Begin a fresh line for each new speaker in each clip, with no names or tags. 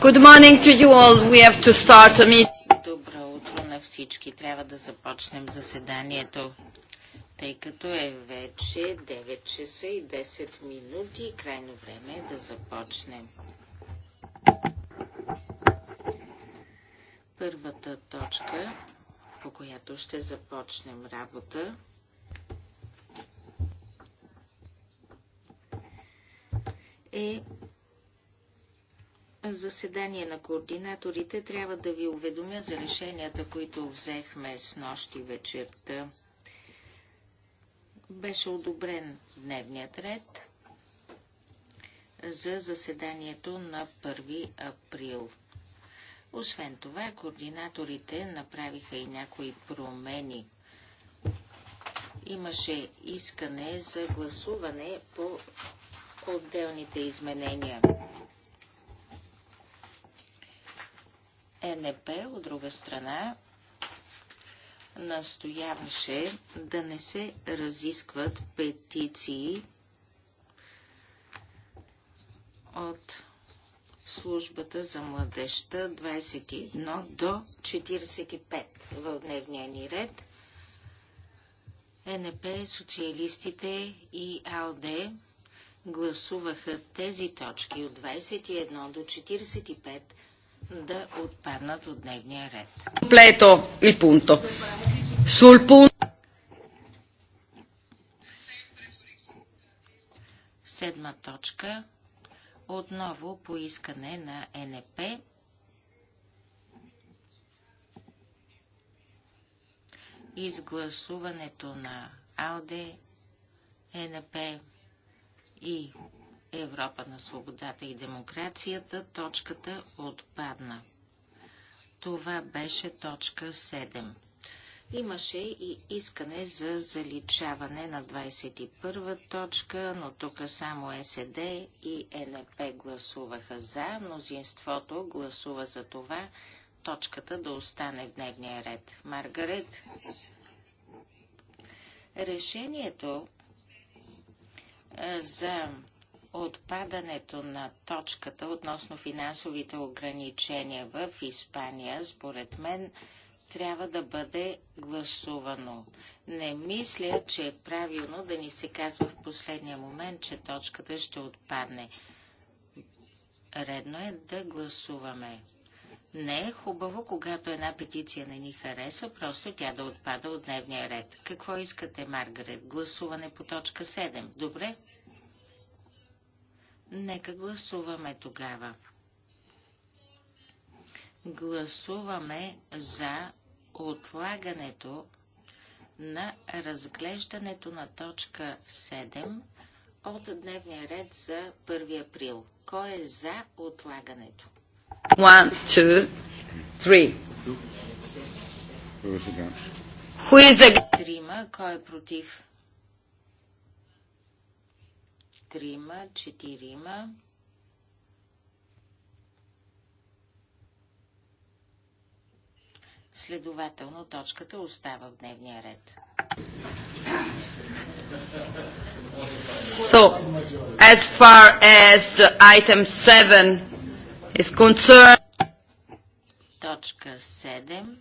Good morning to you all. We have to start a meeting.
Добро утро на всички. Трябва да започнем заседанието, тъй като е вече 9 часа и 10 минути. Крайно време е да започнем. Първата точка, по която ще започнем работа, е заседание на координаторите. Трябва да ви уведомя за решенията, които взехме с нощи вечерта. Беше одобрен дневният ред за заседанието на 1 април. Освен това, координаторите направиха и някои промени. Имаше искане за гласуване по отделните изменения. Е НП, от друга страна, настояваше да не се разискват петиции от службата за младеща 21 до 45 в дневния ни ред. Е НП, социалистите и АЛДЕ гласуваха тези точки от 21 до 45 да отпаднат от дневния ред.
Плето и пунто.
Седма точка. Отново поискане на НП. Изгласуването на АЛДЕ, НП, и Европа на свободата и демокрацията, точката отпадна. Това беше точка 7. Имаше и искане за заличаване на 21 точка, но тук само СД и НП гласуваха за. Мнозинството гласува за това точката да остане в дневния ред. Маргарет, решението за отпадането на точката относно финансовите ограничения в Испания, според мен, трябва да бъде гласувано. Не мисля, че е правилно да ни се казва в последния момент, че точката ще отпадне. Редно е да гласуваме. Не е хубаво, когато една петиция не ни хареса, просто тя да отпада от дневния ред. Какво искате, Маргарет? Гласуване по точка 7. Добре? Нека гласуваме тогава. Гласуваме за отлагането на разглеждането на точка 7 от дневния ред за 1 април. Кой е за отлагането?
One, two, three. Who is
Трима. Кой е против? Трима, четирима. Следователно точката остава в дневния ред.
So, as far as item 7 is concerned.
Точка 7.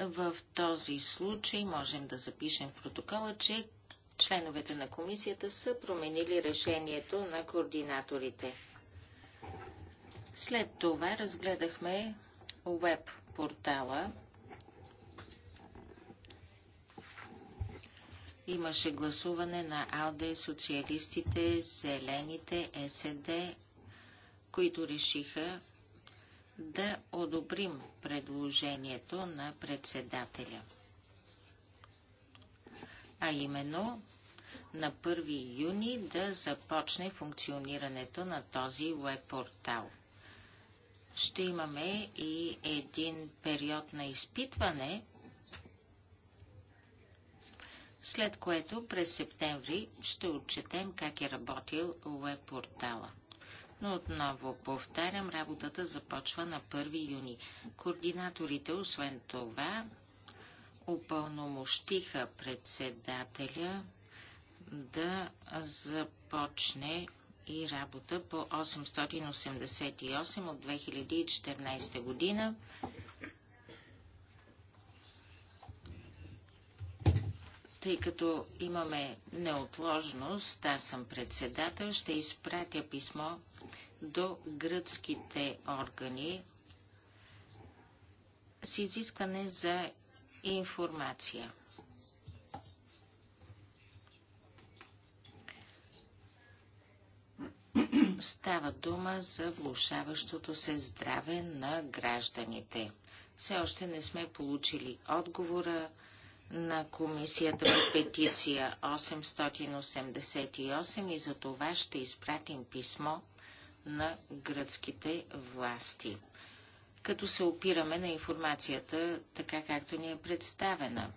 В този случай можем да запишем в протокола, че членовете на комисията са променили решението на координаторите. След това разгледахме веб портала Имаше гласуване на АЛДЕ, социалистите, зелените, СД, които решиха да одобрим предложението на председателя. А именно на 1 юни да започне функционирането на този веб-портал. Ще имаме и един период на изпитване след което през септември ще отчетем как е работил веб-портала. Но отново повтарям, работата започва на 1 юни. Координаторите, освен това, упълномощиха председателя да започне и работа по 888 от 2014 година Тъй като имаме неотложност, аз съм председател, ще изпратя писмо до гръцките органи с изискване за информация. Става дума за влушаващото се здраве на гражданите. Все още не сме получили отговора на комисията по петиция 888 и за това ще изпратим писмо на гръцките власти, като се опираме на информацията така както ни е представена.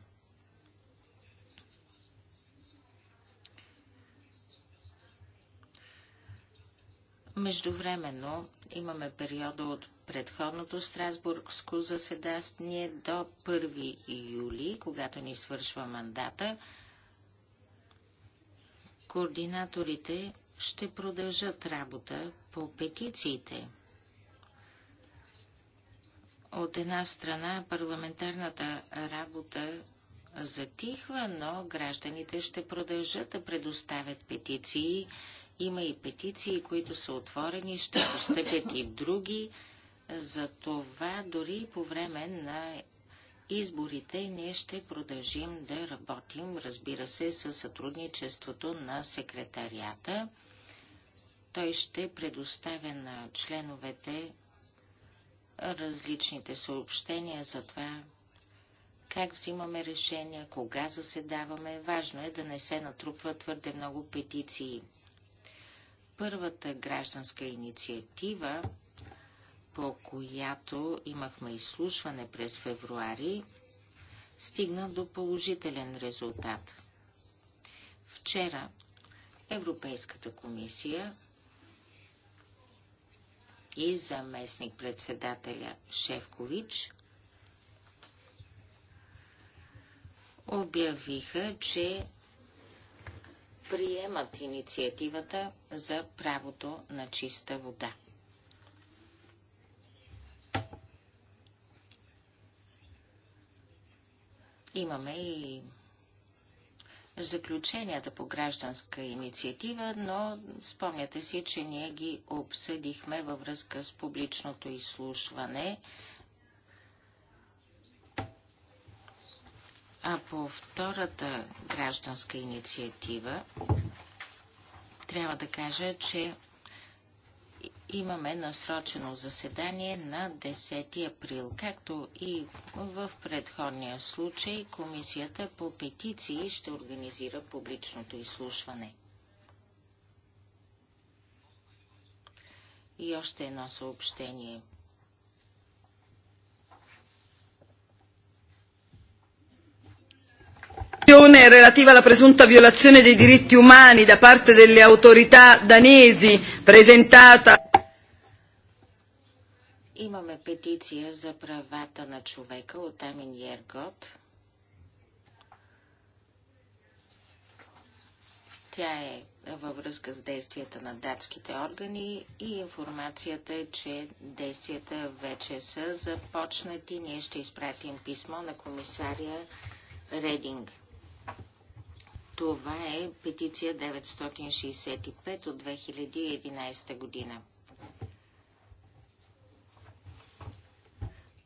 Междувременно имаме периода от предходното Страсбургско заседание до 1 юли, когато ни свършва мандата. Координаторите ще продължат работа по петициите. От една страна парламентарната работа затихва, но гражданите ще продължат да предоставят петиции има и петиции, които са отворени, ще постъпят и други. За това дори по време на изборите ние ще продължим да работим, разбира се, със сътрудничеството на секретарията. Той ще предоставя на членовете различните съобщения за това, как взимаме решения, кога заседаваме. Важно е да не се натрупва твърде много петиции първата гражданска инициатива, по която имахме изслушване през февруари, стигна до положителен резултат. Вчера Европейската комисия и заместник председателя Шевкович обявиха, че приемат инициативата за правото на чиста вода. Имаме и заключенията по гражданска инициатива, но спомняте си, че ние ги обсъдихме във връзка с публичното изслушване. А по втората гражданска инициатива трябва да кажа, че имаме насрочено заседание на 10 април. Както и в предходния случай, Комисията по петиции ще организира публичното изслушване. И още едно съобщение –
relativa alla presunta violazione dei diritti umani da parte delle autorità danesi presentata
Имаме петиция за правата на човека от Амин Ергот. Тя е във връзка с действията на датските органи и информацията е, че действията вече са започнати. Ние ще изпратим писмо на комисария Рединг. Това е петиция 965 от 2011 година.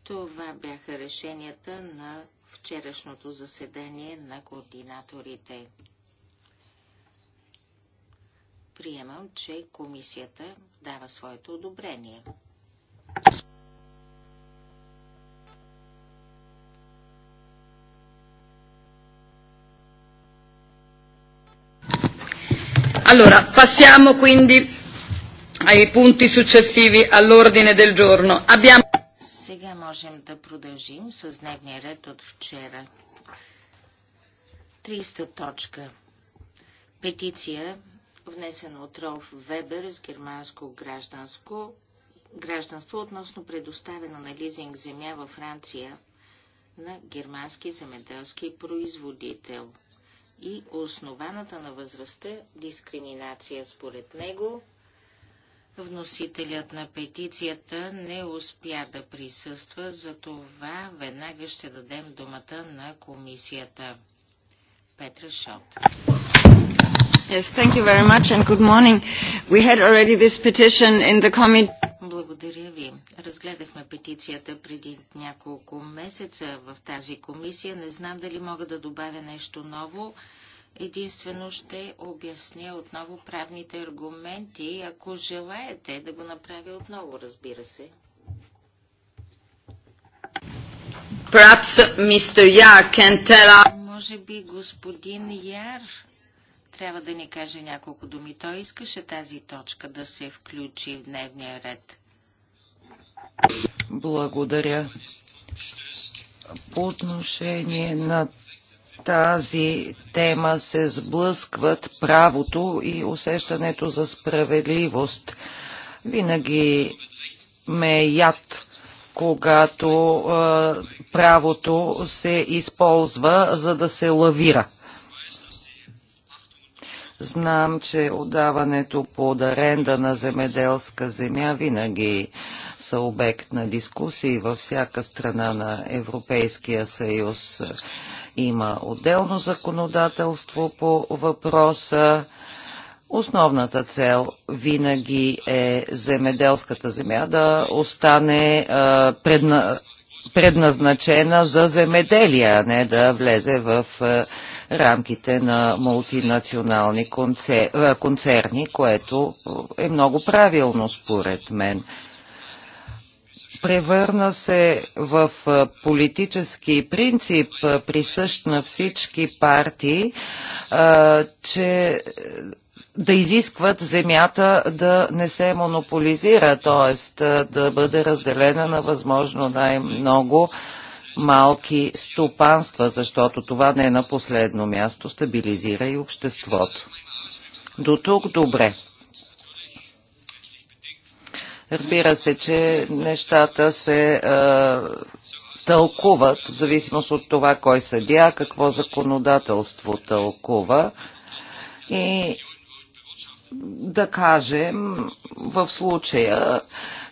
Това бяха решенията на вчерашното заседание на координаторите. Приемам, че комисията дава своето одобрение.
Allora, passiamo quindi ai punti successivi all'ordine del giorno. Abbiamo...
Сега можем да продължим с дневния ред от вчера. 300 точка. Петиция, внесена от Ролф Вебер с германско гражданско гражданство относно предоставена на лизинг земя във Франция на германски земеделски производител – и основаната на възрастта дискриминация. Според него, вносителят на петицията не успя да присъства, затова веднага ще дадем думата на комисията. Петра Шот.
Yes, thank you very much and good morning. We had already this petition in the committee.
Благодаря ви. Разгледахме петицията преди няколко месеца в тази комисия. Не знам дали мога да добавя нещо ново. Единствено ще обясня отново правните аргументи, ако желаете да го направя отново, разбира се.
Perhaps Mr. Yar can tell us...
Може би господин Яр трябва да ни каже няколко думи. Той искаше тази точка да се включи в дневния ред.
Благодаря. По отношение на тази тема се сблъскват правото и усещането за справедливост. Винаги ме е яд когато правото се използва, за да се лавира. Знам, че отдаването под аренда на земеделска земя винаги са обект на дискусии във всяка страна на Европейския съюз. Има отделно законодателство по въпроса. Основната цел винаги е земеделската земя да остане предназначена за земеделие, а не да влезе в рамките на мултинационални концерни, което е много правилно според мен. Превърна се в политически принцип, присъщ на всички партии, че да изискват земята да не се монополизира, т.е. да бъде разделена на възможно най-много малки стопанства, защото това не е на последно място, стабилизира и обществото. До тук добре. Разбира се, че нещата се е, тълкуват в зависимост от това кой съдя, какво законодателство тълкува. И да кажем, в случая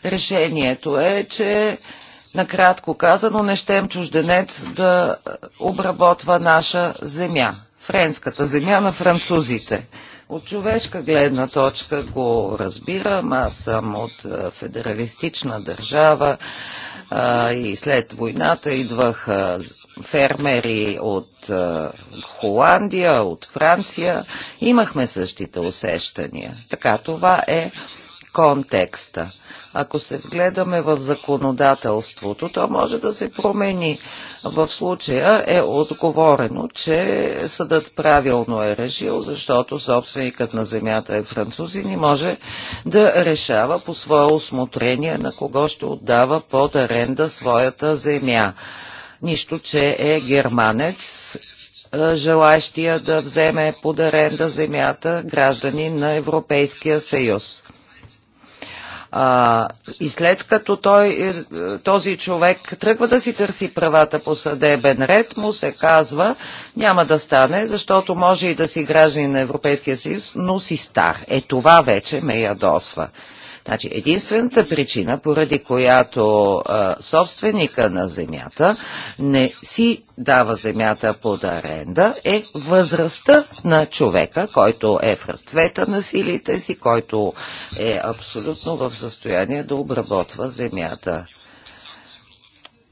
решението е, че Накратко казано, не ще им чужденец да обработва наша земя, френската земя на французите. От човешка гледна точка го разбирам, аз съм от федералистична държава а, и след войната идвах а, фермери от а, Холандия, от Франция. Имахме същите усещания. Така това е. А, контекста. Ако се вгледаме в законодателството, то може да се промени. В случая е отговорено, че съдът правилно е решил, защото собственикът на земята е французин и може да решава по свое усмотрение на кого ще отдава под аренда своята земя. Нищо, че е германец желащия да вземе под аренда земята граждани на Европейския съюз. А, и след като той, е, този човек тръгва да си търси правата по съдебен ред, му се казва, няма да стане, защото може и да си граждани на Европейския съюз, но си стар. Е това вече ме ядосва. Значи, единствената причина, поради която а, собственика на земята не си дава земята под аренда, е възрастта на човека, който е в разцвета на силите си, който е абсолютно в състояние да обработва земята.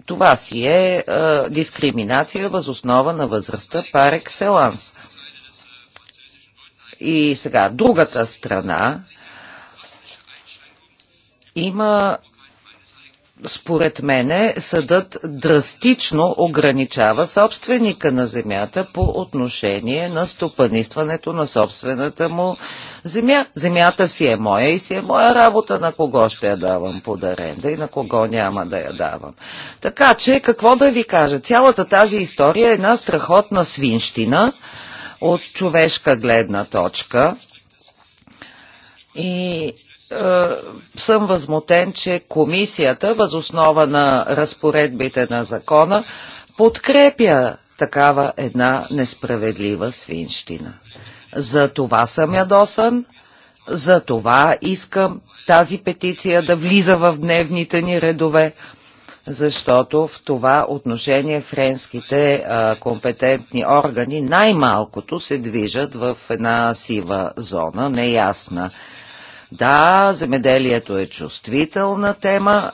Това си е а, дискриминация възоснова на възрастта пар екселанс. И сега, другата страна има според мене съдът драстично ограничава собственика на земята по отношение на стопанистването на собствената му земя. Земята си е моя и си е моя работа на кого ще я давам под аренда и на кого няма да я давам. Така че, какво да ви кажа, цялата тази история е една страхотна свинщина от човешка гледна точка. И е, съм възмутен, че комисията, възоснова на разпоредбите на закона, подкрепя такава една несправедлива свинщина. За това съм ядосан, за това искам тази петиция да влиза в дневните ни редове, защото в това отношение френските а, е, компетентни органи най-малкото се движат в една сива зона, неясна. Да, земеделието е чувствителна тема.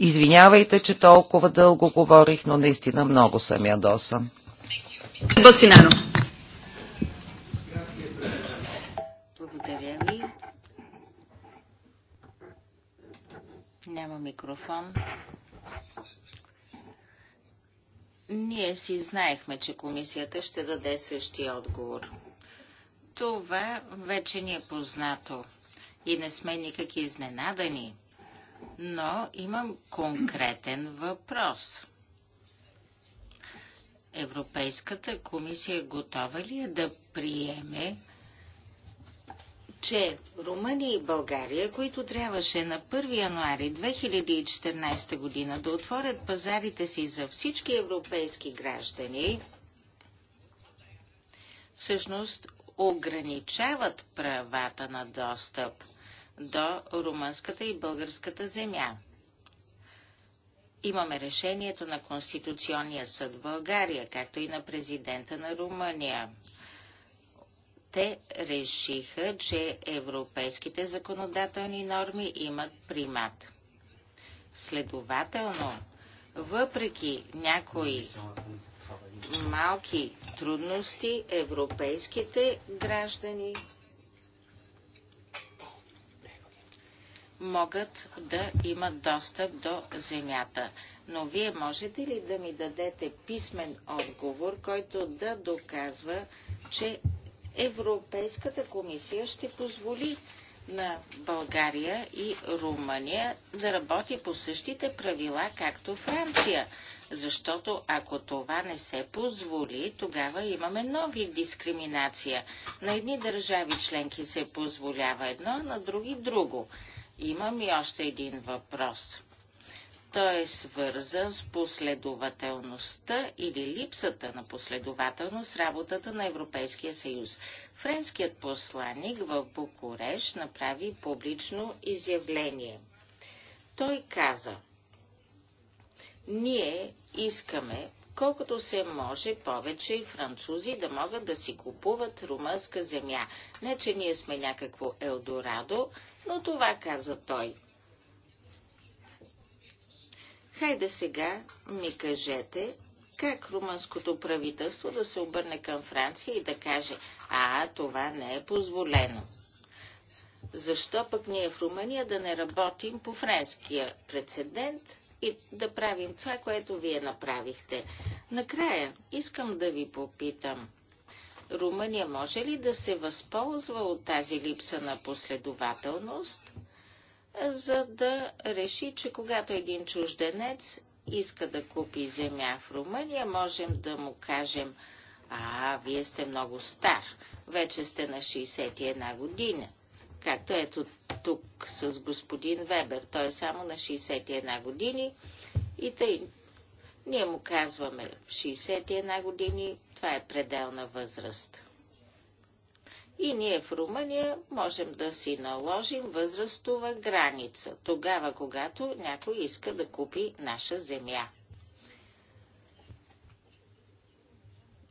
Извинявайте, че толкова дълго говорих, но наистина много съм ядосан.
Басинано. Благодаря ви.
Няма микрофон. Ние си знаехме, че комисията ще даде същия отговор. Това вече ни е познато и не сме никак изненадани. Но имам конкретен въпрос. Европейската комисия готова ли е да приеме, че Румъния и България, които трябваше на 1 януари 2014 година да отворят пазарите си за всички европейски граждани, всъщност ограничават правата на достъп – до румънската и българската земя. Имаме решението на Конституционния съд в България, както и на президента на Румъния. Те решиха, че европейските законодателни норми имат примат. Следователно, въпреки някои малки трудности, европейските граждани могат да имат достъп до земята. Но вие можете ли да ми дадете писмен отговор, който да доказва, че Европейската комисия ще позволи на България и Румъния да работи по същите правила, както Франция. Защото ако това не се позволи, тогава имаме нови дискриминация. На едни държави членки се позволява едно, а на други друго. Имам и още един въпрос. Той е свързан с последователността или липсата на последователност работата на Европейския съюз. Френският посланник в Букуреш направи публично изявление. Той каза, ние искаме колкото се може повече и французи да могат да си купуват румънска земя. Не, че ние сме някакво Елдорадо, но това каза той. Хайде сега ми кажете, как румънското правителство да се обърне към Франция и да каже, а, това не е позволено. Защо пък ние в Румъния да не работим по френския прецедент и да правим това, което вие направихте. Накрая искам да ви попитам. Румъния може ли да се възползва от тази липса на последователност, за да реши, че когато един чужденец иска да купи земя в Румъния, можем да му кажем, а, вие сте много стар, вече сте на 61 година както ето тук с господин Вебер. Той е само на 61 години и тъй ние му казваме 61 години, това е пределна възраст. И ние в Румъния можем да си наложим възрастова граница, тогава когато някой иска да купи наша земя.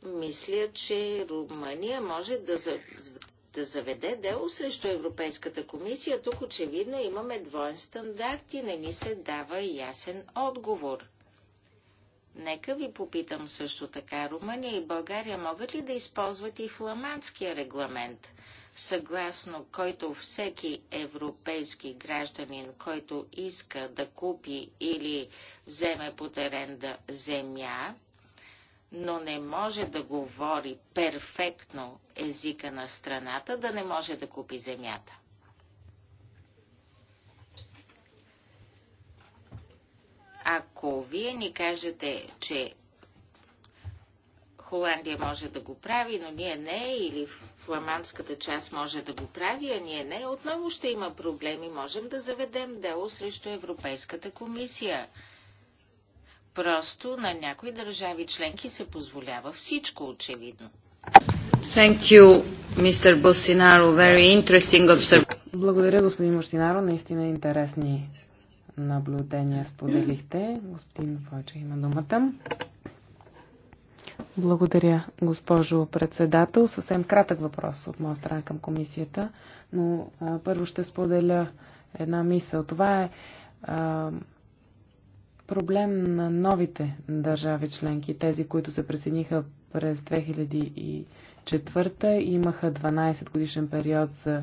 Мисля, че Румъния може да да заведе дело срещу Европейската комисия, тук очевидно имаме двоен стандарт и не ни се дава ясен отговор. Нека ви попитам също така, Румъния и България могат ли да използват и фламандския регламент, съгласно който всеки европейски гражданин, който иска да купи или вземе под аренда земя, но не може да говори перфектно езика на страната, да не може да купи земята. Ако вие ни кажете, че Холандия може да го прави, но ние не, или фламандската част може да го прави, а ние не, отново ще има проблеми. Можем да заведем дело срещу Европейската комисия. Просто на някои държави членки се позволява
всичко, очевидно.
Thank you, Mr. Bolsonaro. Very interesting observation.
Благодаря, господин Мощинаро. Наистина интересни наблюдения споделихте. Господин Войче има думата. Благодаря, госпожо председател. Съвсем кратък въпрос от моя страна към комисията, но а, първо ще споделя една мисъл. Това е а, проблем на новите държави членки. Тези, които се присъединиха през 2004 имаха 12 годишен период за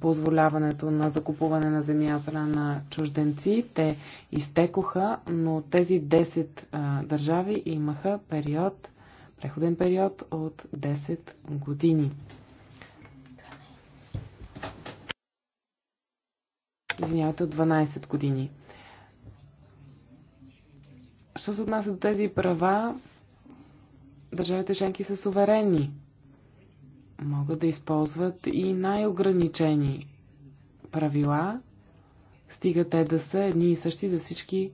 позволяването на закупуване на земя от страна на чужденци. Те изтекоха, но тези 10 държави имаха период, преходен период от 10 години. Извинявайте, от 12 години. Що се отнася до тези права, държавите членки са суверенни. Могат да използват и най-ограничени правила, стига те да са едни и същи за всички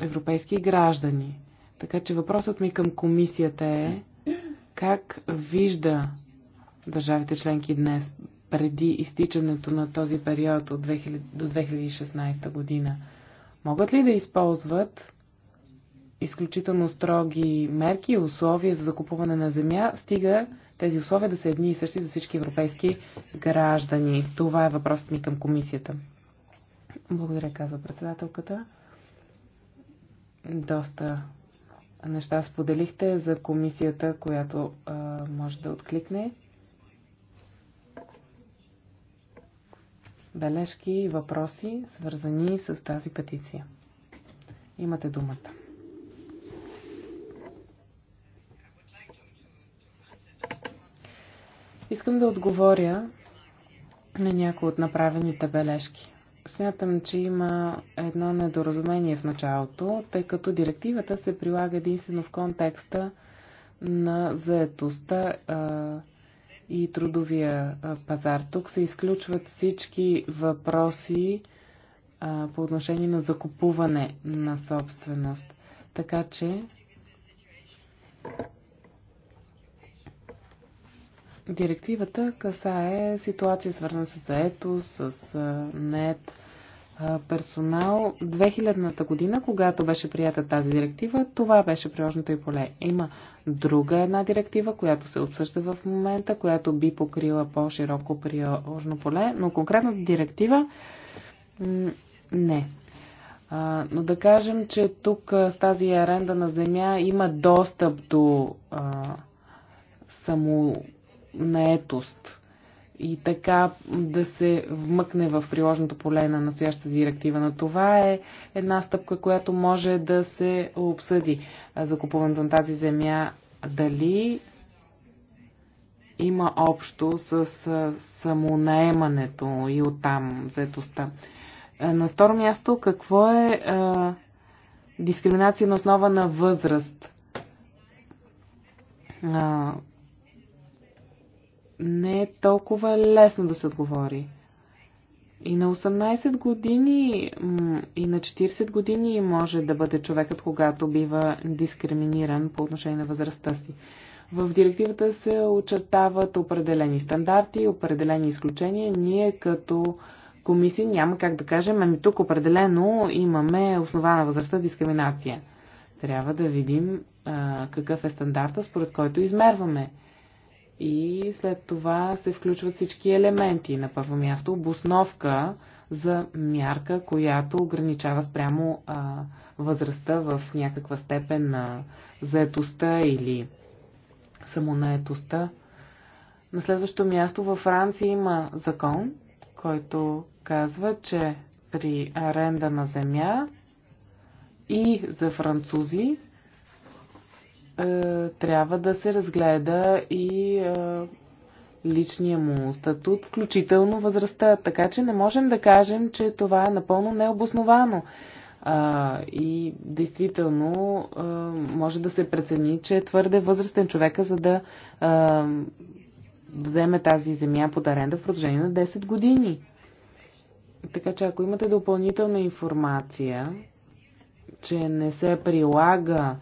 европейски граждани. Така че въпросът ми към комисията е как вижда държавите членки днес преди изтичането на този период от 2000, до 2016 година – могат ли да използват изключително строги мерки и условия за закупуване на земя, стига тези условия да са едни и същи за всички европейски граждани? Това е въпросът ми към комисията. Благодаря, каза председателката. Доста неща споделихте за комисията, която а, може да откликне. бележки и въпроси, свързани с тази петиция. Имате думата. Искам да отговоря на някои от направените бележки. Смятам, че има едно недоразумение в началото, тъй като директивата се прилага единствено в контекста на заетостта и трудовия пазар. Тук се изключват всички въпроси а, по отношение на закупуване на собственост. Така че директивата касае ситуация свързана с заето, с нет, персонал 2000-та година, когато беше прията тази директива, това беше приложното и поле. Има друга една директива, която се обсъжда в момента, която би покрила по-широко приложно поле, но конкретната директива не. но да кажем, че тук с тази аренда на земя има достъп до а, и така да се вмъкне в приложното поле на настоящата директива. Но това е една стъпка, която може да се обсъди. Закупуването на тази земя дали има общо с самонаемането и оттам взетостта. На второ място, какво е дискриминация на основа на възраст? не е толкова лесно да се отговори. И на 18 години, и на 40 години може да бъде човекът, когато бива дискриминиран по отношение на възрастта си. В директивата се очертават определени стандарти, определени изключения. Ние като комисия няма как да кажем, ами тук определено имаме основана възрастта дискриминация. Трябва да видим а, какъв е стандарта, според който измерваме и след това се включват всички елементи. На първо място обосновка за мярка, която ограничава спрямо а, възрастта в някаква степен на заетостта или самонаетостта. На следващо място във Франция има закон, който казва, че при аренда на земя и за французи е, трябва да се разгледа и е, личния му статут, включително възрастта. Така че не можем да кажем, че това е напълно необосновано. А, и действително а, е, може да се прецени, че е твърде възрастен човека, за да а, вземе тази земя под аренда в продължение на 10 години. Така че ако имате допълнителна информация, че не се прилага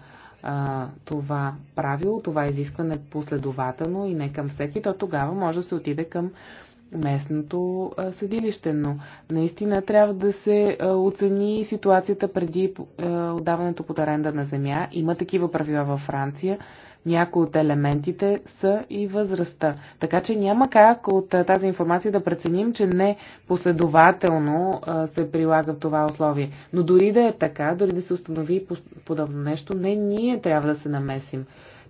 а, това правило, това изискване последователно и не към всеки, то тогава може да се отиде към местното съдилище, но наистина трябва да се оцени ситуацията преди отдаването под аренда на земя. Има такива правила във Франция. Някои от елементите са и възрастта. Така че няма как от тази информация да преценим, че не последователно се прилага в това условие. Но дори да е така, дори да се установи подобно нещо, не ние трябва да се намесим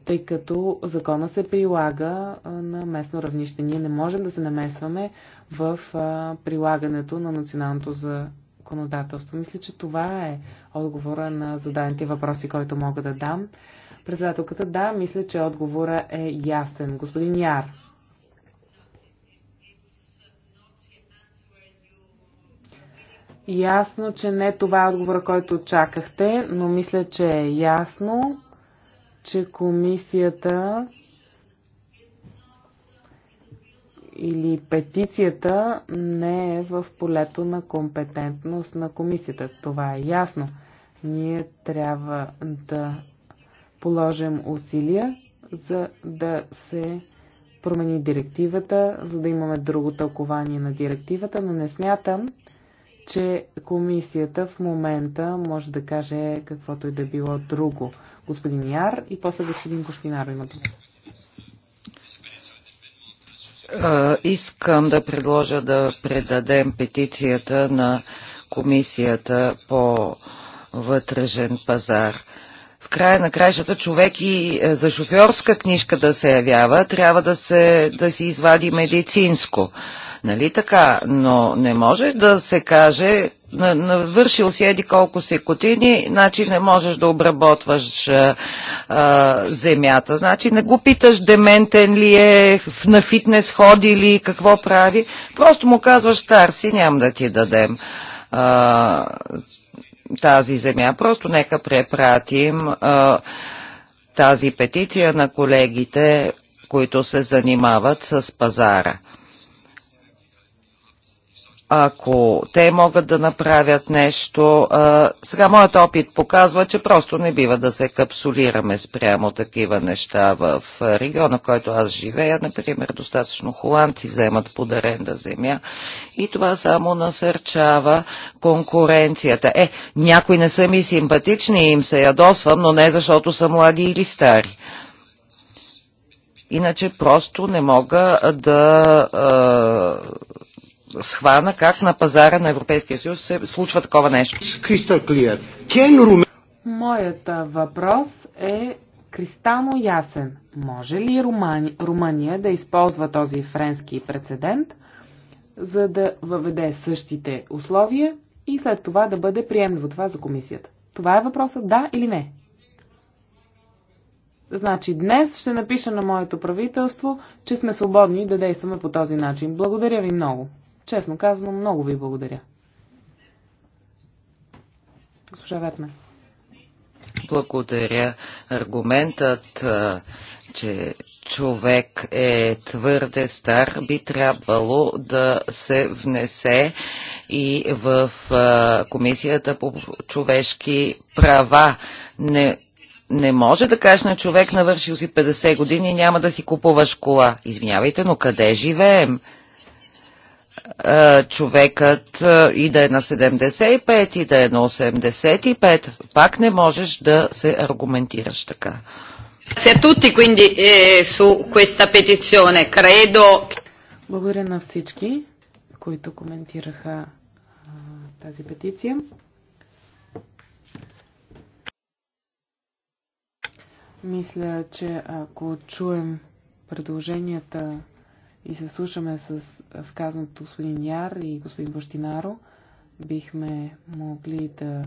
тъй като закона се прилага на местно равнище. Ние не можем да се намесваме в прилагането на националното законодателство. Мисля, че това е отговора на зададените въпроси, който мога да дам. Председателката, да, мисля, че отговора е ясен. Господин Яр. Ясно, че не това е отговора, който очакахте, но мисля, че е ясно, че комисията или петицията не е в полето на компетентност на комисията. Това е ясно. Ние трябва да положим усилия, за да се промени директивата, за да имаме друго тълкование на директивата, но не смятам, че комисията в момента може да каже каквото и да било друго. Господин Яр и после господин Костинаро има дума.
Искам да предложа да предадем петицията на комисията по вътрешен пазар в края на краищата човек и е, за шофьорска книжка да се явява, трябва да, се, да си извади медицинско. Нали така? Но не може да се каже, навършил си еди колко си котини, значи не можеш да обработваш а, е, а, е, земята. Значи не го питаш дементен ли е, на фитнес ходи ли, какво прави. Просто му казваш, стар си, няма да ти дадем. А, тази земя. Просто нека препратим а, тази петиция на колегите, които се занимават с пазара ако те могат да направят нещо. А, сега моят опит показва, че просто не бива да се капсулираме спрямо такива неща в региона, в който аз живея. Например, достатъчно холандци вземат под аренда земя и това само насърчава конкуренцията. Е, някои не са ми симпатични и им се ядосвам, но не защото са млади или стари. Иначе просто не мога да а, схвана как на пазара на Европейския съюз се случва такова нещо.
Моят въпрос е кристално ясен. Може ли Румани... Румъния да използва този френски прецедент, за да въведе същите условия и след това да бъде приемливо това за комисията? Това е въпросът да или не? Значи днес ще напиша на моето правителство, че сме свободни да действаме по този начин. Благодаря ви много. Честно казано, много ви благодаря. Госпожа Вертна.
Благодаря. Аргументът, че човек е твърде стар, би трябвало да се внесе и в Комисията по човешки права. Не, не може да кажеш на човек, навършил си 50 години, няма да си купуваш кола. Извинявайте, но къде живеем? Е, човекът е, и да е на 75, и да е на 85, пак не можеш да се аргументираш така.
Eh,
Благодаря на всички, които коментираха а, тази петиция. Мисля, че ако чуем предложенията и се слушаме с в казаното господин Яр и господин Бощинаро. Бихме могли да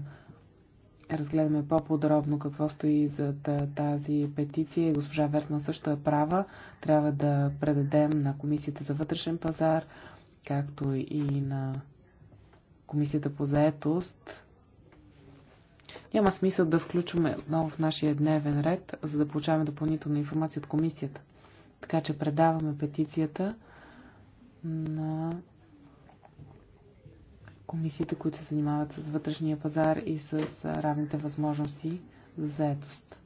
разгледаме по-подробно какво стои за тази петиция. Госпожа Вертна също е права. Трябва да предадем на Комисията за вътрешен пазар, както и на Комисията по заетост. Няма смисъл да включваме отново в нашия дневен ред, за да получаваме допълнителна информация от комисията. Така че предаваме петицията на комисиите, които се занимават с вътрешния пазар и с равните възможности за заетост.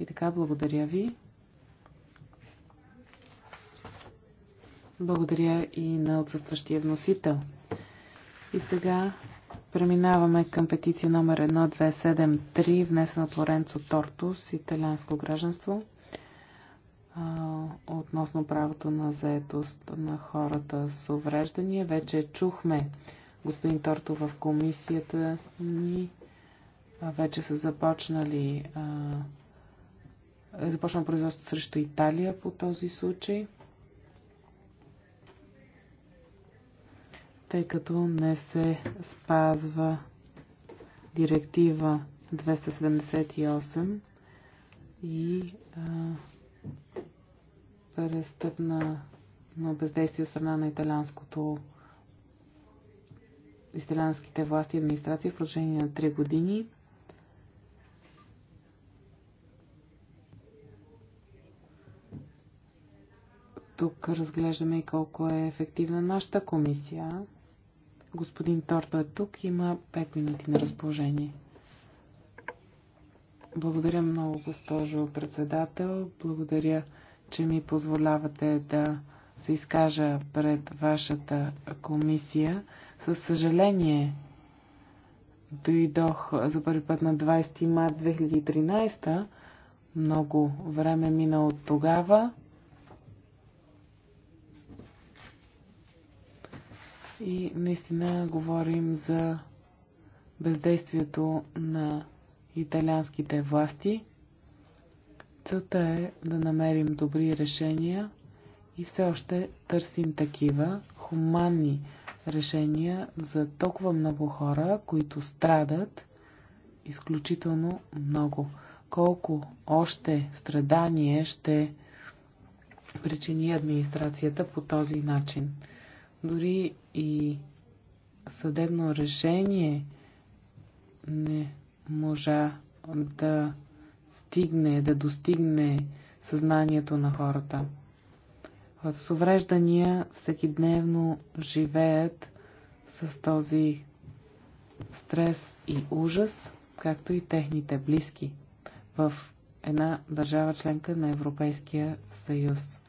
И така, благодаря ви. Благодаря и на отсъстващия вносител. И сега преминаваме към петиция номер 1273, внесена от Лоренцо Тортус, италианско гражданство относно правото на заетост на хората с увреждания. Вече чухме господин Торто в комисията ни. Вече са започнали е започнал производство срещу Италия по този случай. Тъй като не се спазва директива 278 и а, престъпна на бездействие от страна на италианското италианските власти и администрации в продължение на 3 години. Тук разглеждаме и колко е ефективна нашата комисия. Господин Торто е тук. Има 5 минути на разположение. Благодаря много, госпожо председател. Благодаря че ми позволявате да се изкажа пред вашата комисия. Със съжаление дойдох за първи път на 20 март 2013. Много време е мина от тогава. И наистина говорим за бездействието на италианските власти. Целта е да намерим добри решения и все още търсим такива хуманни решения за толкова много хора, които страдат изключително много. Колко още страдание ще причини администрацията по този начин. Дори и съдебно решение не можа да стигне, да достигне съзнанието на хората. Хората с увреждания всеки дневно живеят с този стрес и ужас, както и техните близки в една държава членка на Европейския съюз.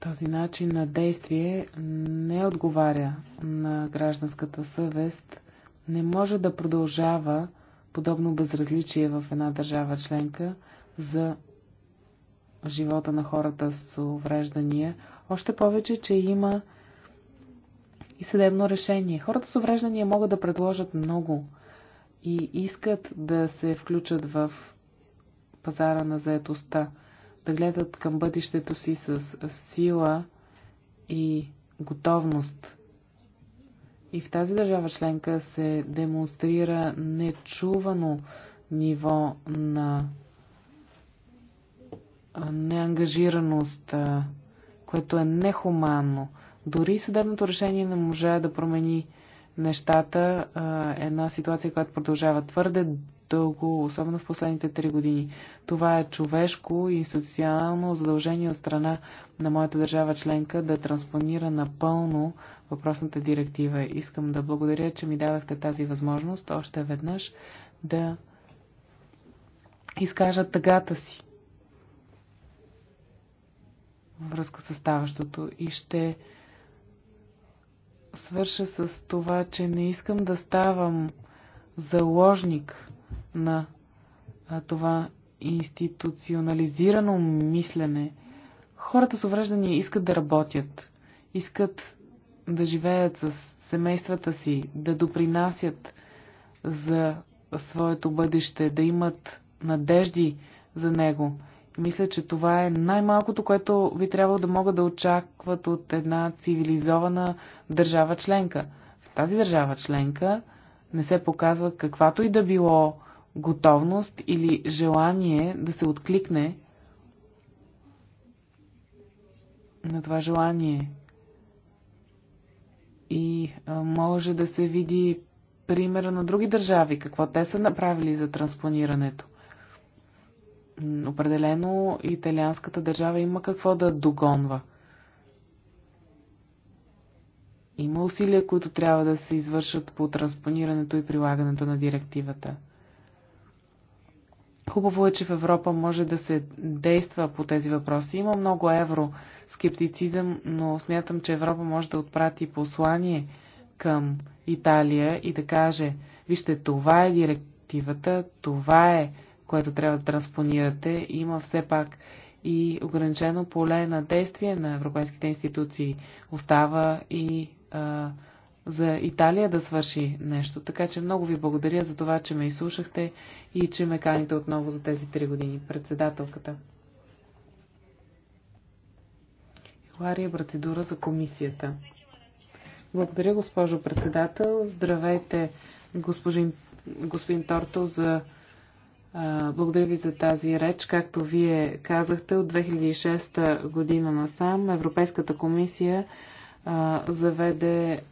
Този начин на действие не отговаря на гражданската съвест не може да продължава подобно безразличие в една държава членка за живота на хората с увреждания. Още повече, че има и съдебно решение. Хората с увреждания могат да предложат много и искат да се включат в пазара на заетостта, да гледат към бъдещето си с сила и готовност. И в тази държава членка се демонстрира нечувано ниво на неангажираност, което е нехуманно. Дори съдебното решение не може да промени нещата. Една ситуация, която продължава твърде дълго, особено в последните три години. Това е човешко и институционално задължение от страна на моята държава членка да транспонира напълно въпросната директива. Искам да благодаря, че ми дадахте тази възможност още веднъж да изкажа тъгата си във връзка с ставащото и ще свърша с това, че не искам да ставам заложник на това институционализирано мислене. Хората с увреждания искат да работят, искат да живеят с семействата си, да допринасят за своето бъдеще, да имат надежди за него. И мисля, че това е най-малкото, което би трябвало да могат да очакват от една цивилизована държава членка. В тази държава членка не се показва каквато и да било готовност или желание да се откликне на това желание. И може да се види примера на други държави, какво те са направили за транспонирането. Определено италианската държава има какво да догонва. Има усилия, които трябва да се извършат по транспонирането и прилагането на директивата. Хубаво е, че в Европа може да се действа по тези въпроси. Има много евроскептицизъм, но смятам, че Европа може да отпрати послание към Италия и да каже, вижте, това е директивата, това е което трябва да транспонирате. Има все пак и ограничено поле на действие на европейските институции. Остава и а, за Италия да свърши нещо. Така че много ви благодаря за това, че ме изслушахте и че ме каните отново за тези три години. Председателката. Хилария процедура за комисията. Благодаря, госпожо председател. Здравейте, господин, господин Торто, за благодаря ви за тази реч. Както вие казахте, от 2006 година насам Европейската комисия заведе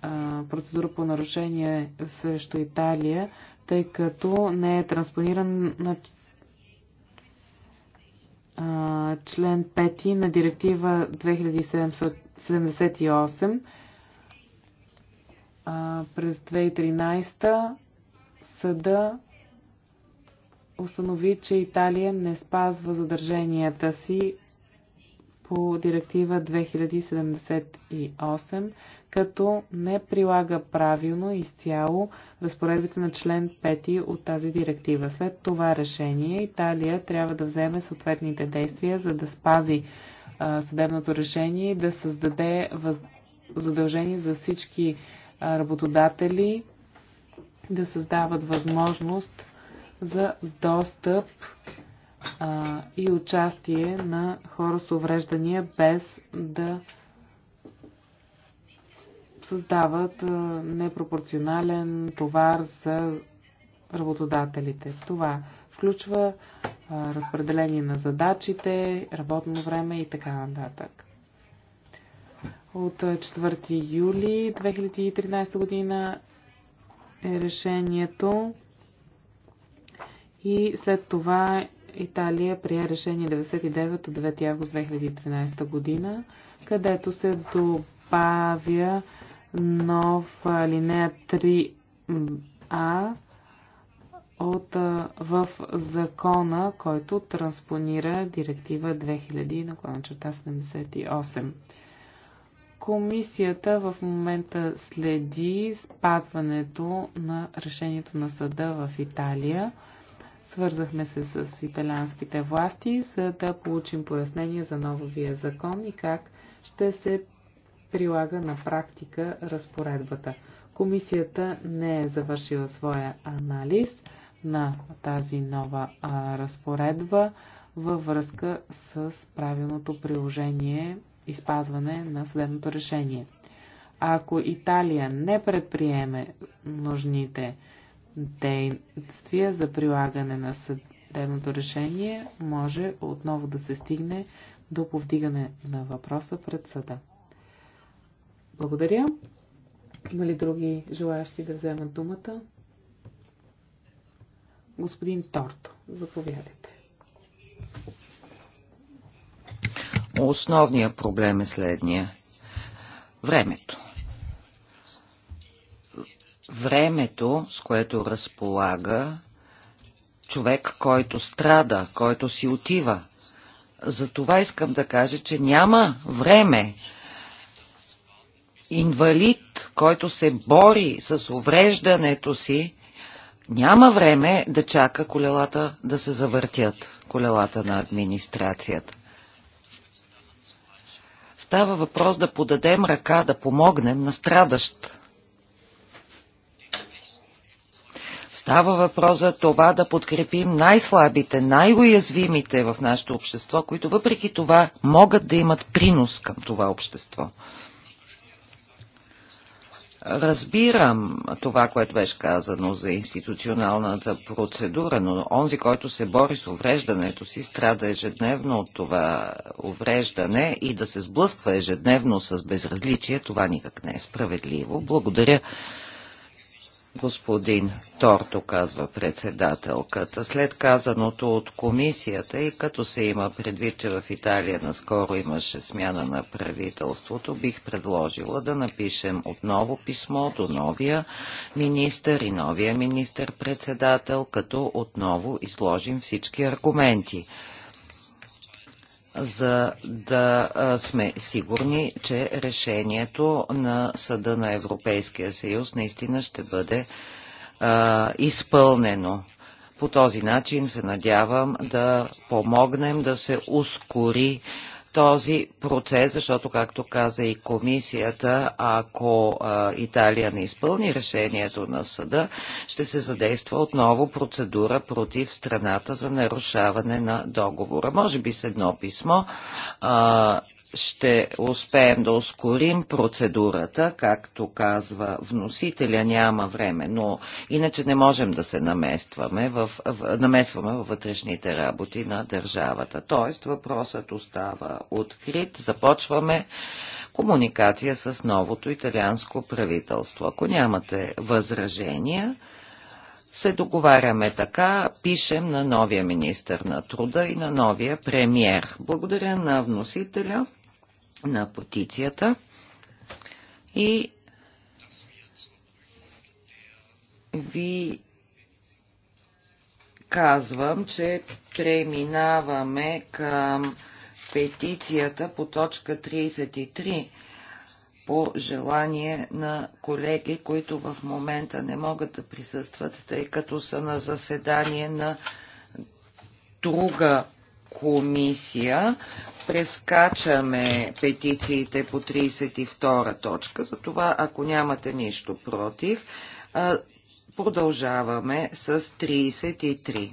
процедура по нарушение срещу Италия, тъй като не е транспониран на член 5 на директива 2778 през 2013 съда установи, че Италия не спазва задърженията си по директива 2078, като не прилага правилно изцяло разпоредбите на член 5 от тази директива. След това решение Италия трябва да вземе съответните действия, за да спази а, съдебното решение и да създаде въз... задължение за всички а, работодатели да създават възможност за достъп а, и участие на хора с увреждания без да създават а, непропорционален товар за работодателите. Това включва а, разпределение на задачите, работно време и така нататък. От 4 юли 2013 година е решението и след това Италия прие решение 99 от 9 август 2013 година, където се добавя нов алинея 3а от, в закона, който транспонира директива 2000 на черта 78. Комисията в момента следи спазването на решението на съда в Италия Свързахме се с италианските власти, за да получим пояснение за новия закон и как ще се прилага на практика разпоредбата. Комисията не е завършила своя анализ на тази нова а, разпоредба във връзка с правилното приложение и спазване на съдебното решение. Ако Италия не предприеме нужните действия за прилагане на съдебното решение, може отново да се стигне до повдигане на въпроса пред съда. Благодаря. Има ли други желаящи да вземат думата? Господин Торто, заповядайте.
Основният проблем е следния. Времето времето, с което разполага човек, който страда, който си отива. За това искам да кажа, че няма време. Инвалид, който се бори с увреждането си, няма време да чака колелата да се завъртят, колелата на администрацията. Става въпрос да подадем ръка, да помогнем на страдащ Става въпрос за това да подкрепим най-слабите, най-уязвимите в нашето общество, които въпреки това могат да имат принос към това общество. Разбирам това, което беше казано за институционалната процедура, но онзи, който се бори с увреждането си, страда ежедневно от това увреждане и да се сблъсква ежедневно с безразличие, това никак не е справедливо. Благодаря господин Торто, казва председателката. След казаното от комисията и като се има предвид, че в Италия наскоро имаше смяна на правителството, бих предложила да напишем отново писмо до новия министър и новия министър-председател, като отново изложим всички аргументи за да сме сигурни, че решението на Съда на Европейския съюз наистина ще бъде а, изпълнено. По този начин се надявам да помогнем да се ускори този процес, защото, както каза и комисията, ако Италия не изпълни решението на съда, ще се задейства отново процедура против страната за нарушаване на договора. Може би с едно писмо ще успеем да ускорим процедурата, както казва вносителя, няма време, но иначе не можем да се наместваме в, в, намесваме във вътрешните работи на държавата. Тоест въпросът остава открит. Започваме комуникация с новото италианско правителство. Ако нямате възражения, се договаряме така, пишем на новия министр на труда и на новия премьер. Благодаря на вносителя на потицията и ви казвам, че преминаваме към петицията по точка 33 по желание на колеги, които в момента не могат да присъстват, тъй като са на заседание на друга комисия прескачаме петициите по 32 точка, затова ако нямате нищо против, продължаваме с 33.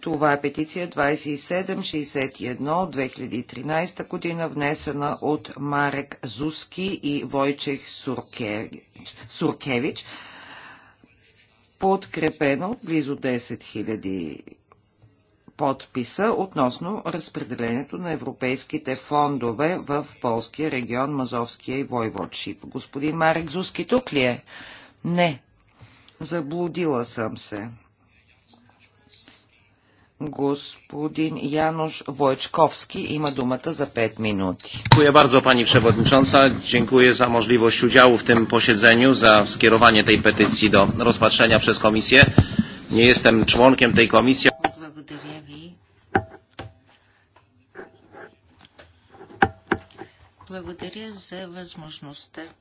Това е петиция 2761 от 2013 година, внесена от Марек Зуски и Войчех Суркевич, Суркевич подкрепена от близо 10 000 подписа относно разпределението на европейските фондове в полския регион Мазовския и Войводшип. Господин Марек Зуски тук ли е? Не. Заблудила съм се. Господин Janusz Wojczkowski ima думата za 5 minut. Dziękuję bardzo Pani Przewodnicząca. Dziękuję za możliwość udziału
w tym posiedzeniu, za skierowanie tej petycji do rozpatrzenia przez Komisję. Nie jestem członkiem tej komisji.
благодаря за възможността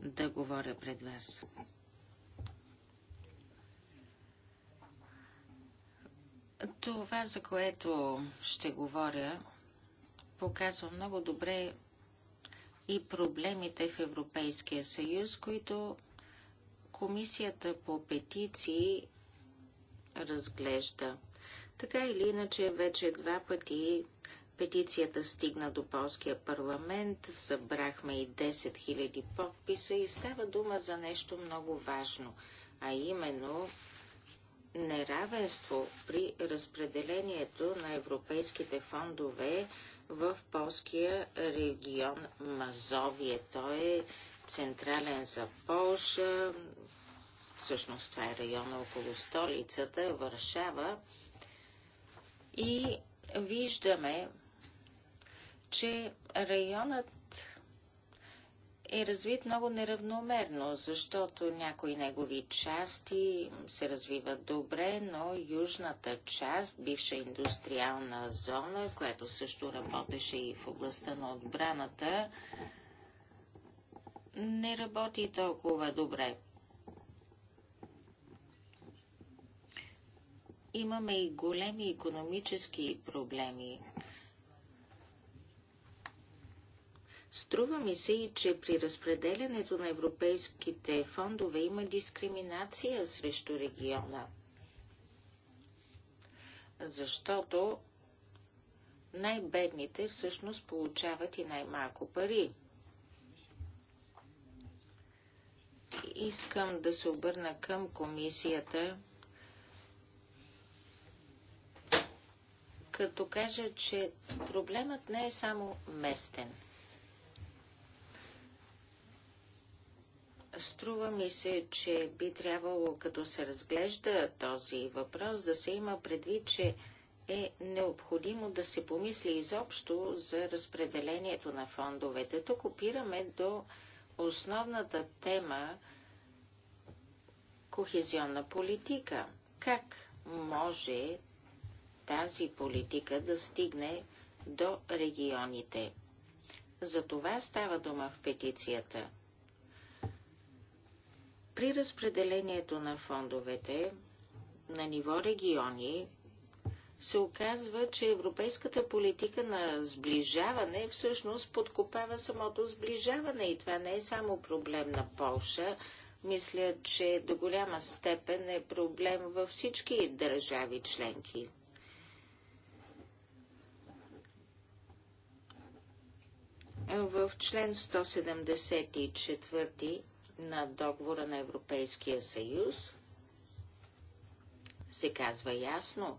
да говоря пред вас. Това, за което ще говоря, показва много добре и проблемите в Европейския съюз, които Комисията по петиции разглежда. Така или иначе, вече два пъти Петицията стигна до полския парламент, събрахме и 10 000 подписа и става дума за нещо много важно, а именно неравенство при разпределението на европейските фондове в полския регион Мазовие. Той е централен за Полша, всъщност това е района около столицата, Варшава. И виждаме че районът е развит много неравномерно, защото някои негови части се развиват добре, но южната част, бивша индустриална зона, която също работеше и в областта на отбраната, не работи толкова добре. Имаме и големи економически проблеми. Струва ми се и, че при разпределянето на европейските фондове има дискриминация срещу региона. Защото най-бедните всъщност получават и най-малко пари. Искам да се обърна към комисията, като кажа, че проблемът не е само местен – Струва ми се, че би трябвало, като се разглежда този въпрос, да се има предвид, че е необходимо да се помисли изобщо за разпределението на фондовете. Тук опираме до основната тема кохезионна политика. Как може тази политика да стигне до регионите? За това става дума в петицията. При разпределението на фондовете на ниво региони се оказва, че европейската политика на сближаване всъщност подкопава самото сближаване и това не е само проблем на Полша. Мисля, че до голяма степен е проблем във всички държави членки. В член 174 на договора на Европейския съюз се казва ясно,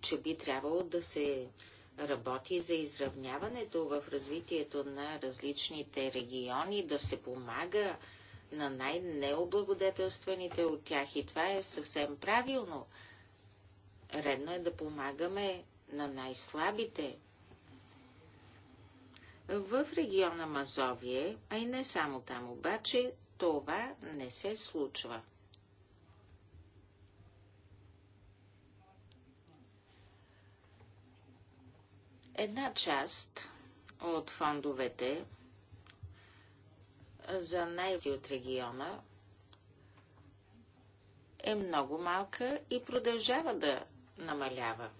че би трябвало да се работи за изравняването в развитието на различните региони, да се помага на най-необлагодетелстваните от тях. И това е съвсем правилно. Редно е да помагаме на най-слабите. В региона Мазовие, а и не само там обаче, това не се случва. Една част от фондовете за най от региона е много малка и продължава да намалява.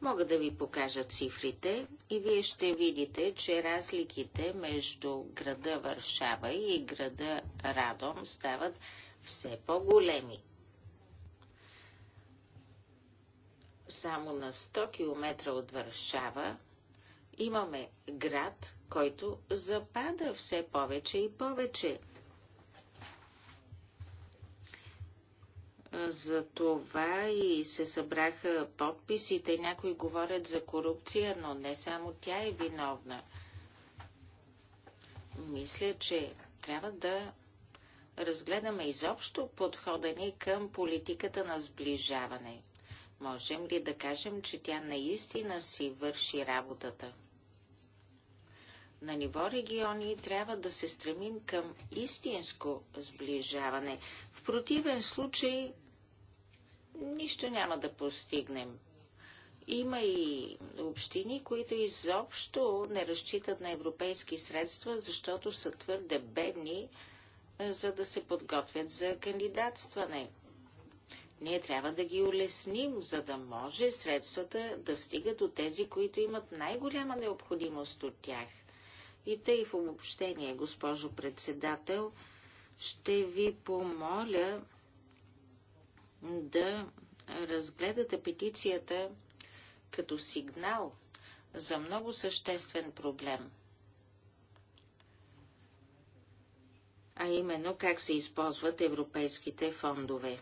Мога да ви покажа цифрите и вие ще видите, че разликите между града Варшава и града Радом стават все по-големи. Само на 100 км от Варшава имаме град, който запада все повече и повече – За това и се събраха подписите. Някои говорят за корупция, но не само тя е виновна. Мисля, че трябва да разгледаме изобщо подхода ни към политиката на сближаване. Можем ли да кажем, че тя наистина си върши работата? На ниво региони трябва да се стремим към истинско сближаване. В противен случай нищо няма да постигнем. Има и общини, които изобщо не разчитат на европейски средства, защото са твърде бедни, за да се подготвят за кандидатстване. Ние трябва да ги улесним, за да може средствата да стигат до тези, които имат най-голяма необходимост от тях. И тъй в обобщение, госпожо председател, ще ви помоля да разгледате петицията като сигнал за много съществен проблем. А именно как се използват европейските фондове.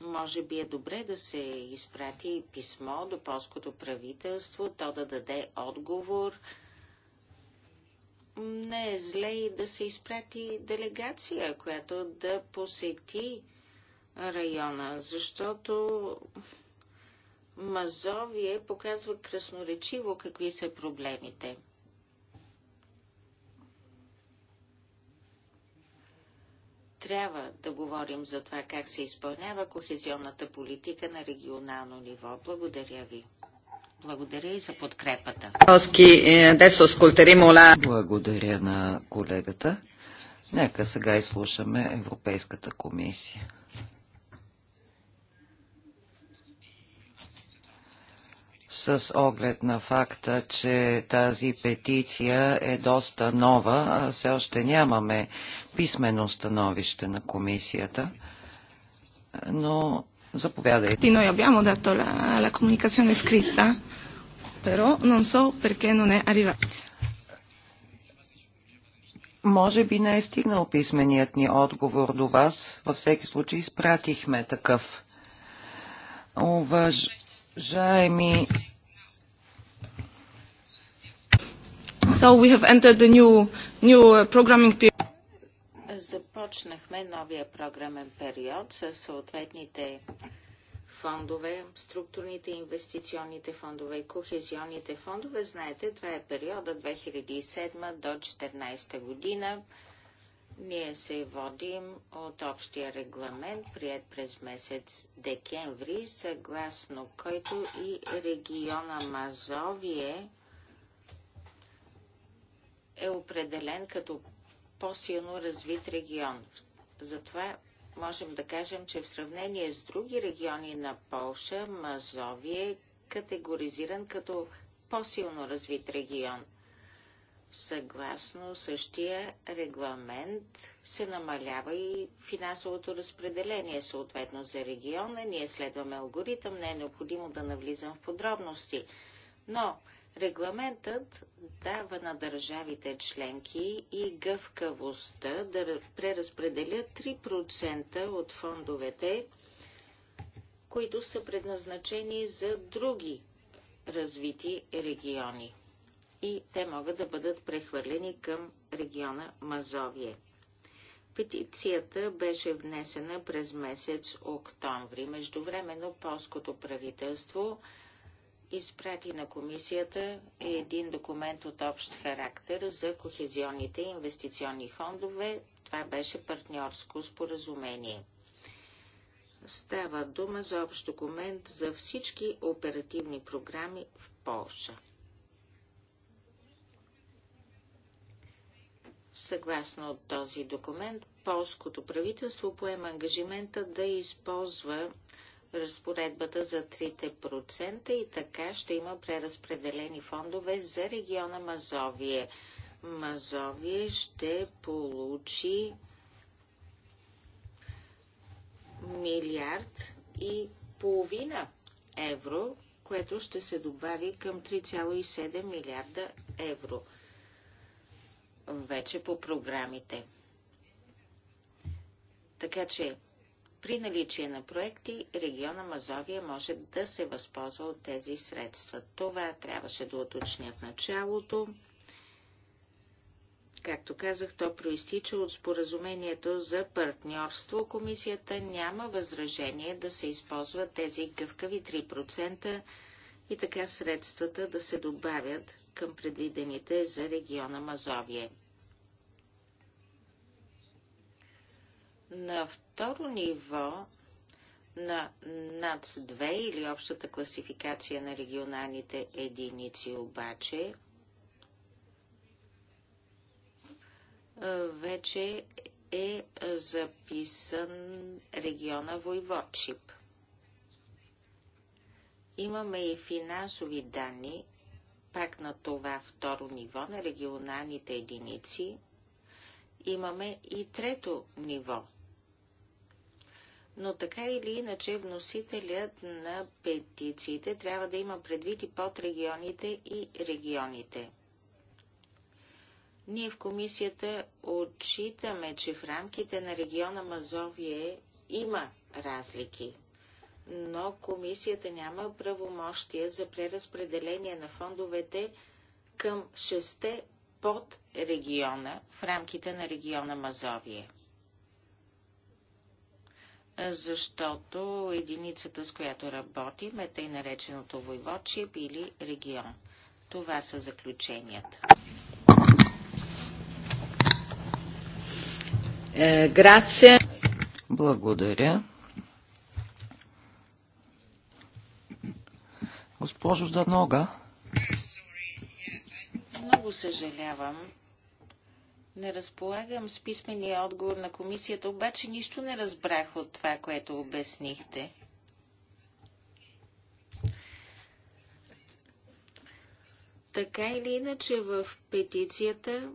Може би е добре да се изпрати писмо до полското правителство, то да даде отговор не е зле и да се изпрати делегация, която да посети района, защото Мазовие показва красноречиво какви са проблемите. Трябва да говорим за това как се изпълнява кохезионната политика на регионално ниво. Благодаря ви. Благодаря и за подкрепата.
Е, Благодаря на колегата. Нека сега изслушаме Европейската комисия. с оглед на факта, че тази петиция е доста нова, а все още нямаме писмено становище на комисията, но Заповядайте.
Noi abbiamo dato la, la comunicazione scritta, però non so perché non è arrivata. Може
би не е стигнал писменият ни отговор до вас. Във всеки случай изпратихме такъв. Уважаеми So we have entered the new, new programming period
започнахме новия програмен период с съответните фондове, структурните инвестиционните фондове и кохезионните фондове. Знаете, това е периода 2007 до 2014 година. Ние се водим от общия регламент, прият през месец декември, съгласно който и региона Мазовие е определен като по-силно развит регион. Затова можем да кажем, че в сравнение с други региони на Полша, мазови е категоризиран като по-силно развит регион. Съгласно същия регламент се намалява и финансовото разпределение съответно за региона. Ние следваме алгоритъм, не е необходимо да навлизам в подробности. Но Регламентът дава на държавите членки и гъвкавостта да преразпределят 3% от фондовете, които са предназначени за други развити региони. И те могат да бъдат прехвърлени към региона Мазовие. Петицията беше внесена през месец октомври. Междувременно полското правителство изпрати на комисията е един документ от общ характер за кохезионните инвестиционни фондове. Това беше партньорско споразумение. Става дума за общ документ за всички оперативни програми в Полша. Съгласно този документ, полското правителство поема ангажимента да използва разпоредбата за 3% и така ще има преразпределени фондове за региона Мазовие. Мазовие ще получи милиард и половина евро, което ще се добави към 3,7 милиарда евро вече по програмите. Така че при наличие на проекти, региона Мазовия може да се възползва от тези средства. Това трябваше да уточня в началото. Както казах, то проистича от споразумението за партньорство. Комисията няма възражение да се използват тези гъвкави 3% и така средствата да се добавят към предвидените за региона Мазовие. На второ ниво на НАЦ-2 или общата класификация на регионалните единици обаче вече е записан региона Войводшип. Имаме и финансови данни, пак на това второ ниво на регионалните единици. Имаме и трето ниво но така или иначе вносителят на петициите трябва да има предвид и подрегионите и регионите. Ние в комисията отчитаме, че в рамките на региона Мазовие има разлики, но комисията няма правомощия за преразпределение на фондовете към шесте под региона в рамките на региона Мазовие защото единицата, с която работим, е тъй нареченото войводче или регион. Това са заключенията.
Е, грация. Благодаря.
Госпожо Данога.
Много съжалявам, не разполагам с писмения отговор на комисията, обаче нищо не разбрах от това, което обяснихте. Така или иначе в петицията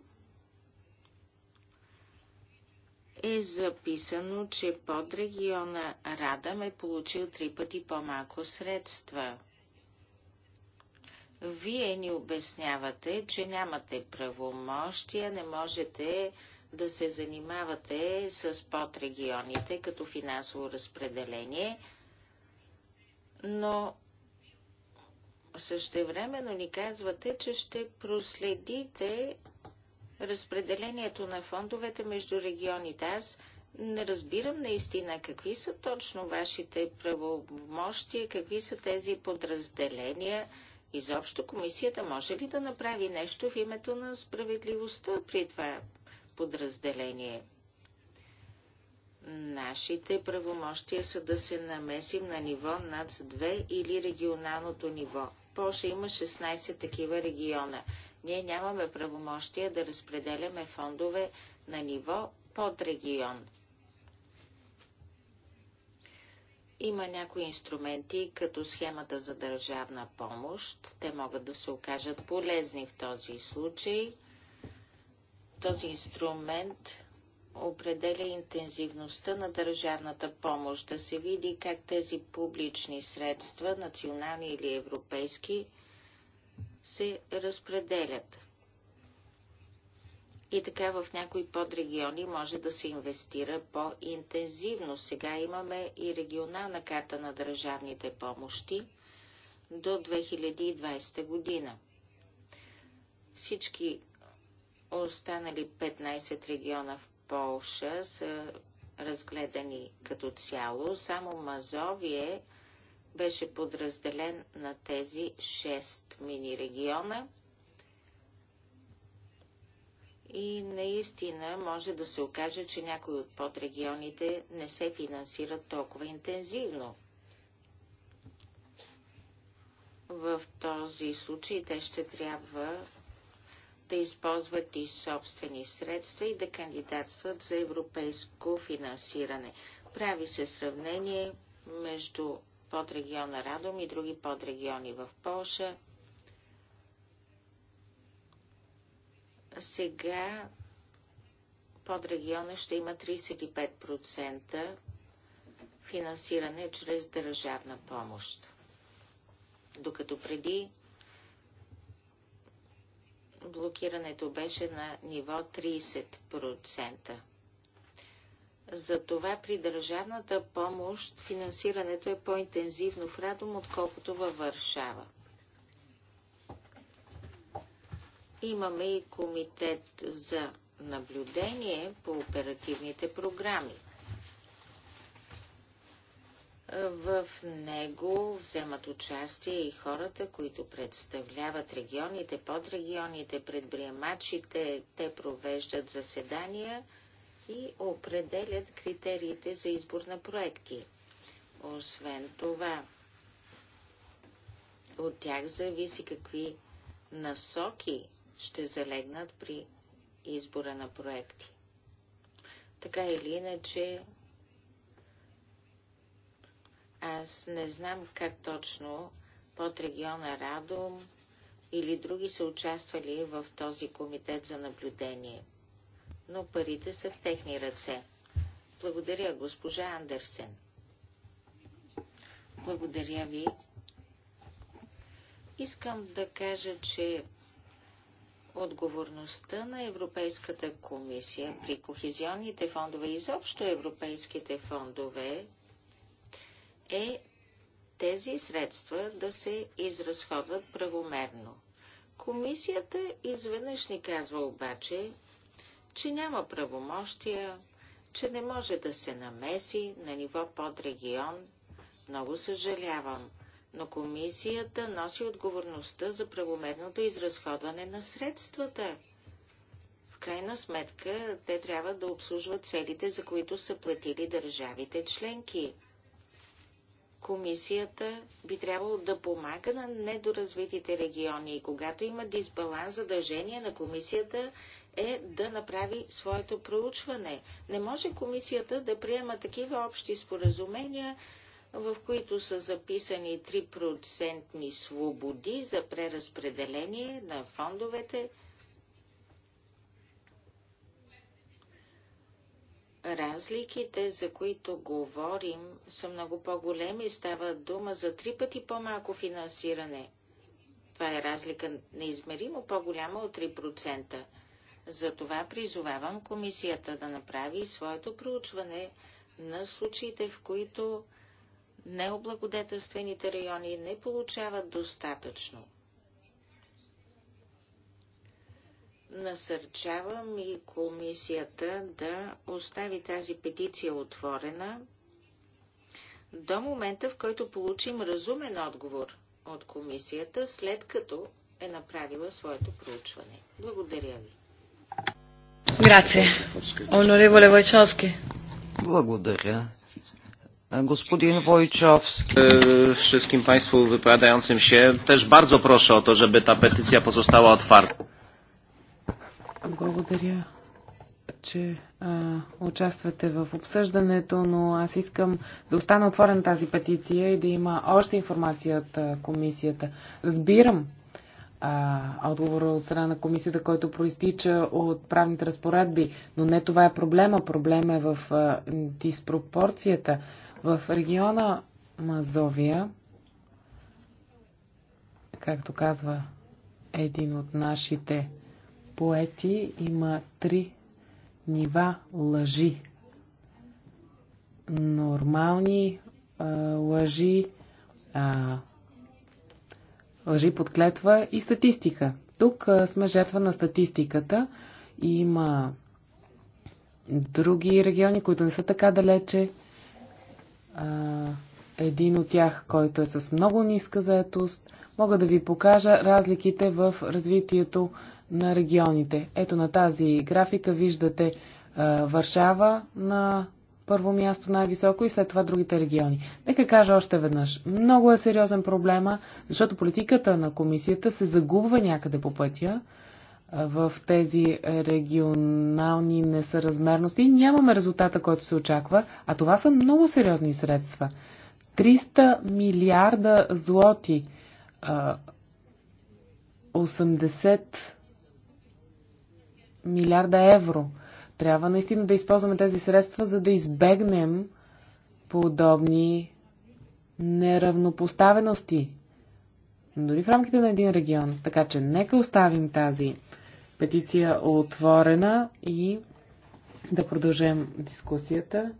е записано, че под региона Радам е получил три пъти по-малко средства – вие ни обяснявате, че нямате правомощия, не можете да се занимавате с подрегионите като финансово разпределение, но същевременно ни казвате, че ще проследите разпределението на фондовете между регионите. Аз не разбирам наистина какви са точно вашите правомощия, какви са тези подразделения – Изобщо комисията може ли да направи нещо в името на справедливостта при това подразделение? Нашите правомощия са да се намесим на ниво над 2 или регионалното ниво. Польша има 16 такива региона. Ние нямаме правомощия да разпределяме фондове на ниво под регион. Има някои инструменти, като схемата за държавна помощ. Те могат да се окажат полезни в този случай. Този инструмент определя интензивността на държавната помощ, да се види как тези публични средства, национални или европейски, се разпределят. И така в някои подрегиони може да се инвестира по-интензивно. Сега имаме и регионална карта на държавните помощи до 2020 година. Всички останали 15 региона в Полша са разгледани като цяло. Само Мазовие беше подразделен на тези 6 мини региона – и наистина може да се окаже, че някои от подрегионите не се финансират толкова интензивно. В този случай те ще трябва да използват и собствени средства и да кандидатстват за европейско финансиране. Прави се сравнение между подрегиона Радом и други подрегиони в Польша – Сега под региона ще има 35% финансиране чрез държавна помощ. Докато преди блокирането беше на ниво 30%. Затова при държавната помощ финансирането е по-интензивно в Радом, отколкото във Варшава. Имаме и комитет за наблюдение по оперативните програми. В него вземат участие и хората, които представляват регионите, подрегионите, предприемачите. Те провеждат заседания и определят критериите за избор на проекти. Освен това, от тях зависи какви насоки ще залегнат при избора на проекти. Така или иначе, аз не знам как точно под региона Радом или други са участвали в този комитет за наблюдение. Но парите са в техни ръце. Благодаря, госпожа Андерсен. Благодаря ви. Искам да кажа, че отговорността на Европейската комисия при кохезионните фондове и изобщо европейските фондове е тези средства да се изразходват правомерно. Комисията изведнъж ни казва обаче, че няма правомощия, че не може да се намеси на ниво под регион. Много съжалявам но комисията носи отговорността за правомерното изразходване на средствата. В крайна сметка, те трябва да обслужват целите, за които са платили държавите членки. Комисията би трябвало да помага на недоразвитите региони и когато има дисбаланс, задължение на комисията е да направи своето проучване. Не може комисията да приема такива общи споразумения, в които са записани 3% свободи за преразпределение на фондовете. Разликите, за които говорим, са много по-големи. Става дума за три пъти по-малко финансиране. Това е разлика неизмеримо по-голяма от 3%. Затова призовавам комисията да направи своето проучване на случаите, в които необлагодетелствените райони не получават достатъчно. Насърчавам и комисията да остави тази петиция отворена до момента, в който получим разумен отговор от комисията, след като е направила своето проучване. Благодаря ви.
Грация. Онореволе
Благодаря. Господин e, Wszystkim Państwu wypowiadającym się też bardzo proszę o to, żeby ta petycja
pozostała otwarta. Благодаря, че а, участвате в обсъждането, но аз искам да остана отворена тази петиция и да има още информация от а, комисията. Разбирам а, отговора от страна на комисията, който проистича от правните разпоредби, но не това е проблема. Проблема е в а, диспропорцията в региона Мазовия, както казва един от нашите поети, има три нива лъжи. Нормални а, лъжи, а, лъжи под клетва и статистика. Тук а, сме жертва на статистиката и има други региони, които не са така далече един от тях, който е с много ниска заетост, мога да ви покажа разликите в развитието на регионите. Ето на тази графика виждате а, Варшава на първо място най-високо и след това другите региони. Нека кажа още веднъж. Много е сериозен проблема, защото политиката на комисията се загубва някъде по пътя в тези регионални несъразмерности, нямаме резултата, който се очаква, а това са много сериозни средства. 300 милиарда злоти, 80 милиарда евро. Трябва наистина да използваме тези средства, за да избегнем подобни неравнопоставености. Дори в рамките на един регион. Така че нека оставим тази петиция е отворена и да продължим дискусията.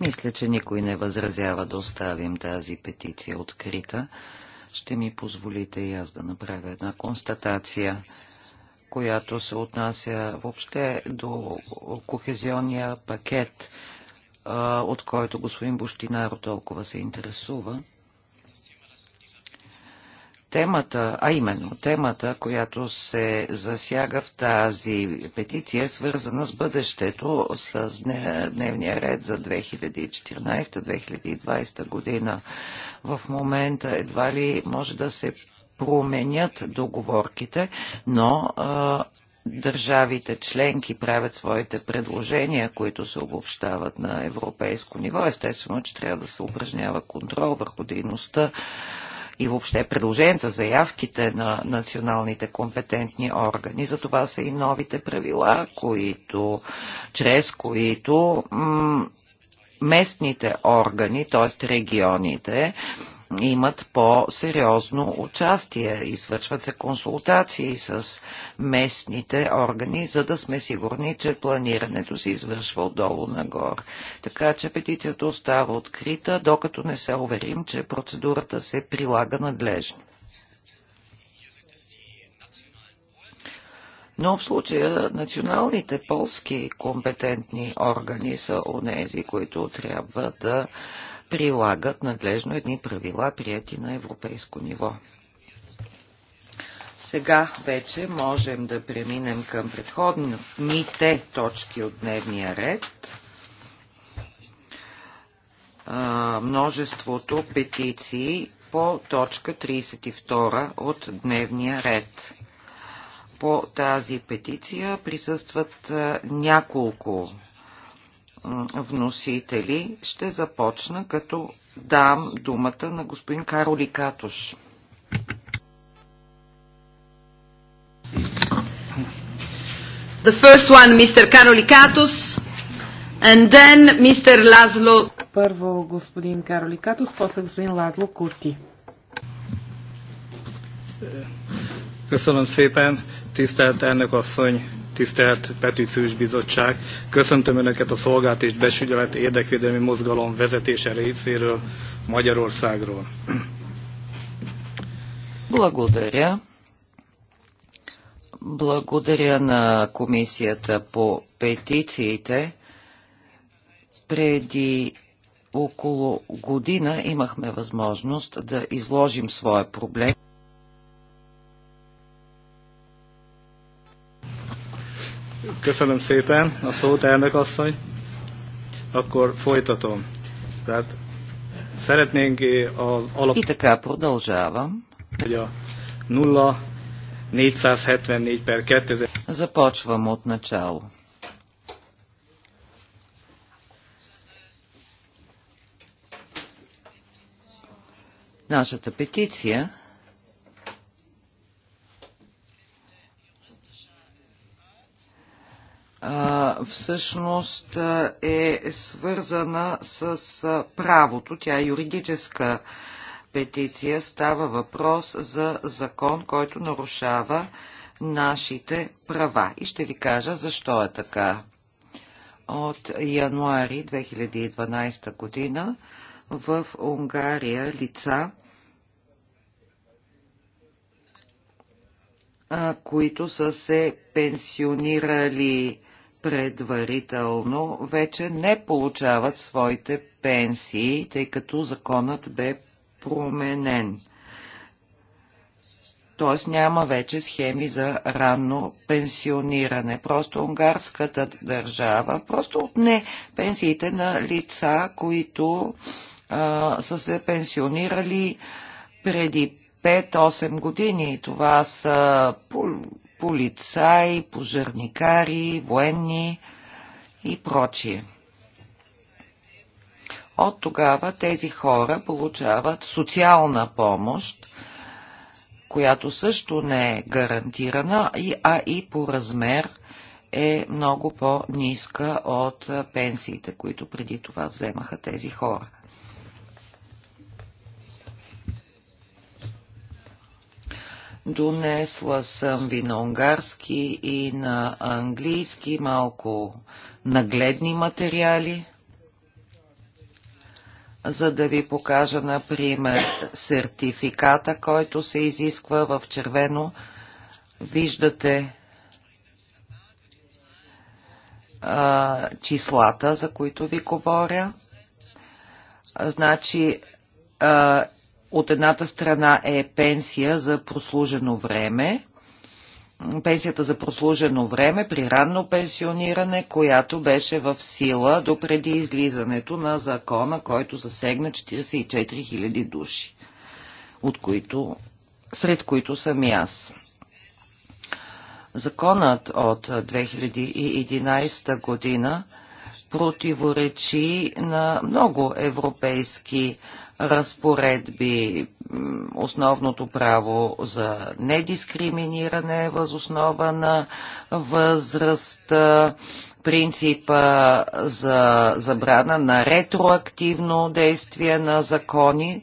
Мисля, че никой не възразява да оставим тази петиция открита. Ще ми позволите и аз да направя една констатация, която се отнася въобще до кохезионния пакет, от който господин Бощинаро толкова се интересува. Темата, а именно темата, която се засяга в тази петиция, е свързана с бъдещето с дневния ред за 2014-2020 година. В момента едва ли може да се променят договорките, но а, държавите членки правят своите предложения, които се обобщават на европейско ниво. Естествено, че трябва да се упражнява контрол върху дейността и въобще предложенията, заявките на националните компетентни органи. За това са и новите правила, които, чрез които местните органи, т.е. регионите, имат по-сериозно участие. Извършват се консултации с местните органи, за да сме сигурни, че планирането се извършва отдолу нагоре. Така че петицията остава открита, докато не се уверим, че процедурата се прилага надлежно. Но в случая националните полски компетентни органи са онези, които трябва да прилагат надлежно едни правила, прияти на европейско ниво. Сега вече можем да преминем към предходните точки от дневния ред. А, множеството петиции по точка 32 от дневния ред. По тази петиция присъстват няколко вносители. Ще започна като дам думата на господин Кароли Катош.
The first one, Mr. Karoli
Katus, and then Mr. Laszlo. Първо господин Кароли Катус, после господин Лазло Курти.
Köszönöm szépen. Tisztelt elnök asszony, tisztelt petíciós bizottság! Köszöntöm Önöket a Szolgált és Besügyelet Érdekvédelmi Mozgalom vezetése részéről Magyarországról.
Благодаря. Благодаря на Комисията по петициите. Преди около година имахме възможност да изложим своя проблем.
Köszönöm szépen a szót, elnök asszony. Akkor folytatom. Tehát
szeretnénk az alap... Itt a продължавам. Hogy a 0 474 per 2000... Ez a Започвам от начало. Нашата петиция всъщност е свързана с правото. Тя е юридическа петиция. Става въпрос за закон, който нарушава нашите права. И ще ви кажа защо е така. От януари 2012 година в Унгария лица, които са се пенсионирали предварително вече не получават своите пенсии, тъй като законът бе променен. Т.е. няма вече схеми за ранно пенсиониране. Просто унгарската държава просто отне пенсиите на лица, които а, са се пенсионирали преди 5-8 години. Това са полицаи, пожарникари, военни и прочие. От тогава тези хора получават социална помощ, която също не е гарантирана, а и по размер е много по-ниска от пенсиите, които преди това вземаха тези хора. Донесла съм ви на унгарски и на английски малко нагледни материали, за да ви покажа, например, сертификата, който се изисква в червено. Виждате а, числата, за които ви говоря. Значи, а, от едната страна е пенсия за прослужено време, пенсията за прослужено време при ранно пенсиониране, която беше в сила до преди излизането на закона, който засегна 44 000 души, от които, сред които съм и аз. Законът от 2011 година противоречи на много европейски разпоредби, основното право за недискриминиране възоснова на възраст, принципа за забрана на ретроактивно действие на закони,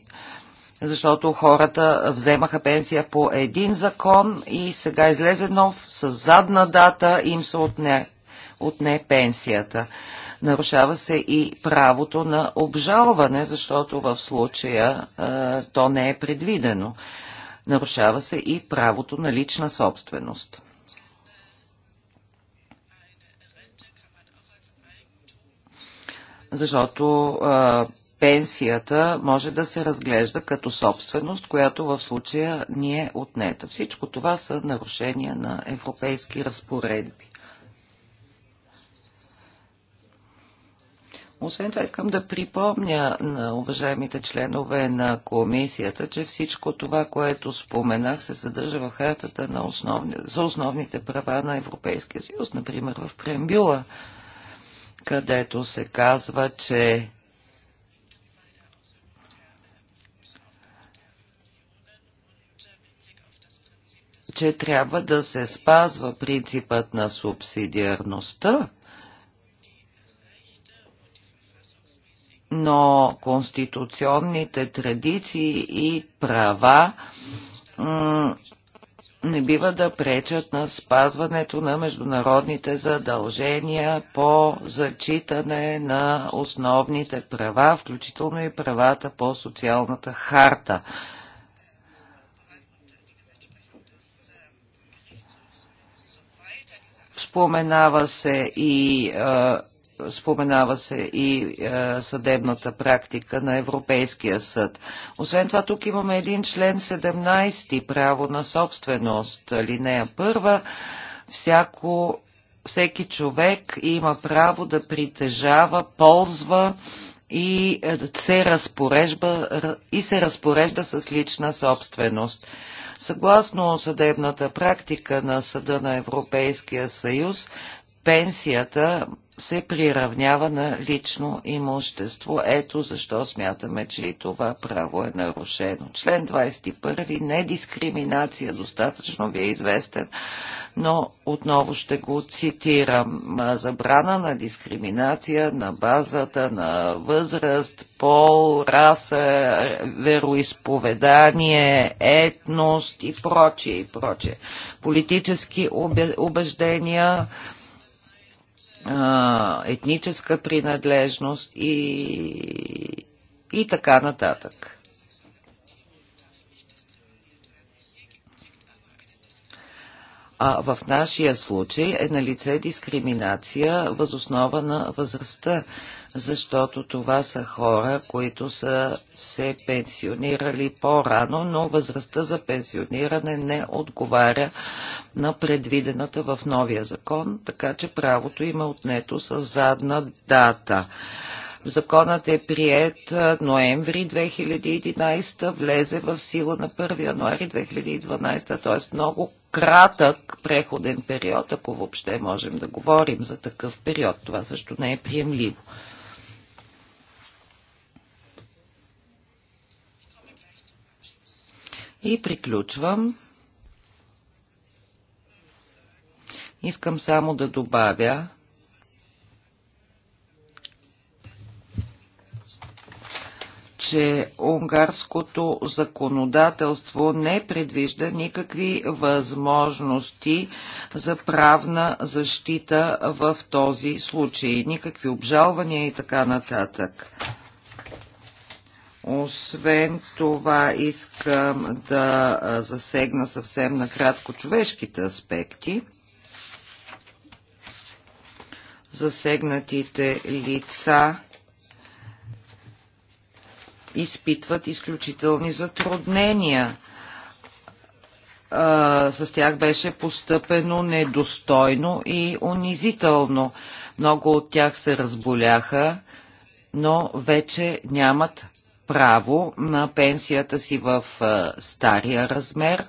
защото хората вземаха пенсия по един закон и сега излезе нов, с задна дата им се отне, отне пенсията. Нарушава се и правото на обжалване, защото в случая а, то не е предвидено. Нарушава се и правото на лична собственост. Защото а, пенсията може да се разглежда като собственост, която в случая ни е отнета. Всичко това са нарушения на европейски разпоредби. Освен това искам да припомня на уважаемите членове на комисията, че всичко това, което споменах, се съдържа в хартата на основни, за основните права на Европейския съюз, например в Прембюла, където се казва, че че трябва да се спазва принципът на субсидиарността но конституционните традиции и права не бива да пречат на спазването на международните задължения по зачитане на основните права, включително и правата по социалната харта. Споменава се и споменава се и е, съдебната практика на Европейския съд. Освен това, тук имаме един член 17, право на собственост, линея първа. Всяко, всеки човек има право да притежава, ползва и е, се разпорежба, и се разпорежда с лична собственост. Съгласно съдебната практика на Съда на Европейския съюз, пенсията се приравнява на лично имущество. Ето защо смятаме, че и това право е нарушено. Член 21. Недискриминация достатъчно ви е известен, но отново ще го цитирам. Забрана на дискриминация на базата на възраст, пол, раса, вероисповедание, етност и прочие и прочие. Политически убеждения, етническа принадлежност и, и така нататък. А в нашия случай е на лице дискриминация възоснова на възрастта защото това са хора, които са се пенсионирали по-рано, но възрастта за пенсиониране не отговаря на предвидената в новия закон, така че правото им е отнето с задна дата. Законът е прият ноември 2011, влезе в сила на 1 януари 2012, т.е. много кратък преходен период, ако въобще можем да говорим за такъв период. Това също не е приемливо. И приключвам. Искам само да добавя, че унгарското законодателство не предвижда никакви възможности за правна защита в този случай, никакви обжалвания и така нататък. Освен това искам да засегна съвсем накратко човешките аспекти. Засегнатите лица изпитват изключителни затруднения. с тях беше постъпено недостойно и унизително. Много от тях се разболяха, но вече нямат право на пенсията си в стария размер,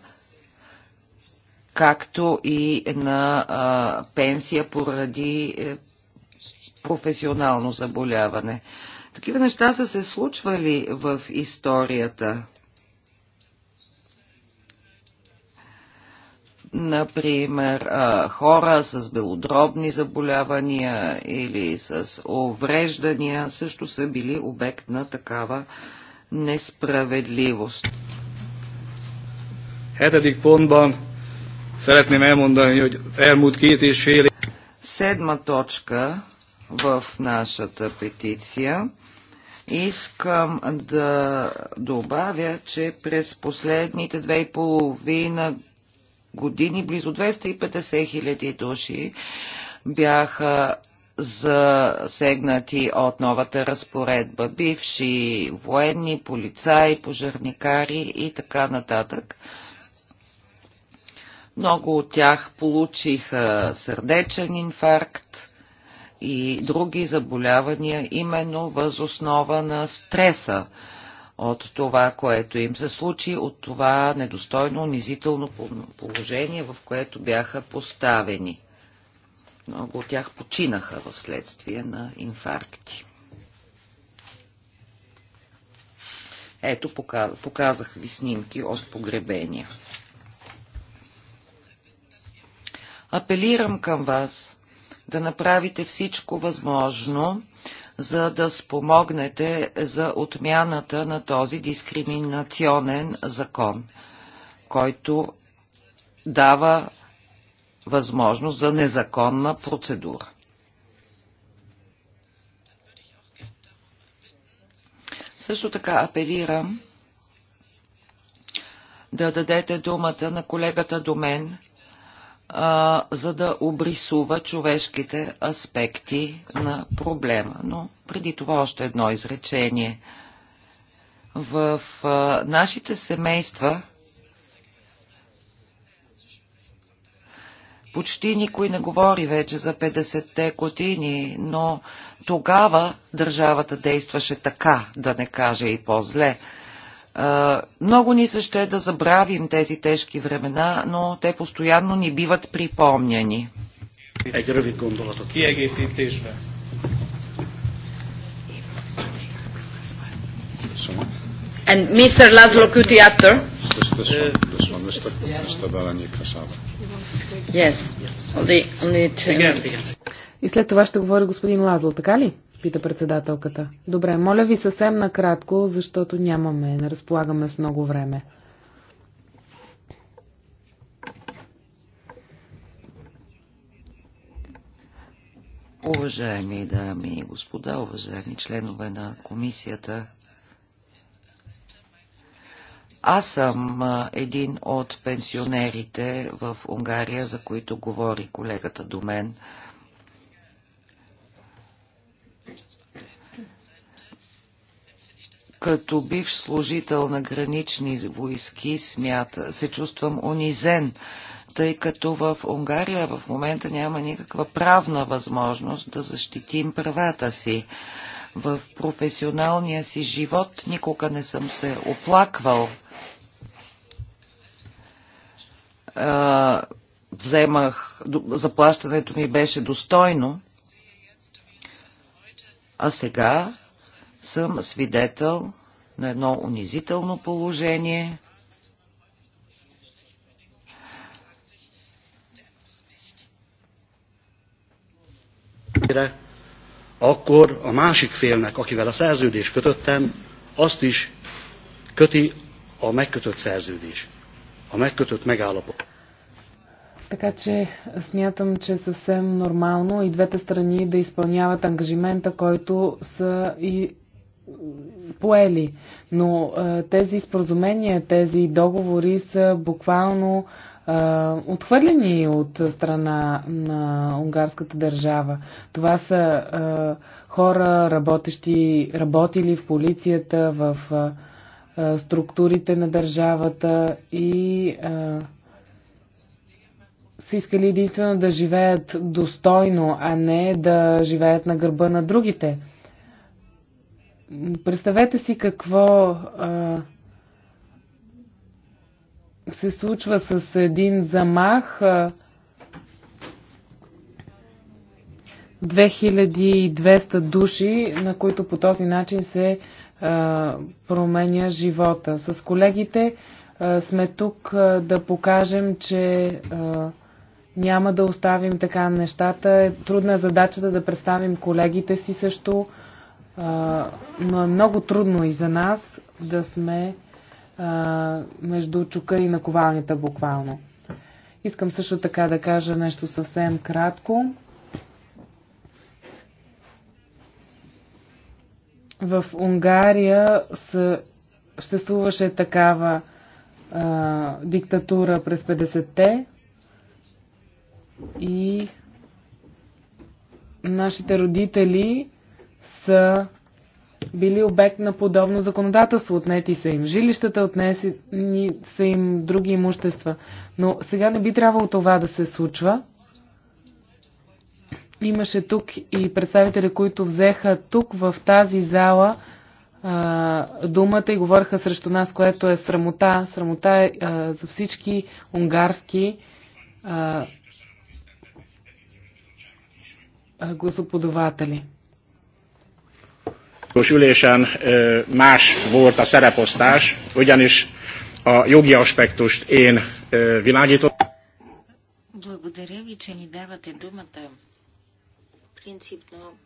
както и на пенсия поради е, професионално заболяване. Такива неща са се случвали в историята. например, хора с белодробни заболявания или с увреждания също са били обект на такава несправедливост. Седма точка в нашата петиция Искам да добавя, че през последните две и половина години близо 250 хиляди души бяха засегнати от новата разпоредба. Бивши военни, полицаи, пожарникари и така нататък. Много от тях получиха сърдечен инфаркт и други заболявания именно възоснова на стреса, от това, което им се случи, от това недостойно, унизително положение, в което бяха поставени. Много от тях починаха в следствие на инфаркти. Ето, показах ви снимки от погребения. Апелирам към вас да направите всичко възможно, за да спомогнете за отмяната на този дискриминационен закон, който дава възможност за незаконна процедура. Също така апелирам да дадете думата на колегата до мен – а, за да обрисува човешките аспекти на проблема. Но преди това още едно изречение. В а, нашите семейства Почти никой не говори вече за 50-те години, но тогава държавата действаше така, да не каже и по-зле. Много ни се ще да забравим тези тежки времена, но те постоянно ни биват припомняни.
Egy rövid gondolatot. Kiegészítésbe.
And Mr. Laszlo Kuti after.
This, this one, this one, Mr. Mr. Balani Kasaba. Yes. Only, only two minutes. И след това ще говори господин Лазло, така ли? пита председателката. Добре, моля ви съвсем накратко, защото нямаме, не разполагаме с много време.
Уважаеми дами и господа, уважаеми членове на комисията, аз съм един от пенсионерите в Унгария, за които говори колегата до мен – Като бив служител на гранични войски смята, се чувствам унизен, тъй като в Унгария в момента няма никаква правна възможност да защитим правата си. В професионалния си живот никога не съм се оплаквал вземах, заплащането ми беше достойно, а сега съм свидетел на едно унизително положение.
akkor a másik félnek, akivel a szerződést kötöttem, azt is köti a megkötött szerződés, a megkötött
Така че смятам, че е съвсем нормално и двете страни да изпълняват ангажимента, който са и поели. Но а, тези споразумения, тези договори са буквално а, отхвърлени от страна на унгарската държава. Това са а, хора, работещи, работили в полицията, в а, структурите на държавата и а, са искали единствено да живеят достойно, а не да живеят на гърба на другите. Представете си какво а, се случва с един замах. А, 2200 души, на които по този начин се а, променя живота. С колегите а, сме тук а, да покажем, че а, няма да оставим така нещата. Трудна е задачата да представим колегите си също а, но е много трудно и за нас да сме а, между чука и наковалнята буквално. Искам също така да кажа нещо съвсем кратко. В Унгария съществуваше такава а, диктатура през 50-те и нашите родители са били обект на подобно законодателство. Отнети са им жилищата, отнесени са им други имущества. Но сега не би трябвало това да се случва. Имаше тук и представители, които взеха тук в тази зала а, думата и говориха срещу нас, което е срамота. Срамота е а, за всички унгарски а, гласоподаватели.
Most ülésen más volt a szereposztás, ugyanis a jogi aspektust én világítottam.
Благодаря ви, че ни давате думата. Принципно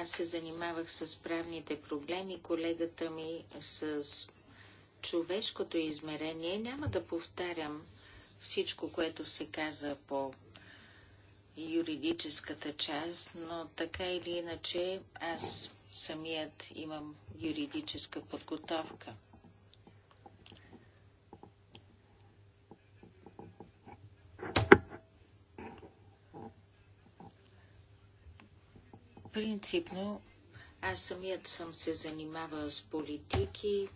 аз се занимавах с правните проблеми, колегата ми с човешкото измерение. Няма да повтарям всичко, което се каза по юридическата част, но така или иначе аз самият имам юридическа подготовка. Принципно аз самият съм се занимавал с политики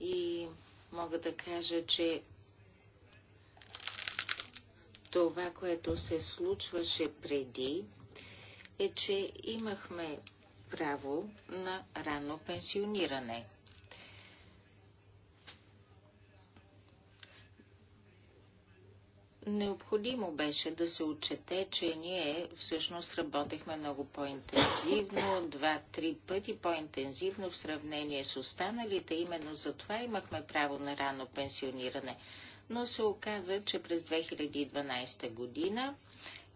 и мога да кажа, че това, което се случваше преди, е, че имахме право на ранно пенсиониране. Необходимо беше да се отчете, че ние всъщност работехме много по-интензивно, два-три пъти по-интензивно в сравнение с останалите. Именно за това имахме право на рано пенсиониране. Но се оказа, че през 2012 година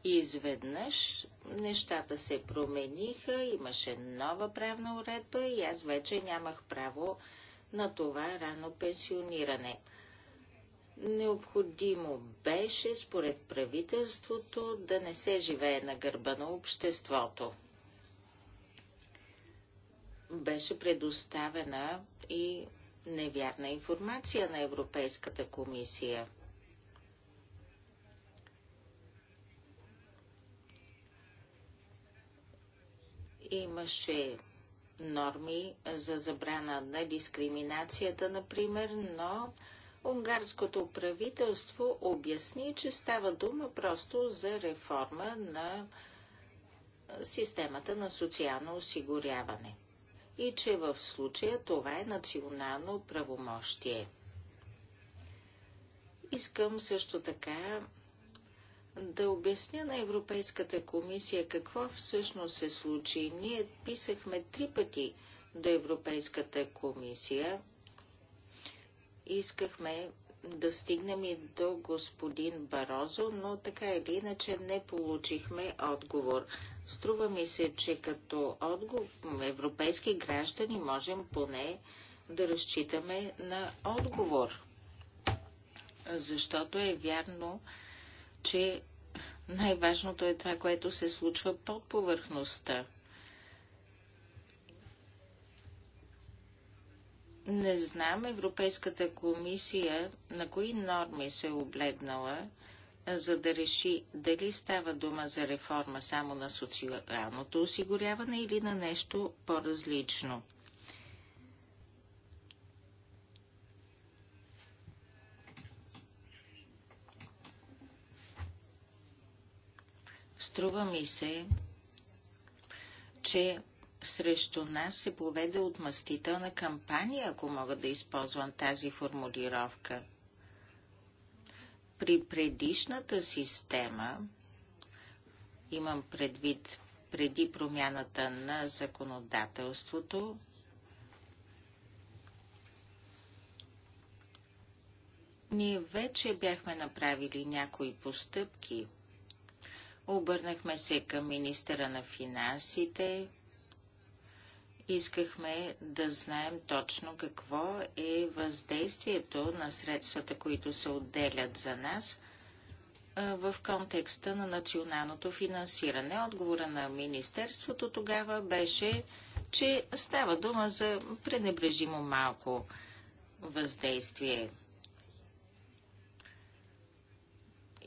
изведнъж нещата се промениха, имаше нова правна уредба и аз вече нямах право на това рано пенсиониране. Необходимо беше, според правителството, да не се живее на гърба на обществото. Беше предоставена и невярна информация на Европейската комисия. Имаше норми за забрана на дискриминацията, например, но унгарското правителство обясни, че става дума просто за реформа на системата на социално осигуряване и че в случая това е национално правомощие. Искам също така да обясня на Европейската комисия какво всъщност се случи. Ние писахме три пъти до Европейската комисия. Искахме да стигнем и до господин Барозо, но така или иначе не получихме отговор. Струва ми се, че като отговор, европейски граждани можем поне да разчитаме на отговор. Защото е вярно, че най-важното е това, което се случва под повърхността. Не знам Европейската комисия на кои норми се е облегнала, за да реши дали става дума за реформа само на социалното осигуряване или на нещо по-различно. Струва ми се, че срещу нас се поведе отмъстителна кампания, ако мога да използвам тази формулировка. При предишната система, имам предвид преди промяната на законодателството, ние вече бяхме направили някои постъпки – Обърнахме се към министъра на финансите. Искахме да знаем точно какво е въздействието на средствата, които се отделят за нас в контекста на националното финансиране. Отговора на Министерството тогава беше, че става дума за пренебрежимо малко въздействие.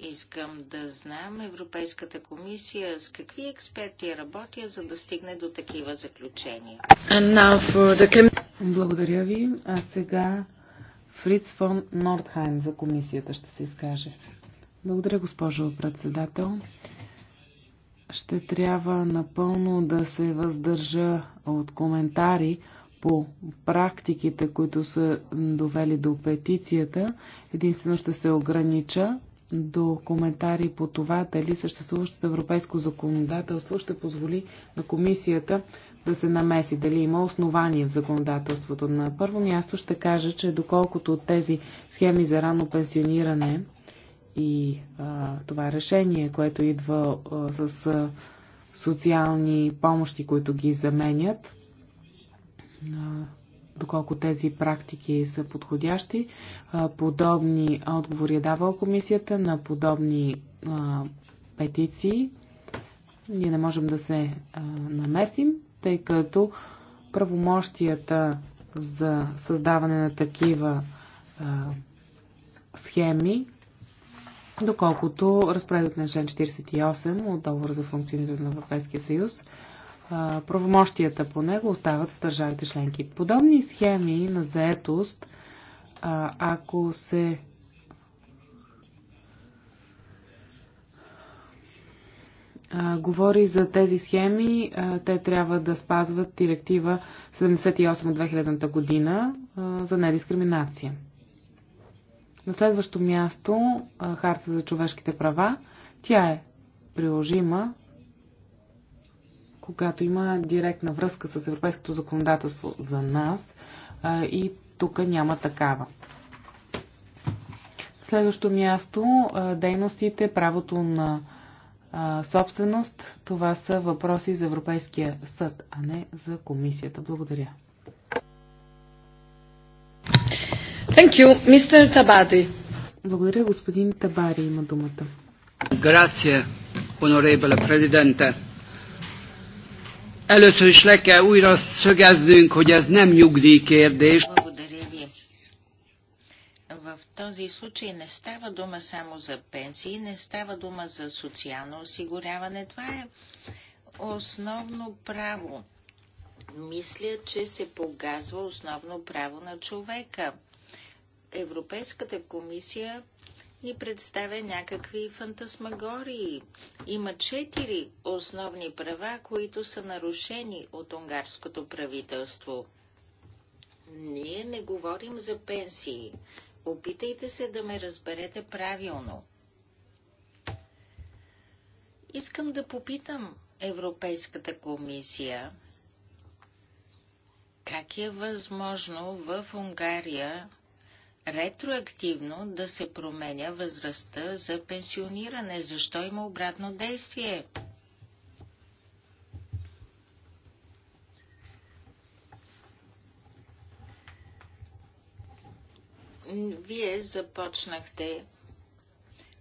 Искам да знам Европейската комисия с какви експерти работя, за да стигне до такива заключения.
The... Благодаря ви. А сега Фриц фон Нордхайм за комисията ще се изкаже. Благодаря, госпожо председател. Ще трябва напълно да се въздържа от коментари по практиките, които са довели до петицията. Единствено ще се огранича до коментари по това дали съществуващото европейско законодателство ще позволи на комисията да се намеси, дали има основание в законодателството. На първо място ще кажа, че доколкото от тези схеми за рано пенсиониране и а, това решение, което идва а, с а, социални помощи, които ги заменят, а, доколко тези практики са подходящи. Подобни отговори е давала комисията на подобни петиции. Ние не можем да се намесим, тъй като правомощията за създаване на такива схеми, доколкото разпоредът на член 48 от договора за функциониране на Европейския съюз, правомощията по него остават в държавите членки. Подобни схеми на заетост, ако се говори за тези схеми, те трябва да спазват директива 78 от 2000 година за недискриминация. На следващо място, Харта за човешките права, тя е приложима когато има директна връзка с европейското законодателство за нас а, и тук няма такава. Следващо място а, дейностите, правото на а, собственост. Това са въпроси за Европейския съд, а не за комисията. Благодаря. Thank you, Mr. Tabari. Благодаря, господин Табари има думата.
Грация, honorable президента. Először is le kell újra szögeznünk, hogy ez nem nyugdíjkérdés. Благодаря ви.
В този случай не става дума само за пенсии, не става дума за социално осигуряване. Това е основно право. Мисля, че се погазва основно право на човека. Европейската комисия ни представя някакви фантасмагории. Има четири основни права, които са нарушени от унгарското правителство. Ние не говорим за пенсии. Опитайте се да ме разберете правилно. Искам да попитам Европейската комисия как е възможно в Унгария ретроактивно да се променя възрастта за пенсиониране? Защо има обратно действие? Вие започнахте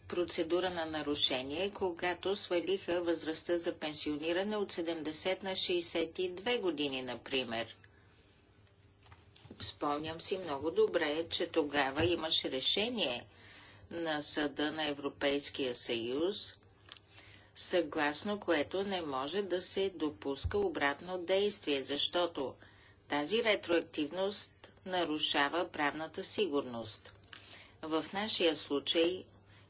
процедура на нарушение, когато свалиха възрастта за пенсиониране от 70 на 62 години, например – Спомням си много добре, че тогава имаше решение на Съда на Европейския съюз, съгласно което не може да се допуска обратно действие, защото тази ретроактивност нарушава правната сигурност. В нашия случай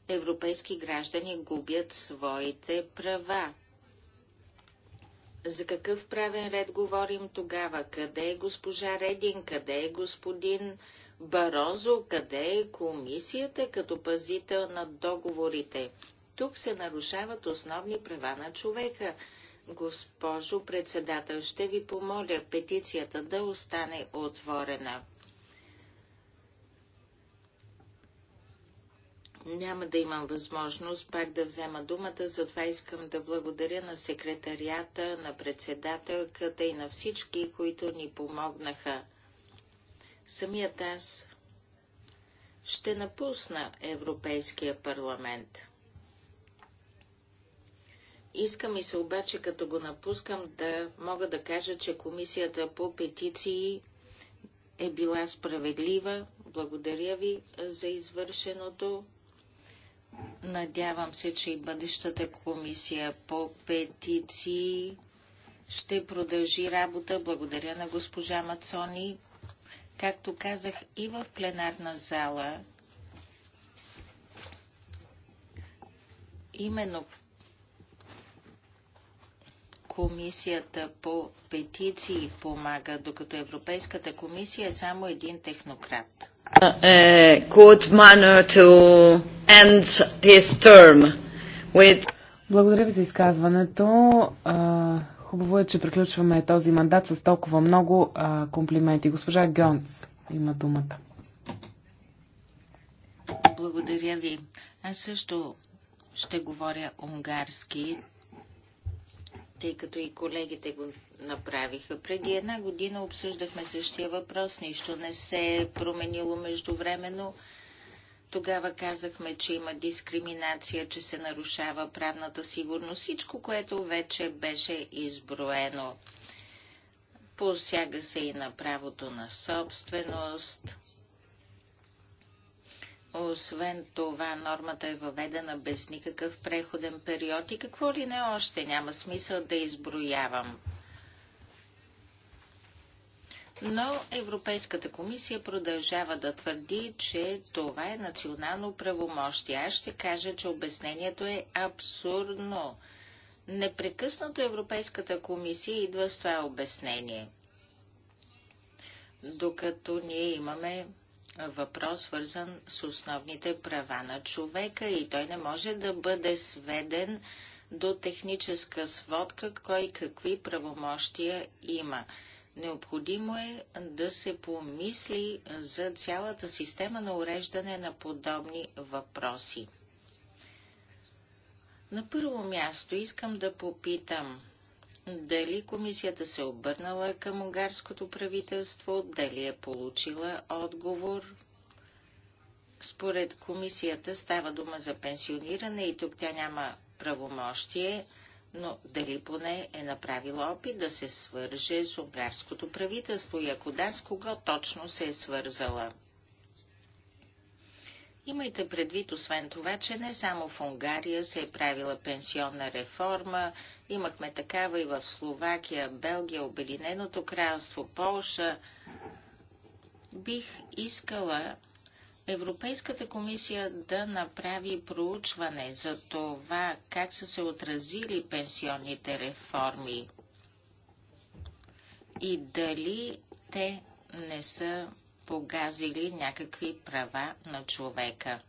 европейски граждани губят своите права. За какъв правен ред говорим тогава? Къде е госпожа Редин? Къде е господин Барозо? Къде е комисията като пазител на договорите? Тук се нарушават основни права на човека. Госпожо председател, ще ви помоля петицията да остане отворена. Няма да имам възможност пак да взема думата, затова искам да благодаря на секретарията, на председателката и на всички, които ни помогнаха. Самият аз ще напусна Европейския парламент. Искам и се обаче, като го напускам, да мога да кажа, че комисията по петиции е била справедлива. Благодаря ви за извършеното. Надявам се, че и бъдещата комисия по петиции ще продължи работа. Благодаря на госпожа Мацони. Както казах и в пленарна зала, именно комисията по петиции помага, докато Европейската комисия е само един технократ
a uh, uh, good manner to end
this term with... Благодаря ви за изказването. хубаво е, че приключваме този мандат с толкова много комплименти. Госпожа Гьонц има думата.
Благодаря ви. Аз също ще говоря унгарски, тъй като и колегите го направиха. Преди една година обсъждахме същия въпрос, нищо не се е променило междувременно. Тогава казахме, че има дискриминация, че се нарушава правната сигурност, всичко, което вече беше изброено. Посяга се и на правото на собственост. Освен това, нормата е въведена без никакъв преходен период и какво ли не още няма смисъл да изброявам но Европейската комисия продължава да твърди, че това е национално правомощие. Аз ще кажа, че обяснението е абсурдно. Непрекъснато Европейската комисия идва с това обяснение. Докато ние имаме въпрос, свързан с основните права на човека и той не може да бъде сведен до техническа сводка, кой какви правомощия има. Необходимо е да се помисли за цялата система на уреждане на подобни въпроси. На първо място искам да попитам дали комисията се обърнала към унгарското правителство, дали е получила отговор. Според комисията става дума за пенсиониране и тук тя няма правомощие – но дали поне е направила опит да се свърже с унгарското правителство и ако да, с кого точно се е свързала? Имайте предвид, освен това, че не само в Унгария се е правила пенсионна реформа, имахме такава и в Словакия, Белгия, Обединеното кралство, Полша. Бих искала Европейската комисия да направи проучване за това как са се отразили пенсионните реформи и дали те не са погазили някакви права на човека.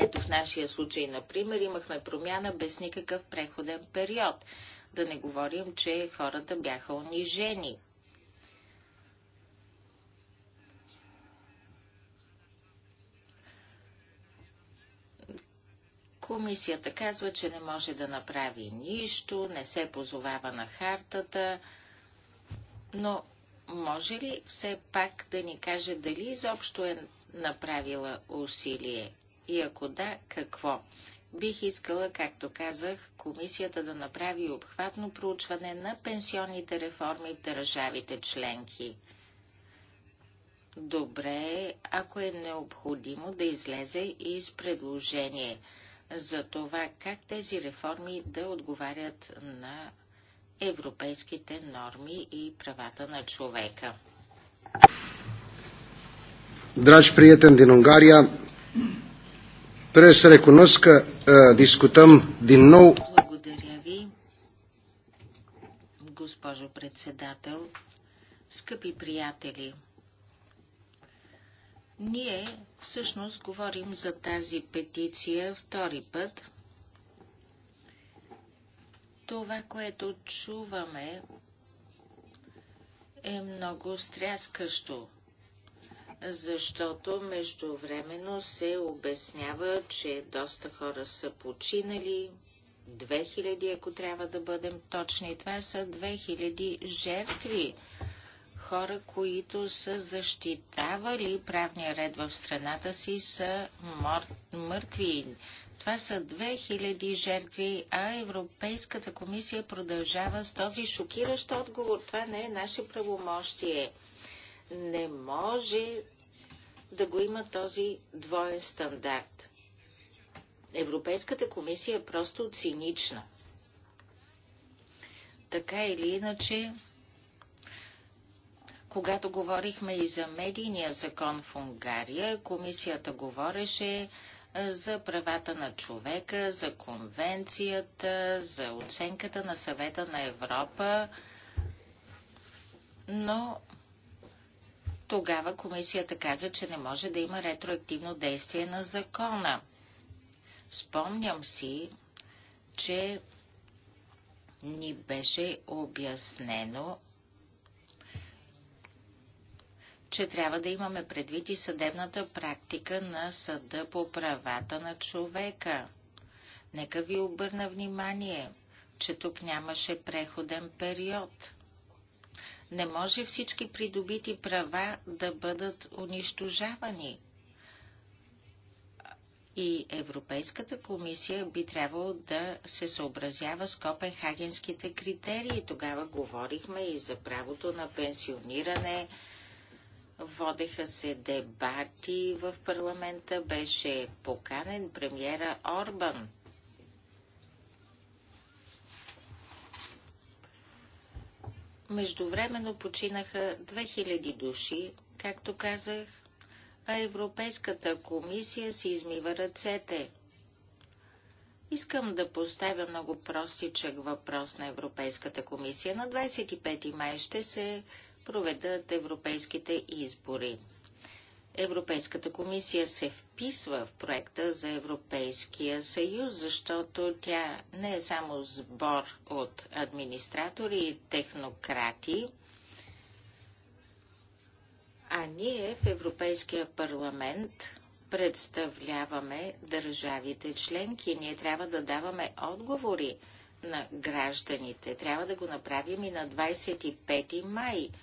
Ето в нашия случай, например, имахме промяна без никакъв преходен период. Да не говорим, че хората бяха унижени Комисията казва, че не може да направи нищо, не се позовава на хартата, но може ли все пак да ни каже дали изобщо е направила усилие? И ако да, какво? Бих искала, както казах, комисията да направи обхватно проучване на пенсионните реформи в държавите членки. Добре, ако е необходимо да излезе и с предложение – за това как тези реформи да отговарят на европейските норми и правата на човека.
Dragi приятен din Унгария, trebuie să recunosc că din nou. Благодаря ви,
госпожо председател, скъпи приятели. Ние всъщност говорим за тази петиция втори път. Това, което чуваме, е много стряскащо, защото междувременно се обяснява, че доста хора са починали, 2000, ако трябва да бъдем точни. Това са 2000 жертви хора, които са защитавали правния ред в страната си, са мор... мъртви. Това са 2000 жертви, а Европейската комисия продължава с този шокиращ отговор. Това не е наше правомощие. Не може да го има този двоен стандарт. Европейската комисия е просто цинична. Така или иначе, когато говорихме и за медийния закон в Унгария, комисията говореше за правата на човека, за конвенцията, за оценката на съвета на Европа, но тогава комисията каза, че не може да има ретроактивно действие на закона. Спомням си, че ни беше обяснено, че трябва да имаме предвид и съдебната практика на съда по правата на човека. Нека ви обърна внимание, че тук нямаше преходен период. Не може всички придобити права да бъдат унищожавани. И Европейската комисия би трябвало да се съобразява с копенхагенските критерии. Тогава говорихме и за правото на пенсиониране, Водеха се дебати в парламента, беше поканен премиера Орбан. Междувременно починаха 2000 души, както казах, а Европейската комисия си измива ръцете. Искам да поставя много простичък въпрос на Европейската комисия. На 25 май ще се проведат европейските избори. Европейската комисия се вписва в проекта за Европейския съюз, защото тя не е само сбор от администратори и технократи, а ние в Европейския парламент представляваме държавите членки. Ние трябва да даваме отговори на гражданите. Трябва да го направим и на 25 май –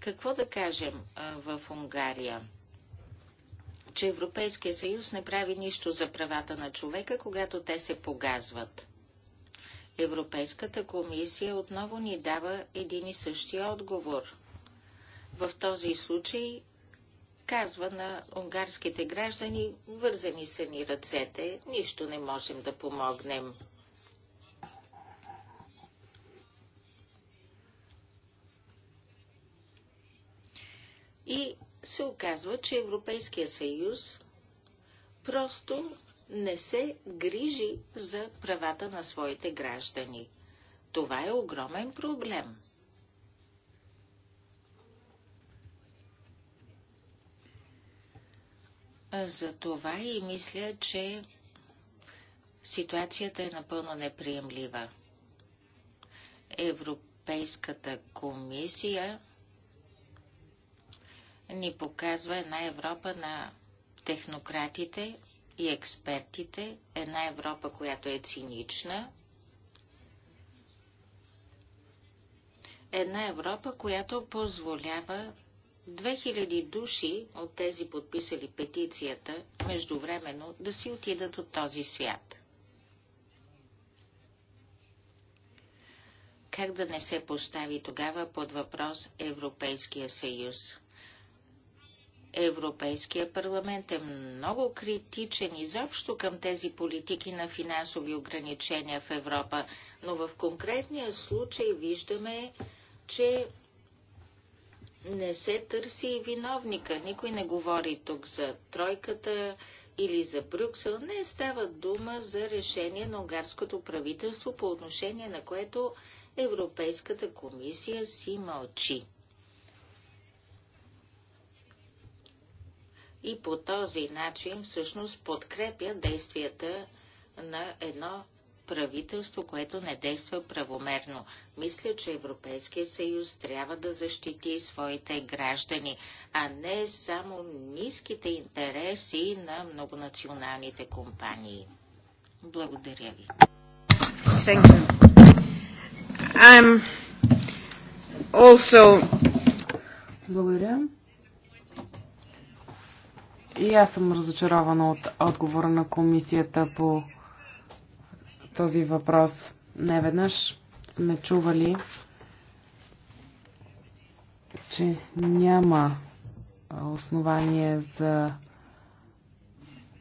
какво да кажем в Унгария? Че Европейския съюз не прави нищо за правата на човека, когато те се погазват. Европейската комисия отново ни дава един и същия отговор. В този случай казва на унгарските граждани, вързани са ни ръцете, нищо не можем да помогнем. И се оказва, че Европейския съюз просто не се грижи за правата на своите граждани. Това е огромен проблем. За това и мисля, че ситуацията е напълно неприемлива. Европейската комисия ни показва една Европа на технократите и експертите, една Европа, която е цинична, една Европа, която позволява 2000 души от тези подписали петицията междувременно да си отидат от този свят. Как да не се постави тогава под въпрос Европейския съюз? Европейския парламент е много критичен изобщо към тези политики на финансови ограничения в Европа, но в конкретния случай виждаме, че не се търси и виновника. Никой не говори тук за тройката или за Брюксел. Не става дума за решение на унгарското правителство, по отношение на което Европейската комисия си мълчи. и по този начин всъщност подкрепя действията на едно правителство, което не действа правомерно. Мисля, че Европейския съюз трябва да защити своите граждани, а не само ниските интереси на многонационалните компании. Благодаря ви.
Благодаря. И аз съм разочарована от отговора на комисията по този въпрос. Не веднъж сме чували, че няма основание за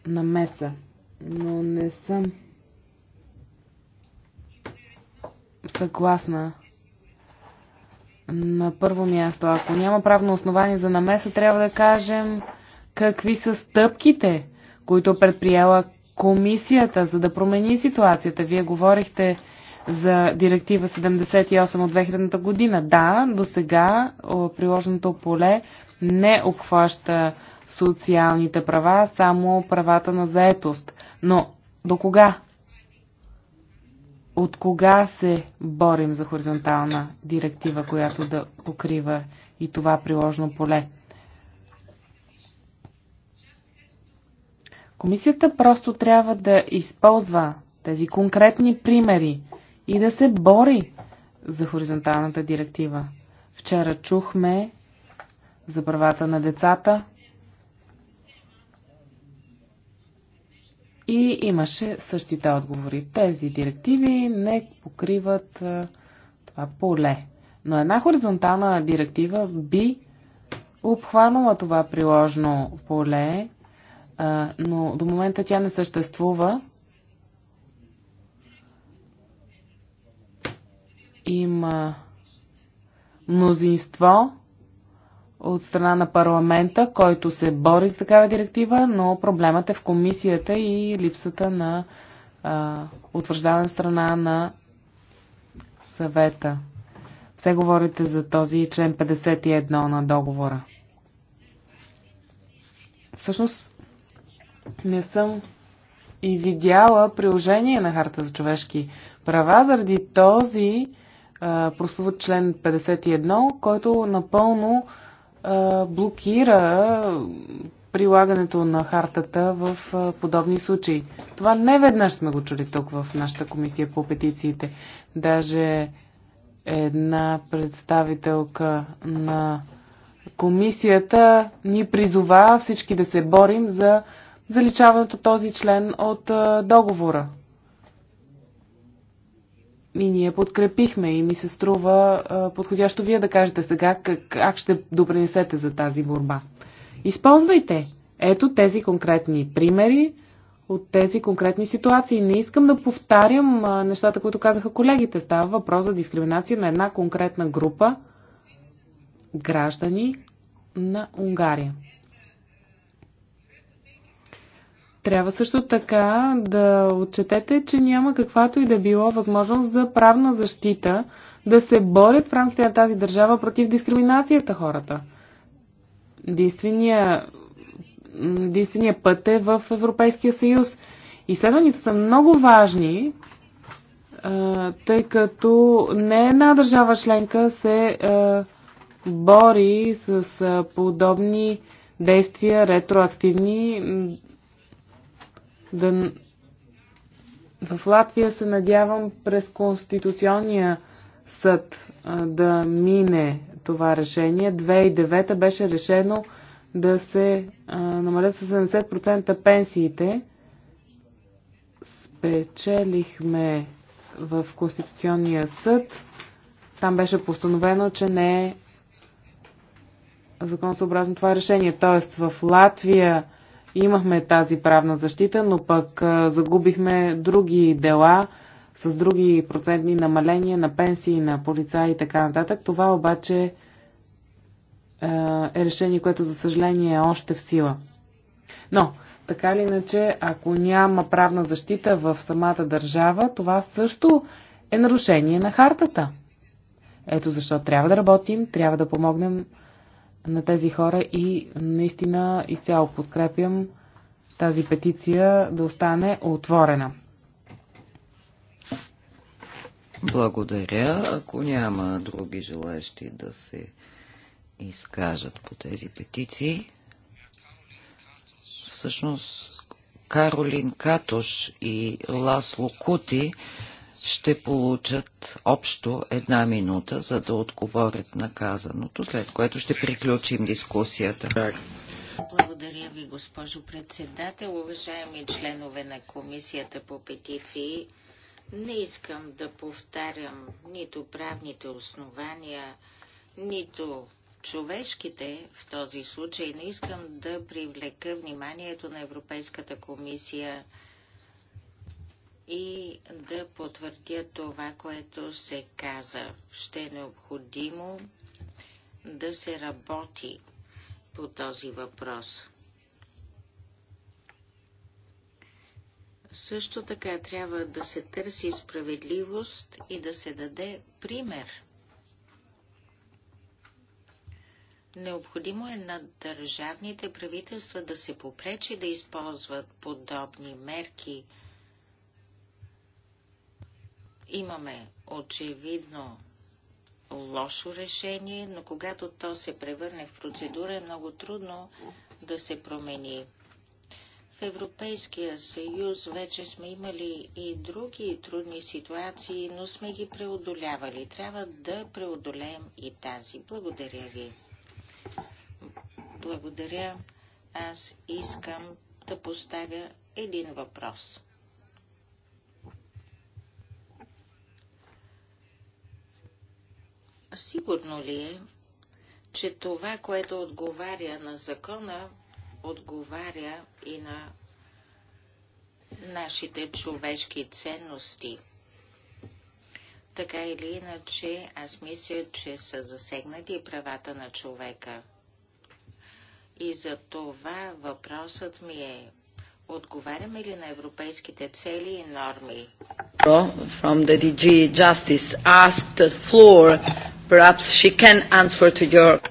намеса, но не съм съгласна. На първо място, ако няма правно основание за намеса, трябва да кажем, какви са стъпките, които предприела комисията, за да промени ситуацията. Вие говорихте за директива 78 от 2000 година. Да, до сега приложеното поле не обхваща социалните права, само правата на заетост. Но до кога? От кога се борим за хоризонтална директива, която да покрива и това приложено поле? Комисията просто трябва да използва тези конкретни примери и да се бори за хоризонталната директива. Вчера чухме за правата на децата и имаше същите отговори. Тези директиви не покриват това поле. Но една хоризонтална директива би обхванала това приложно поле но до момента тя не съществува. Има мнозинство от страна на парламента, който се бори с такава директива, но проблемът е в комисията и липсата на а, утвърждаване страна на съвета. Все говорите за този член 51 на договора. Всъщност не съм и видяла приложение на Харта за човешки права заради този а, прословут член 51, който напълно а, блокира прилагането на хартата в а, подобни случаи. Това не веднъж сме го чули тук в нашата комисия по петициите. Даже една представителка на комисията ни призова всички да се борим за заличаването този член от договора. И ние подкрепихме и ми се струва подходящо вие да кажете сега как, как ще допринесете за тази борба. Използвайте ето тези конкретни примери от тези конкретни ситуации. Не искам да повтарям нещата, които казаха колегите. Става въпрос за дискриминация на една конкретна група граждани на Унгария. Трябва също така да отчетете, че няма каквато и да било възможност за правна защита да се борят в рамките на тази държава против дискриминацията хората. Действения, път е в Европейския съюз. Изследванията са много важни, тъй като не една държава членка се бори с подобни действия ретроактивни да... В Латвия се надявам през Конституционния съд да мине това решение. 2009 беше решено да се намалят с 70% пенсиите. Спечелихме в Конституционния съд. Там беше постановено, че не е законосъобразно това решение. Тоест в Латвия имахме тази правна защита, но пък загубихме други дела с други процентни намаления на пенсии, на полица и така нататък. Това обаче е решение, което за съжаление е още в сила. Но, така или иначе, ако няма правна защита в самата държава, това също е нарушение на хартата. Ето защо трябва да работим, трябва да помогнем на тези хора и наистина изцяло подкрепям тази петиция да остане отворена.
Благодаря. Ако няма други желащи да се изкажат по тези петиции, всъщност Каролин Катош и Ласло Кути ще получат общо една минута, за да отговорят на казаното, след което ще приключим дискусията.
Благодаря ви, госпожо председател, уважаеми членове на Комисията по петиции. Не искам да повтарям нито правните основания, нито човешките в този случай, но искам да привлека вниманието на Европейската комисия и да потвърдя това, което се каза. Ще е необходимо да се работи по този въпрос. Също така трябва да се търси справедливост и да се даде пример. Необходимо е на държавните правителства да се попречи да използват подобни мерки – Имаме очевидно лошо решение, но когато то се превърне в процедура, е много трудно да се промени. В Европейския съюз вече сме имали и други трудни ситуации, но сме ги преодолявали. Трябва да преодолеем и тази. Благодаря ви. Благодаря. Аз искам да поставя един въпрос. Сигурно ли е, че това, което отговаря на закона, отговаря и на нашите човешки ценности? Така или иначе, аз мисля, че са засегнати правата на човека. И за това въпросът ми е, отговаряме ли на европейските цели и норми?
From the DG Justice asked floor
Perhaps she can answer to your...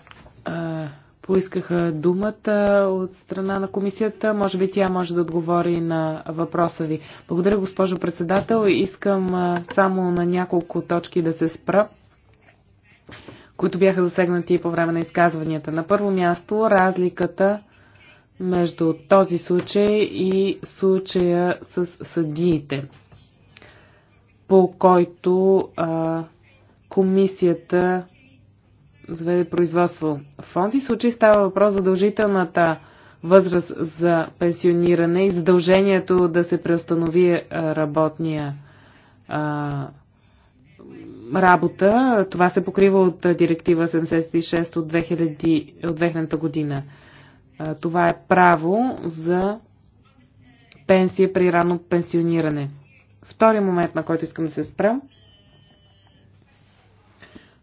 Uh, поискаха думата от страна на комисията. Може би тя може да отговори на въпроса ви. Благодаря, госпожо председател. Искам uh, само на няколко точки да се спра които бяха засегнати по време на изказванията. На първо място разликата между този случай и случая с съдиите, по който а, комисията заведе производство. В този случай става въпрос задължителната възраст за пенсиониране и задължението да се преустанови работния а, работа. Това се покрива от директива 76 от 2000, от 2000 година. А, това е право за пенсия при рано пенсиониране. Втори момент, на който искам да се спра –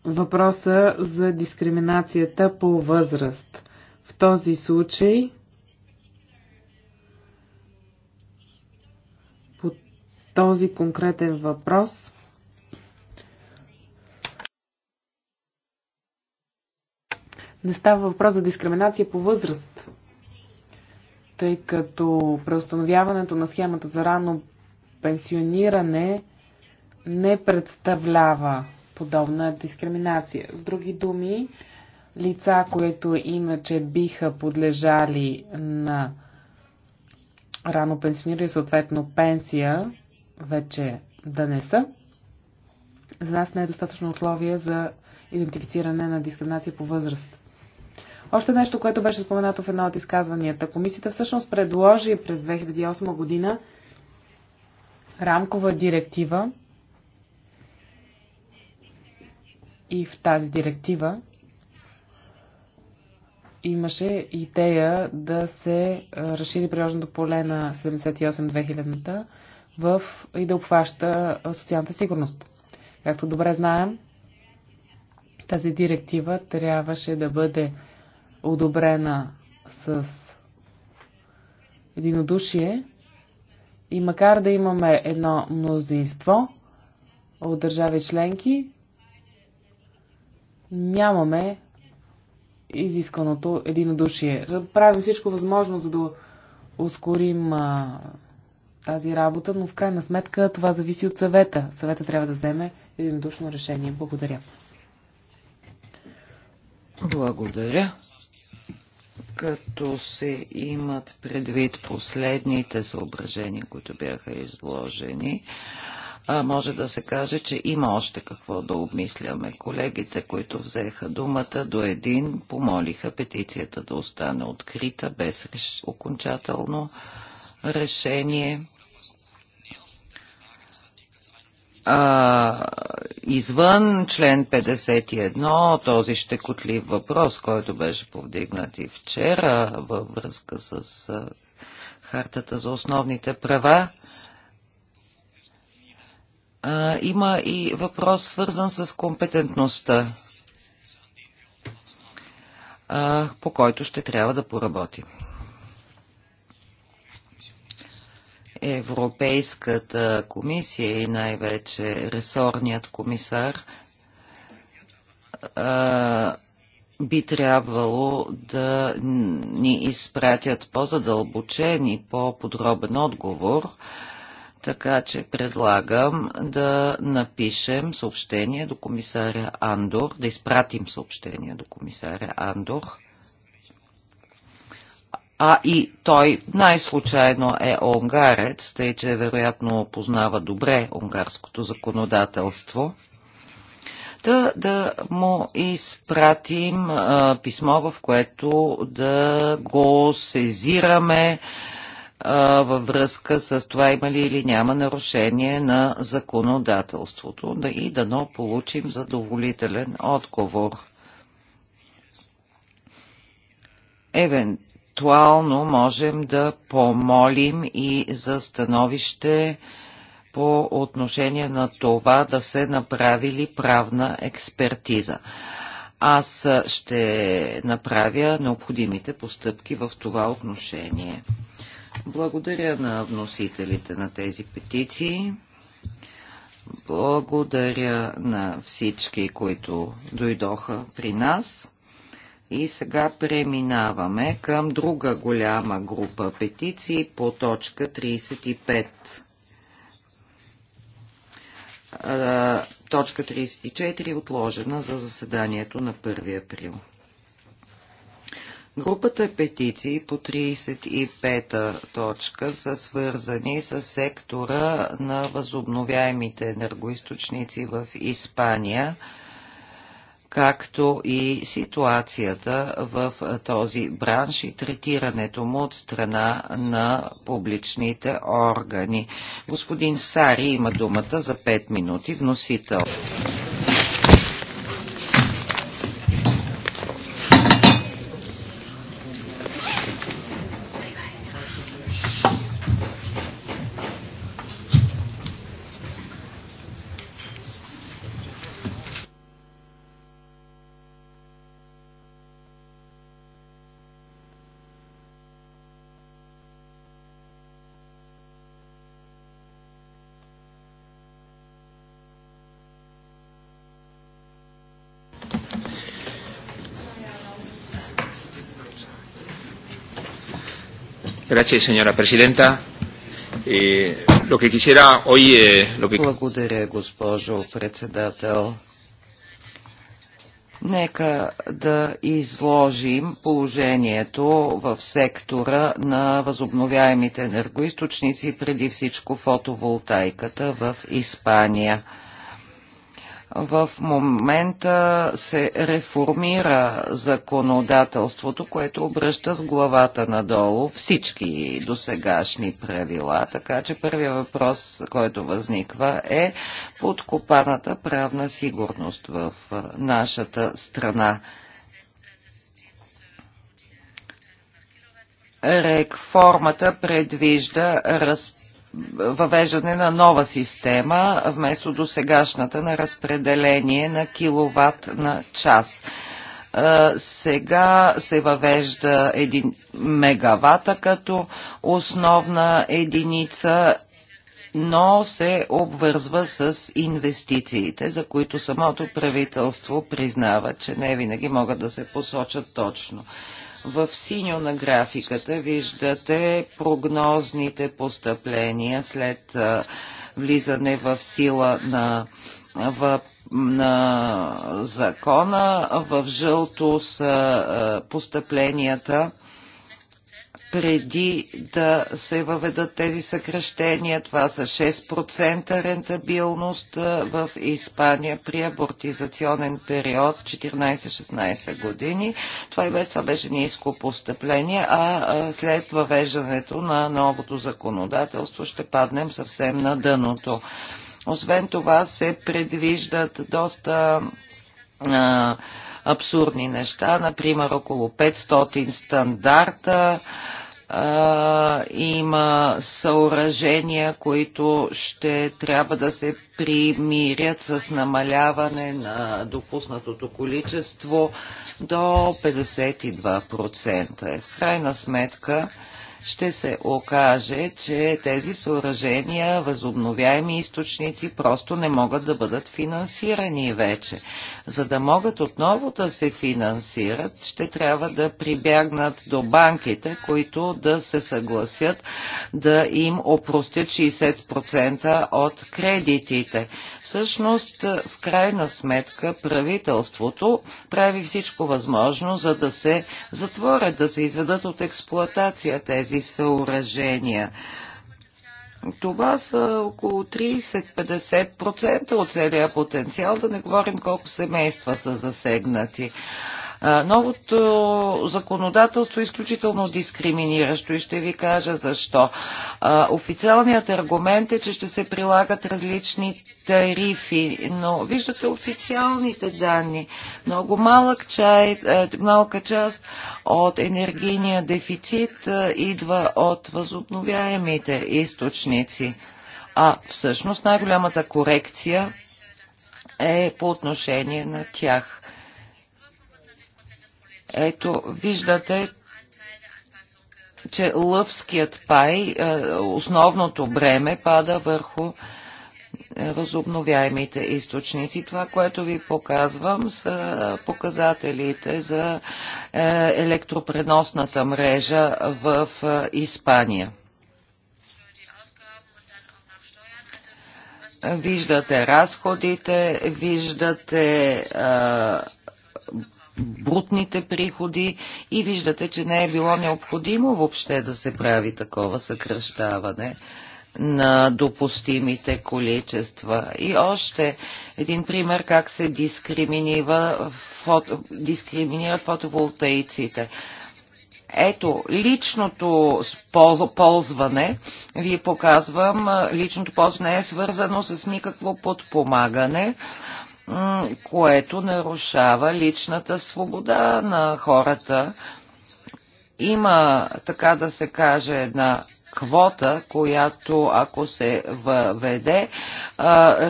въпроса за дискриминацията по възраст. В този случай по този конкретен въпрос не става въпрос за дискриминация по възраст, тъй като преустановяването на схемата за рано пенсиониране не представлява подобна дискриминация. С други думи, лица, които иначе биха подлежали на рано пенсиониране, съответно пенсия, вече да не са, за нас не е достатъчно условие за идентифициране на дискриминация по възраст. Още нещо, което беше споменато в едно от изказванията. Комисията всъщност предложи през 2008 година рамкова директива и в тази директива имаше идея да се разшири приложеното поле на 78-2000 в, и да обхваща социалната сигурност. Както добре знаем, тази директива трябваше да бъде одобрена с единодушие и макар да имаме едно мнозинство от държави членки, нямаме изисканото единодушие. Правим всичко възможно, за да ускорим а, тази работа, но в крайна сметка това зависи от съвета. Съвета трябва да вземе единодушно решение. Благодаря.
Благодаря. Като се имат предвид последните съображения, които бяха изложени, може да се каже, че има още какво да обмисляме. Колегите, които взеха думата до един, помолиха петицията да остане открита без окончателно решение. а, извън член 51, този щекотлив въпрос, който беше повдигнат и вчера във връзка с а, Хартата за основните права, а, има и въпрос свързан с компетентността, а, по който ще трябва да поработим. Европейската комисия и най-вече ресорният комисар а, би трябвало да ни изпратят по-задълбочен и по-подробен отговор а, така че предлагам да напишем съобщение до комисаря Андор, да изпратим съобщение до комисаря Андор. А и той най-случайно е унгарец, тъй че вероятно познава добре унгарското законодателство. Да, да му изпратим а, писмо, в което да го сезираме във връзка с това има ли или няма нарушение на законодателството да и дано получим задоволителен отговор. Евентуално можем да помолим и за становище по отношение на това да се направи ли правна експертиза аз ще направя необходимите постъпки в това отношение. Благодаря на вносителите на тези петиции. Благодаря на всички, които дойдоха при нас. И сега преминаваме към друга голяма група петиции по точка 35. Точка 34 отложена за заседанието на 1 април. Групата петиции по 35-та точка са свързани с сектора на възобновяемите енергоисточници в Испания, както и ситуацията в този бранш и третирането му от страна на публичните органи. Господин Сари има думата за 5 минути, вносител.
Gracias, señora presidenta. Eh, lo que quisiera hoy... Eh, lo que...
Благодаря, госпожо председател. Нека да изложим положението в сектора на възобновяемите енергоисточници, преди всичко фотоволтайката в Испания. В момента се реформира законодателството, което обръща с главата надолу всички досегашни правила, така че първият въпрос, който възниква е подкопаната правна сигурност в нашата страна. Реформата предвижда разпределение въвеждане на нова система, вместо до сегашната на разпределение на киловатт на час. Е, сега се въвежда един мегавата като основна единица, но се обвързва с инвестициите, за които самото правителство признава, че не винаги могат да се посочат точно. В синьо на графиката виждате прогнозните постъпления след влизане в сила на, в, на закона. В жълто са постъпленията преди да се въведат тези съкръщения. Това са 6% рентабилност в Испания при абортизационен период 14-16 години. Това и без това беше ниско постъпление, а след въвеждането на новото законодателство ще паднем съвсем на дъното. Освен това се предвиждат доста а, абсурдни неща, например около 500 стандарта, има съоръжения, които ще трябва да се примирят с намаляване на допуснатото количество до 52%. В крайна сметка ще се окаже, че тези съоръжения, възобновяеми източници, просто не могат да бъдат финансирани вече. За да могат отново да се финансират, ще трябва да прибягнат до банките, които да се съгласят да им опростят 60% от кредитите. Всъщност, в крайна сметка, правителството прави всичко възможно, за да се затворят, да се изведат от експлуатация тези тези съоръжения. Това са около 30-50% от целия потенциал, да не говорим колко семейства са засегнати. Новото законодателство е изключително дискриминиращо и ще ви кажа защо. Официалният аргумент е, че ще се прилагат различни тарифи, но виждате официалните данни. Много малък чай, е, малка част от енергийния дефицит е, идва от възобновяемите източници. А всъщност най-голямата корекция е по отношение на тях. Ето, виждате, че лъвският пай, е, основното бреме пада върху е, възобновяемите източници. Това, което ви показвам, са показателите за е, електропреносната мрежа в Испания. Виждате разходите, виждате брутните приходи и виждате, че не е било необходимо въобще да се прави такова съкръщаване на допустимите количества. И още един пример как се дискриминира, фото, дискриминират фотоволтаиците. Ето, личното ползване, ви показвам, личното ползване е свързано с никакво подпомагане което нарушава личната свобода на хората. Има, така да се каже, една квота, която ако се въведе,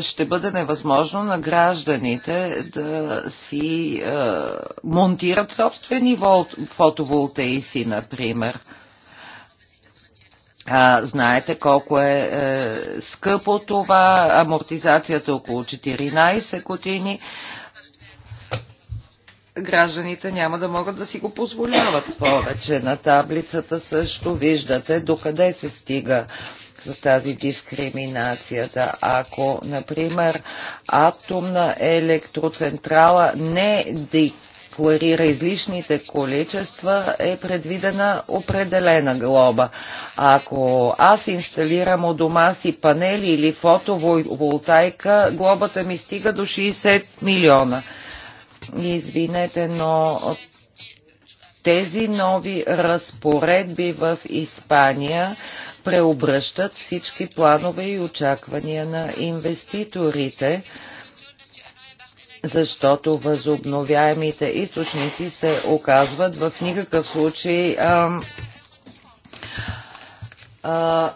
ще бъде невъзможно на гражданите да си монтират собствени фотоволтейси, например. А, знаете колко е, е скъпо това, амортизацията около 14 години. Гражданите няма да могат да си го позволяват повече. На таблицата също виждате докъде се стига за тази дискриминация. Ако, например, атомна електроцентрала не дик декларира излишните количества, е предвидена определена глоба. Ако аз инсталирам у дома си панели или фотоволтайка, глобата ми стига до 60 милиона. Извинете, но тези нови разпоредби в Испания преобръщат всички планове и очаквания на инвеститорите защото възобновяемите източници се оказват в никакъв случай а, а,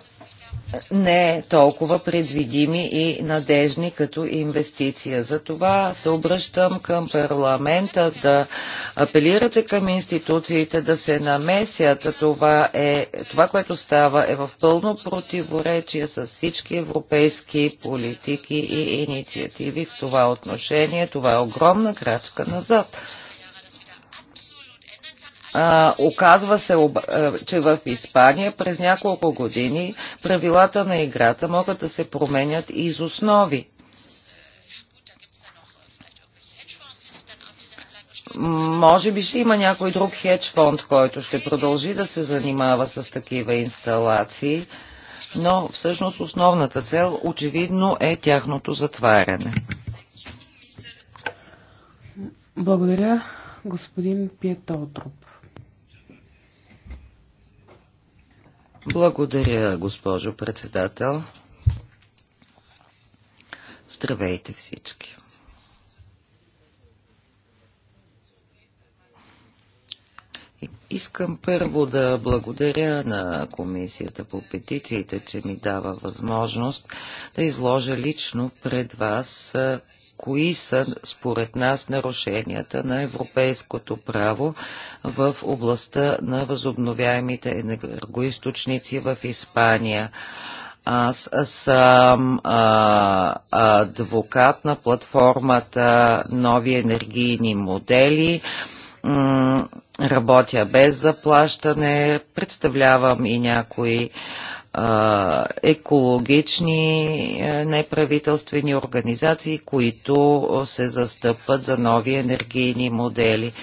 не е толкова предвидими и надежни като инвестиция. Затова се обръщам към парламента да апелирате към институциите да се намесят. Това, е, това което става е в пълно противоречие с всички европейски политики и инициативи в това отношение. Това е огромна крачка назад. А, оказва се, че в Испания през няколко години правилата на играта могат да се променят из основи. може би ще има някой друг хедж фонд, който ще продължи да се занимава с такива инсталации, но всъщност основната цел очевидно е тяхното затваряне.
Благодаря, господин Пиетодруп.
Благодаря, госпожо председател. Здравейте всички. Искам първо да благодаря на Комисията по петициите, че ми дава възможност да изложа лично пред вас кои са според нас нарушенията на европейското право в областта на възобновяемите енергоисточници в Испания. Аз съм а, адвокат на платформата Нови енергийни модели. М работя без заплащане, представлявам и някои екологични неправителствени организации, които се застъпват за нови енергийни модели.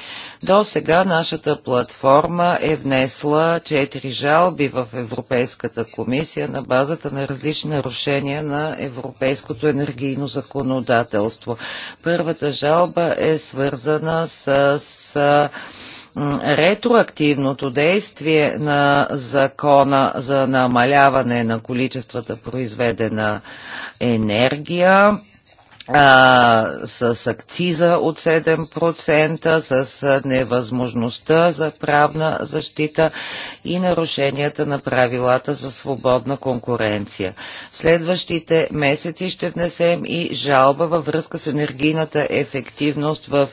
До сега нашата платформа е внесла четири жалби в Европейската комисия на базата на различни нарушения на европейското енергийно законодателство. Първата жалба е свързана с ретроактивното действие на закона за намаляване на количествата произведена енергия а, с акциза от 7%, с невъзможността за правна защита и нарушенията на правилата за свободна конкуренция. В следващите месеци ще внесем и жалба във връзка с енергийната ефективност в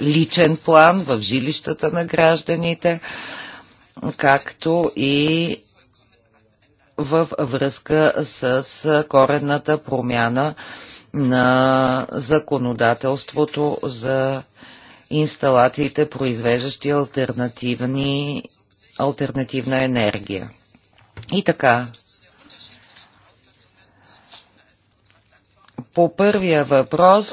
личен план, в жилищата на гражданите, както и в връзка с коренната промяна на законодателството за инсталациите, произвеждащи альтернативни, альтернативна енергия. И така, по първия въпрос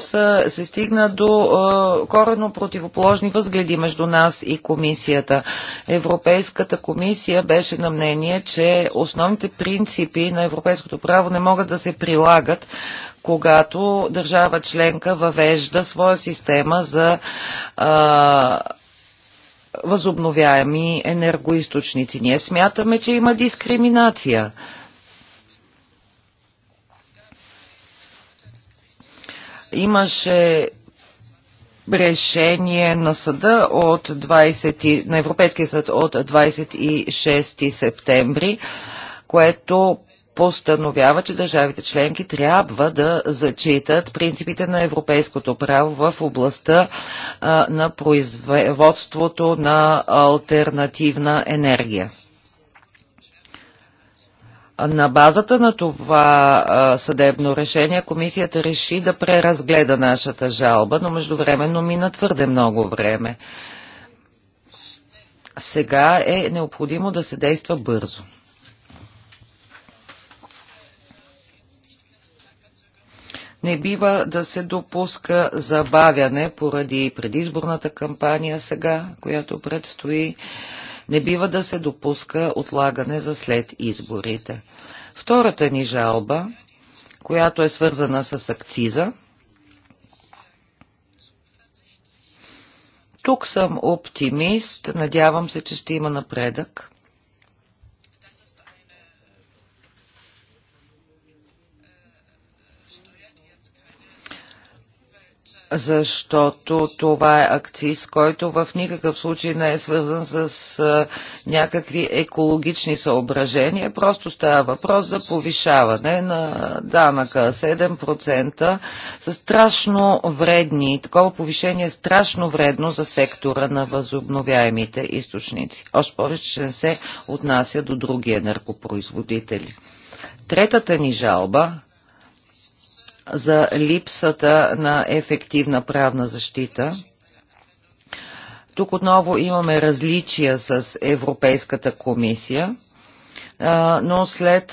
се стигна до е, корено противоположни възгледи между нас и комисията. Европейската комисия беше на мнение, че основните принципи на европейското право не могат да се прилагат когато държава членка въвежда своя система за а, възобновяеми енергоисточници. Ние смятаме, че има дискриминация. Имаше решение на съда от 20, на Европейския съд от 26 септември, което постановява, че държавите членки трябва да зачитат принципите на европейското право в областта а, на производството на альтернативна енергия. На базата на това съдебно решение комисията реши да преразгледа нашата жалба, но междувременно мина твърде много време. Сега е необходимо да се действа бързо. Не бива да се допуска забавяне поради предизборната кампания сега, която предстои. Не бива да се допуска отлагане за след изборите. Втората ни жалба, която е свързана с акциза, Тук съм оптимист, надявам се, че ще има напредък. защото това е акциз, който в никакъв случай не е свързан с някакви екологични съображения. Просто става въпрос за повишаване на данъка 7% са страшно вредни. Такова повишение е страшно вредно за сектора на възобновяемите източници. Още повече, че не се отнася до други енергопроизводители. Третата ни жалба за липсата на ефективна правна защита. Тук отново имаме различия с Европейската комисия, но след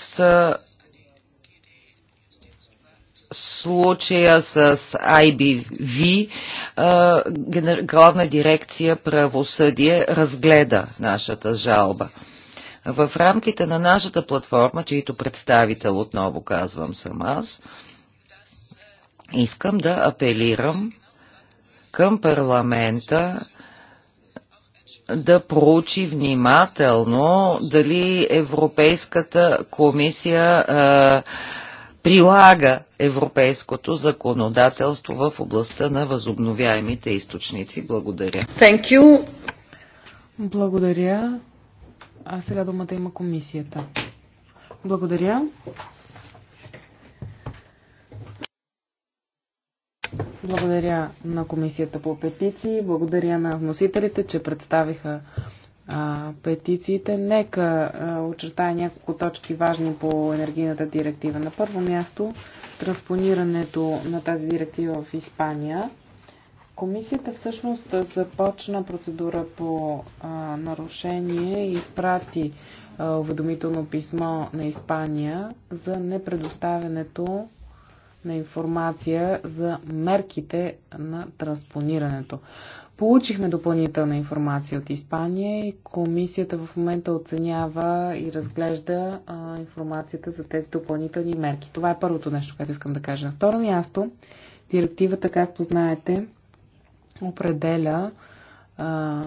случая с IBV, главна дирекция правосъдие разгледа нашата жалба. В рамките на нашата платформа, чието представител отново казвам съм аз, Искам да апелирам към парламента да проучи внимателно дали Европейската комисия а, прилага европейското законодателство в областта на възобновяемите източници. Благодаря.
Thank you. Благодаря. А сега думата има комисията. Благодаря. Благодаря на Комисията по петиции, благодаря на вносителите, че представиха а, петициите. Нека а, очертая няколко точки важни по енергийната директива. На първо място, транспонирането на тази директива в Испания. Комисията всъщност започна процедура по а, нарушение и изпрати уведомително писмо на Испания за непредоставянето на информация за мерките на транспонирането. Получихме допълнителна информация от Испания и комисията в момента оценява и разглежда а, информацията за тези допълнителни мерки. Това е първото нещо, което искам да кажа. На второ място, директивата, както знаете, определя а,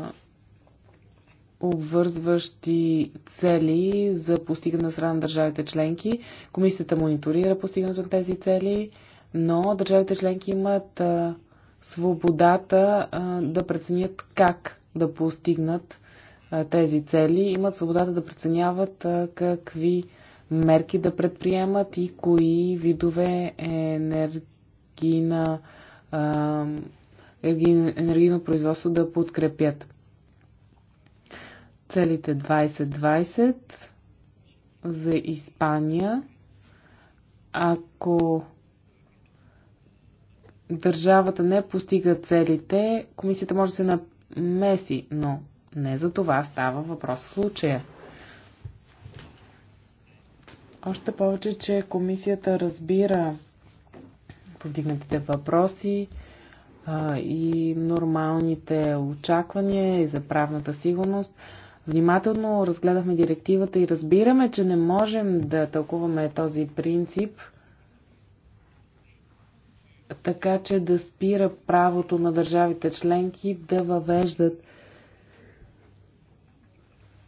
обвързващи цели за постигане на страна на държавите членки. Комисията мониторира постигането на тези цели, но държавите членки имат а, свободата а, да преценят как да постигнат а, тези цели, имат свободата да преценяват а, какви мерки да предприемат и кои видове енергийна, а, енергийно производство да подкрепят целите 2020 за Испания, ако държавата не постига целите, комисията може да се намеси, но не за това става въпрос в случая. Още повече, че комисията разбира повдигнатите въпроси а, и нормалните очаквания и за правната сигурност. Внимателно разгледахме директивата и разбираме, че не можем да тълкуваме този принцип така, че да спира правото на държавите членки да въвеждат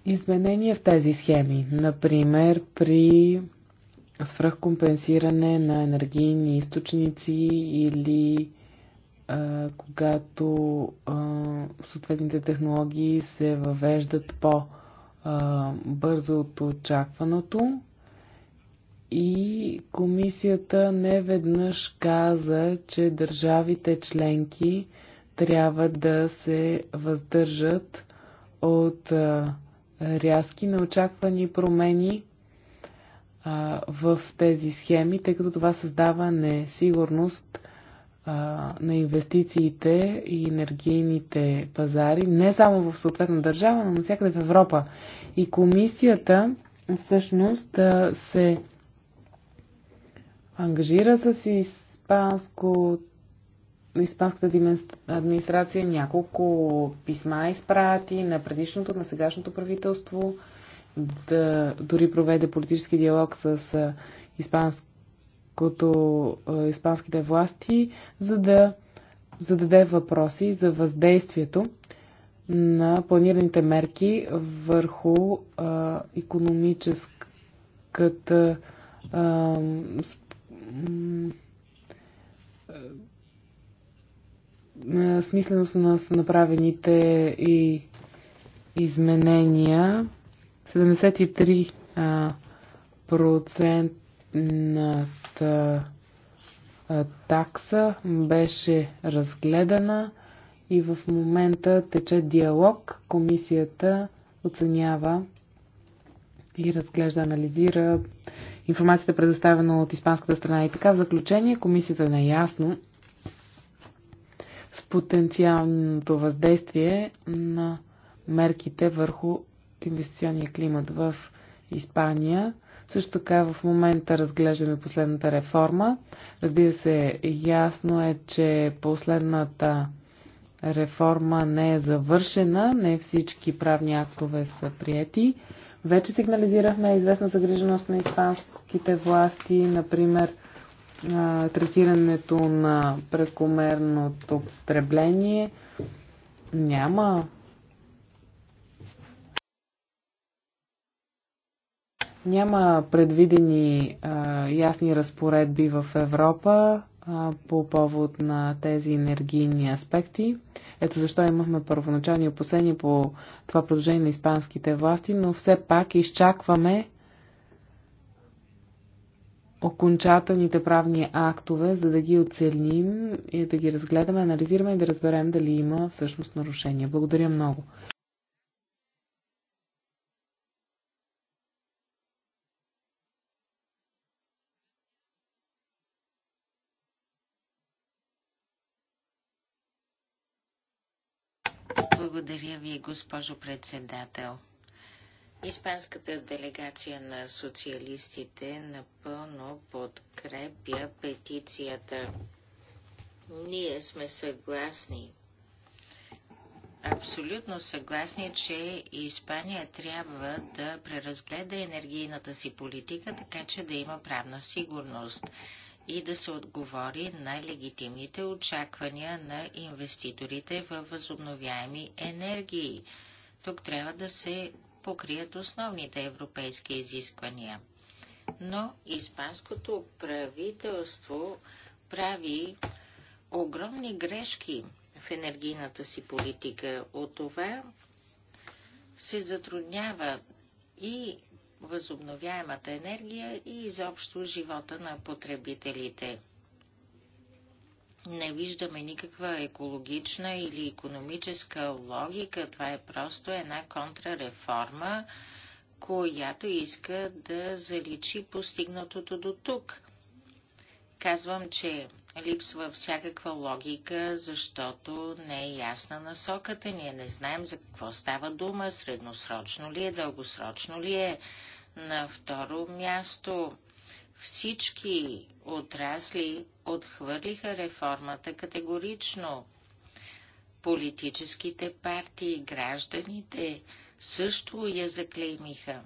изменения в тези схеми. Например, при свръхкомпенсиране на енергийни източници или когато съответните технологии се въвеждат по-бързо от очакваното. И комисията не веднъж каза, че държавите членки трябва да се въздържат от рязки неочаквани промени в тези схеми, тъй като това създава несигурност на инвестициите и енергийните пазари, не само в съответна държава, но навсякъде в Европа. И комисията всъщност се ангажира с испанско, испанската администрация, няколко писма изпрати на предишното, на сегашното правителство, да, дори проведе политически диалог с испанското като испанските власти, за да зададе въпроси за въздействието на планираните мерки върху а, економическата а, сп, смисленост на направените и изменения. 73% на такса беше разгледана и в момента тече диалог. Комисията оценява и разглежда, анализира информацията, предоставена от испанската страна. И така, в заключение, комисията е ясно с потенциалното въздействие на мерките върху инвестиционния климат в Испания също така в момента разглеждаме последната реформа. Разбира се, ясно е, че последната реформа не е завършена, не всички правни актове са прияти. Вече сигнализирахме известна загриженост на испанските власти, например третирането на прекомерното потребление. Няма Няма предвидени а, ясни разпоредби в Европа а, по повод на тези енергийни аспекти. Ето защо имахме първоначални опасения по това предложение на испанските власти, но все пак изчакваме окончателните правни актове, за да ги оценим и да ги разгледаме, анализираме и да разберем дали има всъщност нарушения. Благодаря много.
госпожо председател. Испанската делегация на социалистите напълно подкрепя петицията. Ние сме съгласни. Абсолютно съгласни, че Испания трябва да преразгледа енергийната си политика, така че да има правна сигурност и да се отговори на легитимните очаквания на инвеститорите в възобновяеми енергии. Тук трябва да се покрият основните европейски изисквания. Но испанското правителство прави огромни грешки в енергийната си политика. От това се затруднява и възобновяемата енергия и изобщо живота на потребителите. Не виждаме никаква екологична или економическа логика. Това е просто една контрареформа, която иска да заличи постигнатото до тук. Казвам, че липсва всякаква логика, защото не е ясна насоката. Ние не знаем за какво става дума, средносрочно ли е, дългосрочно ли е. На второ място всички отрасли отхвърлиха реформата категорично. Политическите партии, гражданите също я заклеймиха.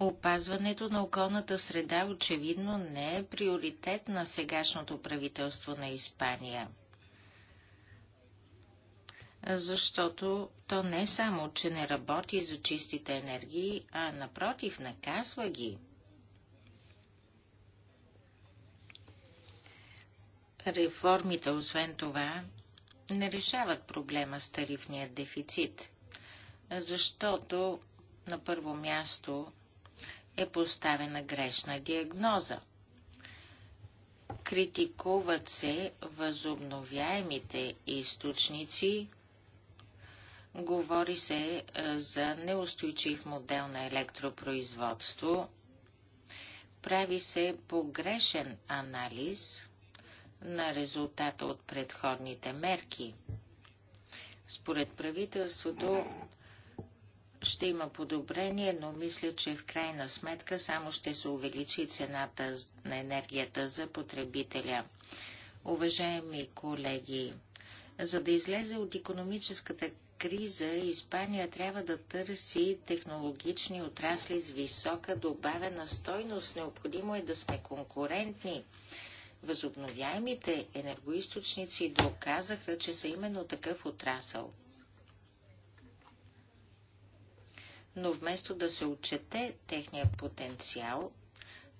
Опазването на околната среда очевидно не е приоритет на сегашното правителство на Испания – защото то не само, че не работи за чистите енергии, а напротив, наказва ги. Реформите, освен това, не решават проблема с тарифния дефицит, защото на първо място е поставена грешна диагноза. Критикуват се възобновяемите източници, Говори се е, за неустойчив модел на електропроизводство. Прави се погрешен анализ на резултата от предходните мерки. Според правителството ще има подобрение, но мисля, че в крайна сметка само ще се увеличи цената на енергията за потребителя. Уважаеми колеги, за да излезе от економическата криза Испания трябва да търси технологични отрасли с висока добавена стойност. Необходимо е да сме конкурентни. Възобновяемите енергоисточници доказаха, че са именно такъв отрасъл. Но вместо да се отчете техния потенциал,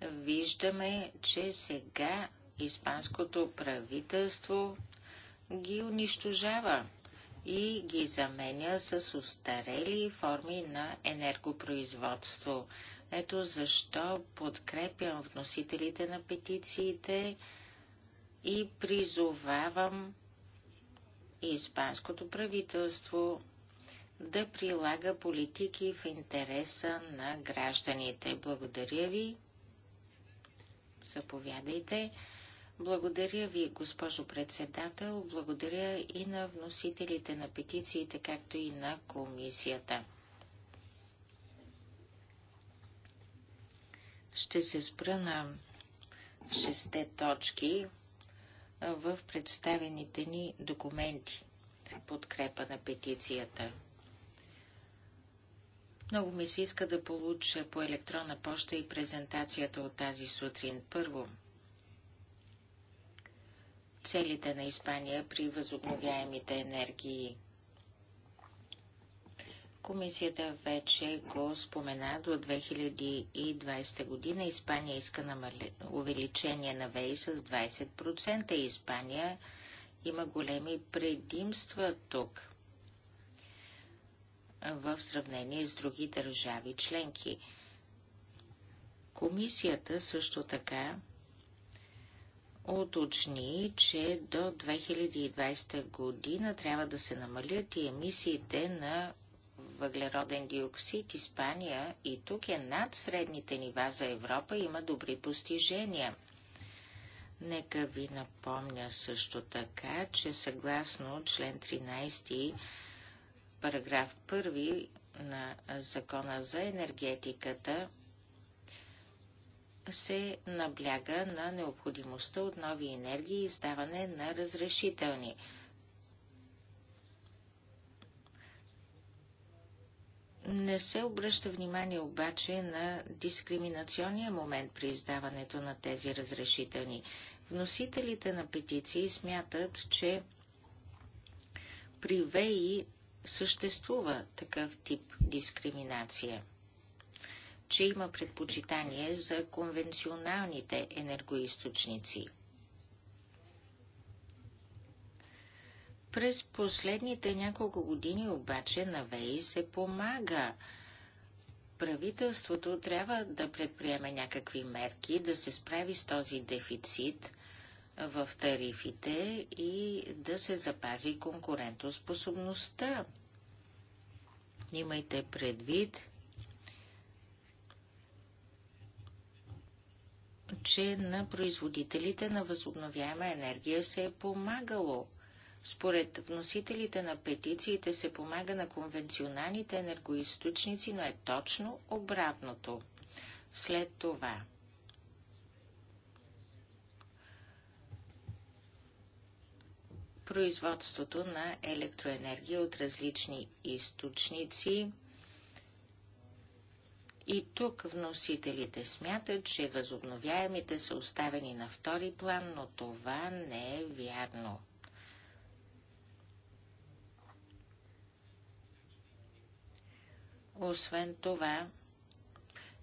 виждаме, че сега испанското правителство ги унищожава и ги заменя с устарели форми на енергопроизводство. Ето защо подкрепям вносителите на петициите и призовавам испанското правителство да прилага политики в интереса на гражданите. Благодаря ви. Заповядайте. Благодаря ви, госпожо председател, благодаря и на вносителите на петициите, както и на комисията. Ще се спра на шесте точки в представените ни документи подкрепа на петицията. Много ми се иска да получа по електронна поща и презентацията от тази сутрин. Първо, целите на Испания при възобновяемите енергии. Комисията вече го спомена до 2020 година. Испания иска увеличение на ВЕИ с 20%. Испания има големи предимства тук в сравнение с други държави членки. Комисията също така уточни, че до 2020 година трябва да се намалят и емисиите на въглероден диоксид. Испания и тук е над средните нива за Европа, има добри постижения. Нека ви напомня също така, че съгласно член 13, параграф 1 на Закона за енергетиката, се набляга на необходимостта от нови енергии и издаване на разрешителни. Не се обръща внимание обаче на дискриминационния момент при издаването на тези разрешителни. Вносителите на петиции смятат, че при ВЕИ съществува такъв тип дискриминация – че има предпочитание за конвенционалните енергоисточници. През последните няколко години обаче на ВЕИ се помага. Правителството трябва да предприеме някакви мерки, да се справи с този дефицит в тарифите и да се запази конкурентоспособността. Имайте предвид, че на производителите на възобновяема енергия се е помагало. Според вносителите на петициите се помага на конвенционалните енергоисточници, но е точно обратното. След това производството на електроенергия от различни източници – и тук вносителите смятат, че възобновяемите са оставени на втори план, но това не е вярно. Освен това,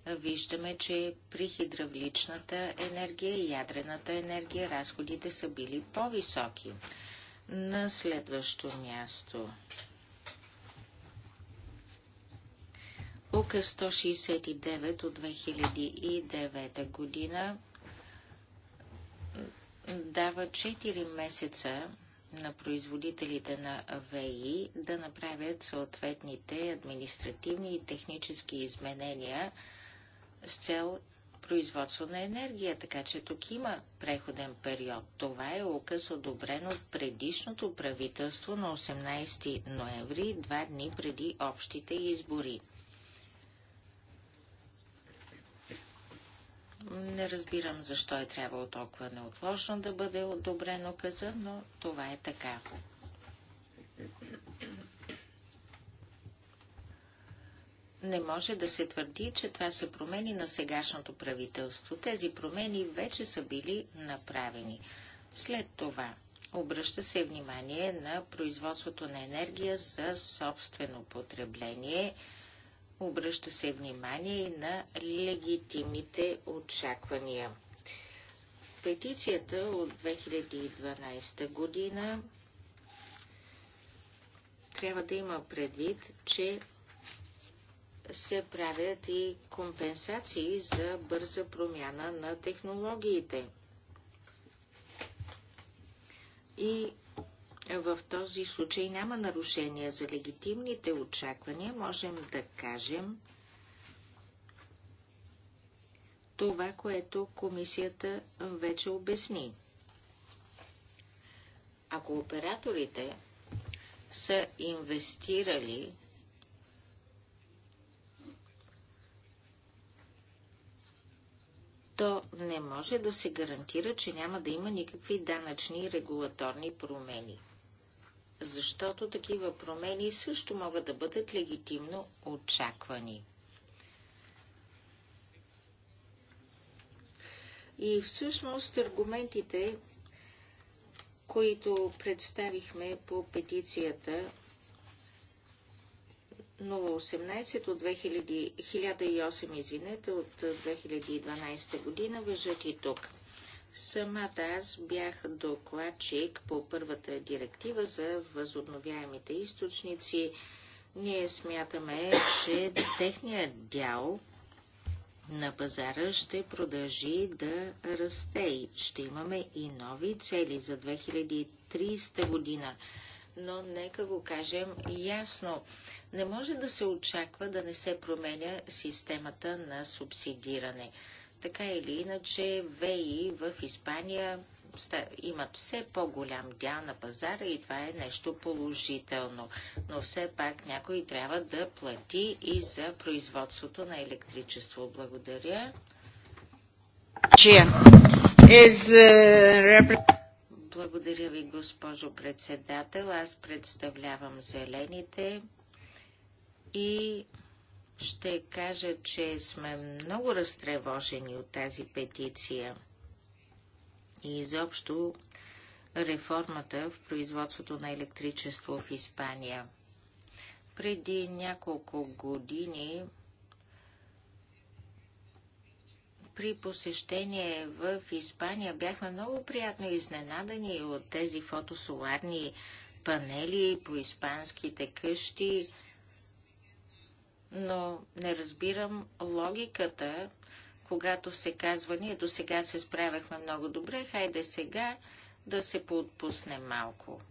виждаме, че при хидравличната енергия и ядрената енергия разходите са били по-високи. На следващо място Указ 169 от 2009 година дава 4 месеца на производителите на ВИ да направят съответните административни и технически изменения с цел производство на енергия, така че тук има преходен период. Това е указ одобрен от предишното правителство на 18 ноември, два дни преди общите избори. Не разбирам защо е трябвало толкова неотложно да бъде одобрено указа, но това е така. Не може да се твърди, че това са промени на сегашното правителство. Тези промени вече са били направени. След това обръща се внимание на производството на енергия за собствено потребление – Обръща се внимание и на легитимните очаквания. Петицията от 2012 година трябва да има предвид, че се правят и компенсации за бърза промяна на технологиите. И в този случай няма нарушение за легитимните очаквания, можем да кажем това, което комисията вече обясни. Ако операторите са инвестирали то не може да се гарантира, че няма да има никакви данъчни и регулаторни промени защото такива промени също могат да бъдат легитимно очаквани. И всъщност аргументите, които представихме по петицията 018 от 2000, 1008, извинете, от 2012 година, въжат и тук. Самата аз бях докладчик по първата директива за възобновяемите източници. Ние смятаме, че техният дял на пазара ще продължи да расте и ще имаме и нови цели за 2030 година. Но нека го кажем ясно. Не може да се очаква да не се променя системата на субсидиране така или иначе Веи в Испания имат все по-голям дял на пазара и това е нещо положително. Но все пак някой трябва да плати и за производството на електричество. Благодаря. Е, Благодаря ви, госпожо председател. Аз представлявам зелените и ще кажа, че сме много разтревожени от тази петиция и изобщо реформата в производството на електричество в Испания. Преди няколко години при посещение в Испания бяхме много приятно изненадани от тези фотосоларни панели по испанските къщи но не разбирам логиката, когато се казва, ние до сега се справяхме много добре, хайде сега да се поотпусне малко.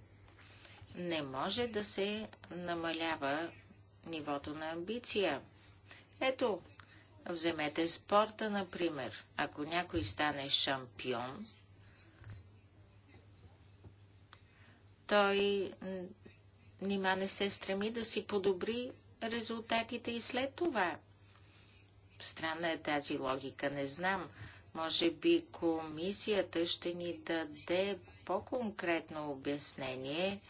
Не може да се намалява нивото на амбиция. Ето, вземете спорта, например. Ако някой стане шампион, той нима не се стреми да си подобри резултатите и след това. Странна е тази логика, не знам. Може би комисията ще ни даде по-конкретно обяснение.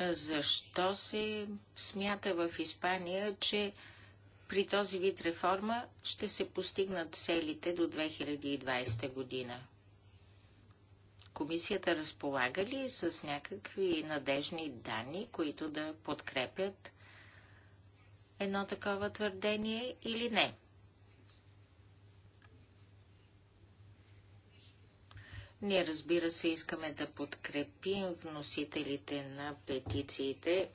Защо се смята в Испания, че при този вид реформа ще се постигнат целите до 2020 година? Комисията разполага ли с някакви надежни данни, които да подкрепят едно такова твърдение или не? Ние, разбира се, искаме да подкрепим вносителите на петициите,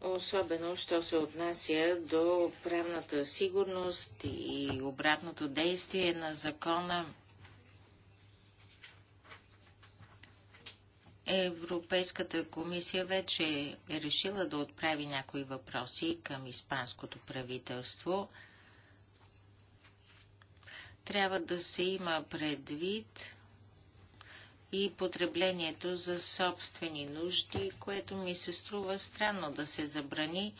особено, що се отнася до правната сигурност и обратното действие на закона. Европейската комисия вече е решила да отправи някои въпроси към испанското правителство. Трябва да се има предвид и потреблението за собствени нужди, което ми се струва странно да се забрани.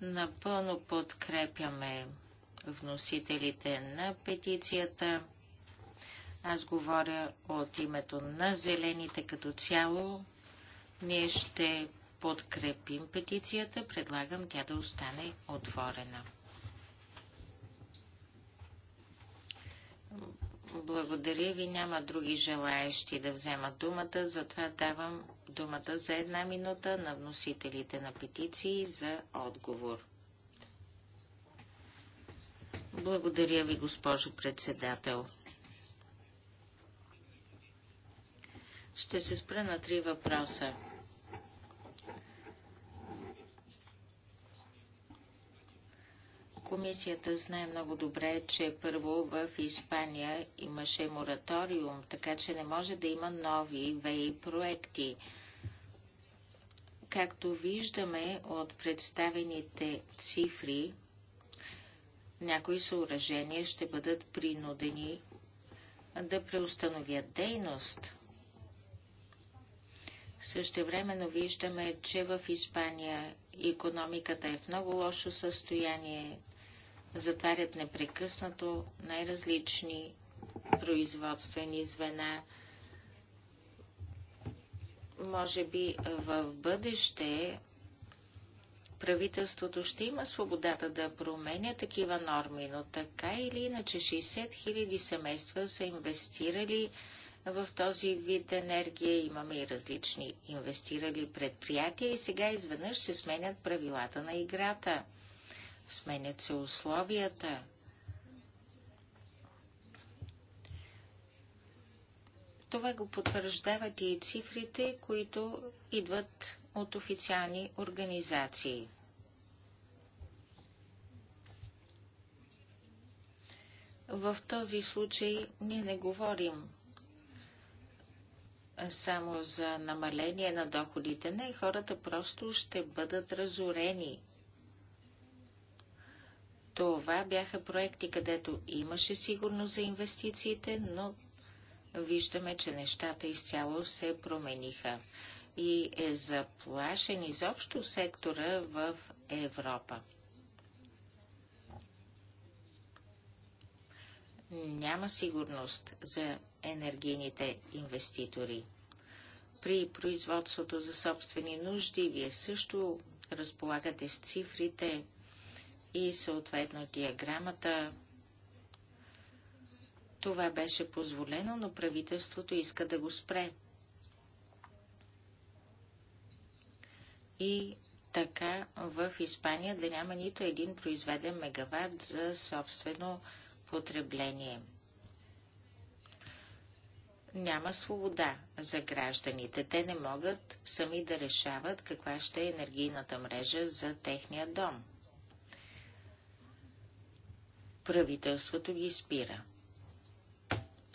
Напълно подкрепяме вносителите на петицията. Аз говоря от името на зелените като цяло. Ние ще подкрепим петицията. Предлагам тя да остане отворена. Благодаря ви. Няма други желаящи да вземат думата, затова давам думата за една минута на вносителите на петиции за отговор. Благодаря ви, госпожо председател. Ще се спра на три въпроса. Комисията знае много добре, че първо в Испания имаше мораториум, така че не може да има нови ВЕИ проекти. Както виждаме от представените цифри, някои съоръжения ще бъдат принудени да преустановят дейност. Същевременно виждаме, че в Испания економиката е в много лошо състояние. Затварят непрекъснато най-различни производствени звена. Може би в бъдеще правителството ще има свободата да променя такива норми, но така или иначе 60 000 семейства са инвестирали в този вид енергия. Имаме и различни инвестирали предприятия и сега изведнъж се сменят правилата на играта. Сменят се условията. Това го потвърждават и цифрите, които идват от официални организации. В този случай ние не говорим само за намаление на доходите. Не, хората просто ще бъдат разорени. Това бяха проекти, където имаше сигурност за инвестициите, но виждаме, че нещата изцяло се промениха и е заплашен изобщо сектора в Европа. няма сигурност за енергийните инвеститори. При производството за собствени нужди вие също разполагате с цифрите и съответно диаграмата. Това беше позволено, но правителството иска да го спре. И така в Испания да няма нито един произведен мегаватт за собствено потребление. Няма свобода за гражданите. Те не могат сами да решават каква ще е енергийната мрежа за техния дом. Правителството ги спира.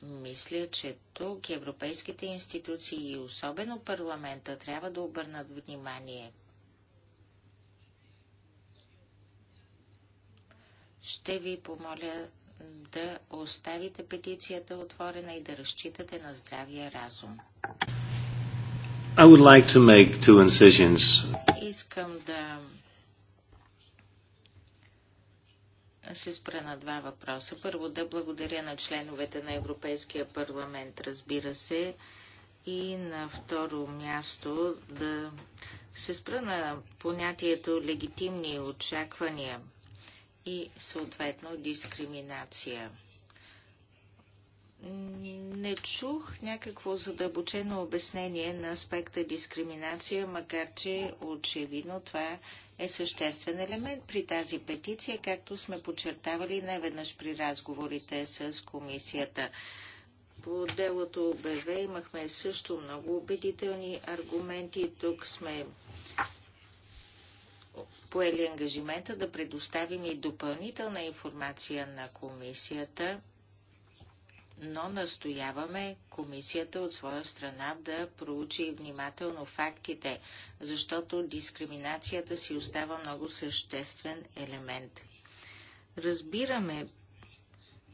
Мисля, че тук европейските институции и особено парламента трябва да обърнат внимание. Ще ви помоля да оставите петицията отворена и да разчитате на здравия разум.
I would like to make two incisions.
Искам да се спра на два въпроса. Първо да благодаря на членовете на Европейския парламент, разбира се, и на второ място да се спра на понятието легитимни очаквания – и съответно дискриминация. Не чух някакво задълбочено обяснение на аспекта дискриминация, макар че очевидно това е съществен елемент при тази петиция, както сме подчертавали неведнъж при разговорите с комисията. По делото ОБВ имахме също много убедителни аргументи. Тук сме поели ангажимента да предоставим и допълнителна информация на комисията, но настояваме комисията от своя страна да проучи внимателно фактите, защото дискриминацията си остава много съществен елемент. Разбираме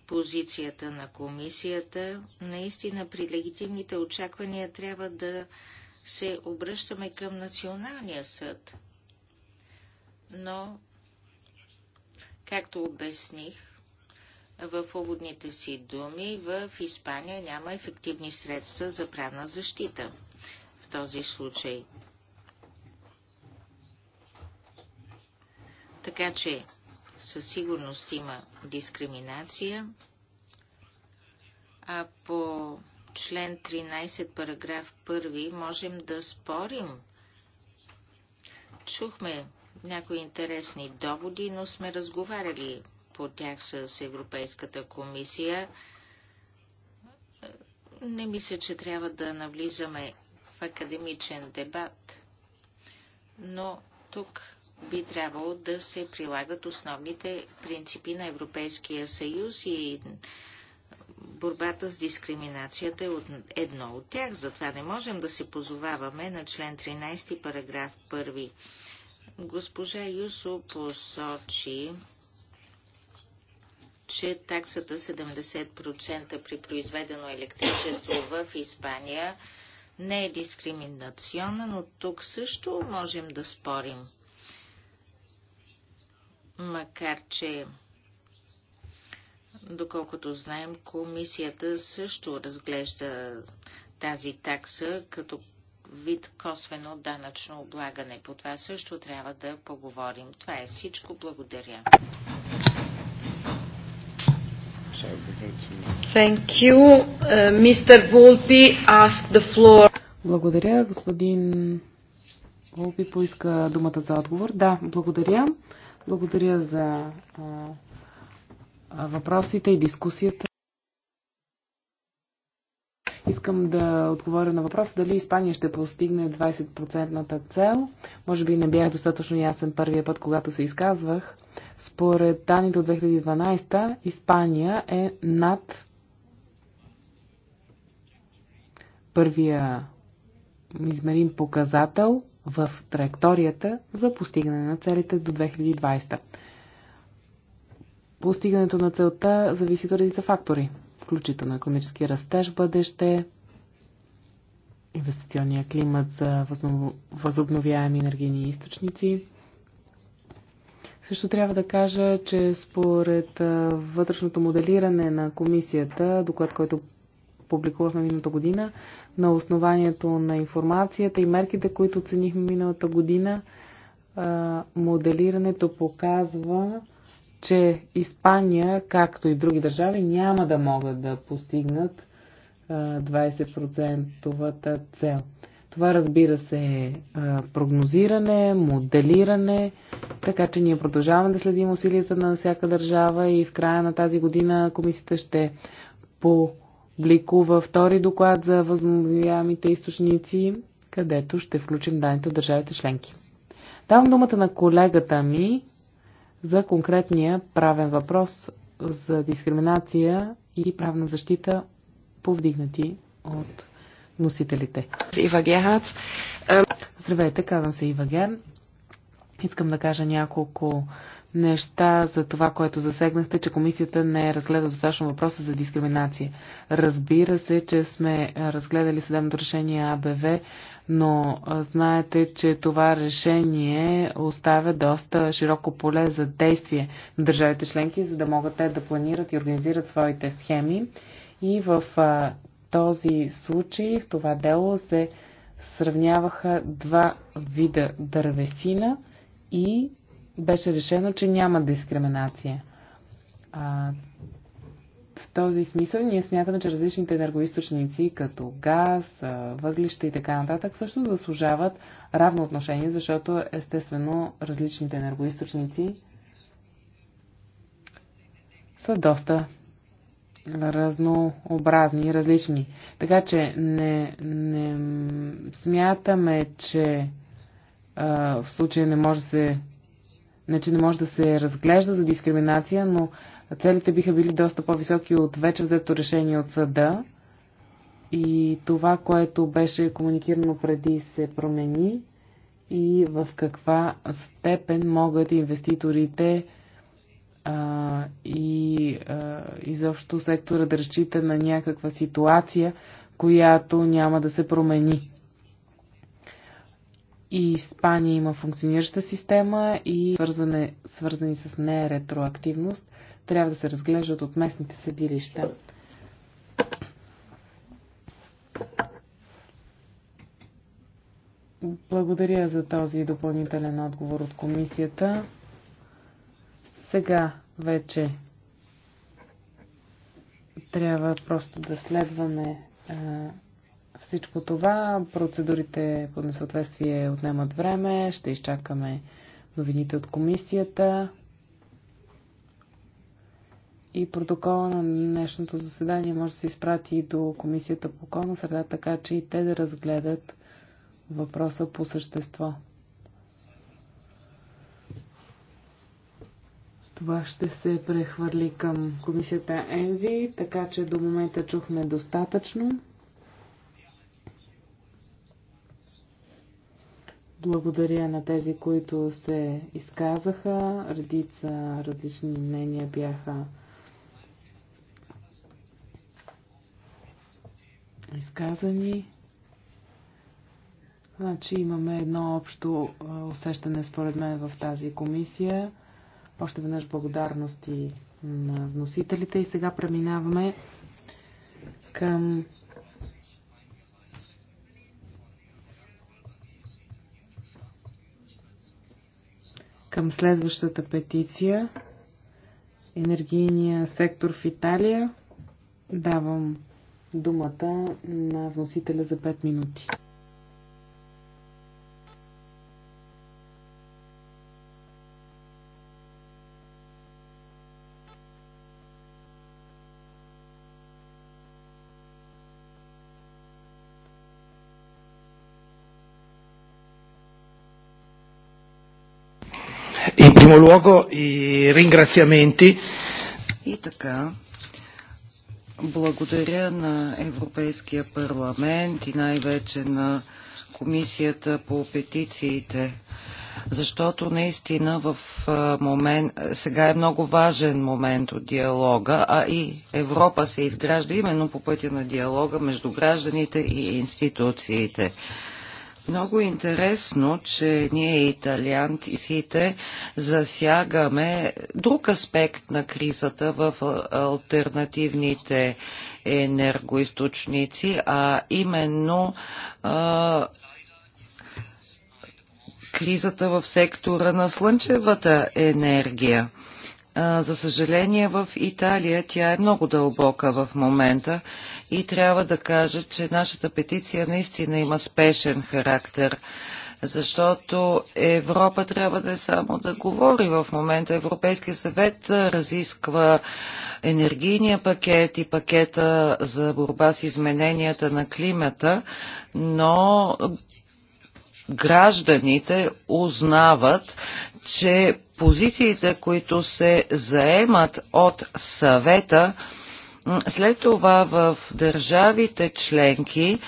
позицията на комисията. Наистина при легитимните очаквания трябва да се обръщаме към Националния съд – но, както обясних в уводните си думи, в Испания няма ефективни средства за правна защита в този случай. Така че със сигурност има дискриминация, а по член 13, параграф 1 можем да спорим. Чухме някои интересни доводи, но сме разговаряли по тях с Европейската комисия. Не мисля, че трябва да навлизаме в академичен дебат, но тук би трябвало да се прилагат основните принципи на Европейския съюз и борбата с дискриминацията е едно от тях. Затова не можем да се позоваваме на член 13, параграф 1. Госпожа Юсо посочи, че таксата 70% при произведено електричество в Испания не е дискриминационна, но тук също можем да спорим. Макар, че доколкото знаем, комисията също разглежда тази такса като вид косвено данъчно облагане. По това също трябва да поговорим. Това е всичко. Благодаря.
Thank you.
Uh, Mr. Volpi asked the floor. Благодаря. Господин Волпи поиска думата за отговор. Да, благодаря. Благодаря за а, въпросите и дискусията. Искам да отговоря на въпроса дали Испания ще постигне 20 цел. Може би не бях достатъчно ясен първия път, когато се изказвах. Според данните от 2012, Испания е над първия измерим показател в траекторията за постигане на целите до 2020. Постигането на целта зависи от редица фактори включително економически растеж в бъдеще, инвестиционния климат за възобновяеми енергийни източници. Също трябва да кажа, че според вътрешното моделиране на комисията, доклад, който публикувахме миналата година, на основанието на информацията и мерките, които оценихме миналата година, моделирането показва че Испания, както и други държави, няма да могат да постигнат 20%-овата цел. Това разбира се е прогнозиране, моделиране, така че ние продължаваме да следим усилията на всяка държава и в края на тази година комисията ще публикува втори доклад за възобновяемите източници, където ще включим данните от държавите членки. Давам думата на колегата ми, за конкретния правен въпрос за дискриминация и правна защита, повдигнати от носителите. Ива Герхард. Здравейте, казвам се Ива Герн. Искам да кажа няколко неща за това, което засегнахте, че комисията не е разгледа достатъчно въпроса за дискриминация. Разбира се, че сме разгледали съдебното решение АБВ, но знаете, че това решение оставя доста широко поле за действие на държавите членки, за да могат те да планират и организират своите схеми. И в този случай, в това дело, се сравняваха два вида дървесина и беше решено, че няма дискриминация. А, в този смисъл ние смятаме, че различните енергоисточници, като газ, въглища и така нататък, също заслужават равно отношение, защото естествено различните енергоисточници са доста разнообразни и различни. Така че не, не смятаме, че а, в случая не може да се не че не може да се разглежда за дискриминация, но целите биха били доста по-високи от вече взето решение от съда. И това, което беше комуникирано преди, се промени и в каква степен могат инвеститорите а, и а, изобщо сектора да разчита на някаква ситуация, която няма да се промени и Испания има функционираща система и свързване, свързани с нея ретроактивност трябва да се разглеждат от местните съдилища. Благодаря за този допълнителен отговор от комисията. Сега вече трябва просто да следваме всичко това, процедурите по несъответствие отнемат време, ще изчакаме новините от комисията и протокола на днешното заседание може да се изпрати и до комисията по околна среда, така че и те да разгледат въпроса по същество. Това ще се прехвърли към комисията Енви, така че до момента чухме достатъчно. Благодаря на тези, които се изказаха. Редица различни мнения бяха изказани. Значи имаме едно общо усещане според мен в тази комисия. Още веднъж благодарности на вносителите и сега преминаваме към към следващата петиция. Енергийния сектор в Италия. Давам думата на вносителя за 5 минути.
primo luogo i ringraziamenti. И така, благодаря на Европейския парламент и най-вече на Комисията по петициите, защото наистина в момент, сега е много важен момент от диалога, а и Европа се изгражда именно по пътя на диалога между гражданите и институциите. Много интересно, че ние италианците засягаме друг аспект на кризата в альтернативните енергоисточници, а именно а, кризата в сектора на слънчевата енергия. За съжаление в Италия тя е много дълбока в момента и трябва да кажа, че нашата петиция наистина има спешен характер защото Европа трябва да е само да говори в момента. Европейския съвет разисква енергийния пакет и пакета за борба с измененията на климата, но гражданите узнават, че позициите, които се заемат от съвета, след това в държавите членки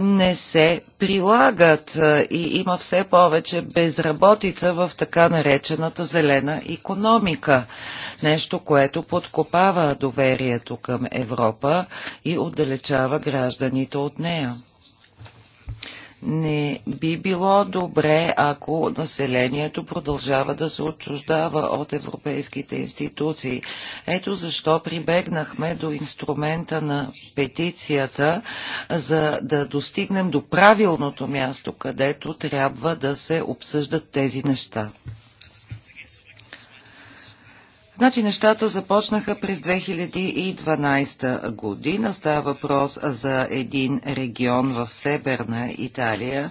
не се прилагат е, и има все повече безработица в така наречената зелена економика. Нещо, което подкопава доверието към Европа и отдалечава гражданите от нея. Не би било добре, ако населението продължава да се отчуждава от европейските институции. Ето защо прибегнахме до инструмента на петицията, за да достигнем до правилното място, където трябва да се обсъждат тези неща. Значи нещата започнаха през 2012 година. Става въпрос за един регион в Северна Италия,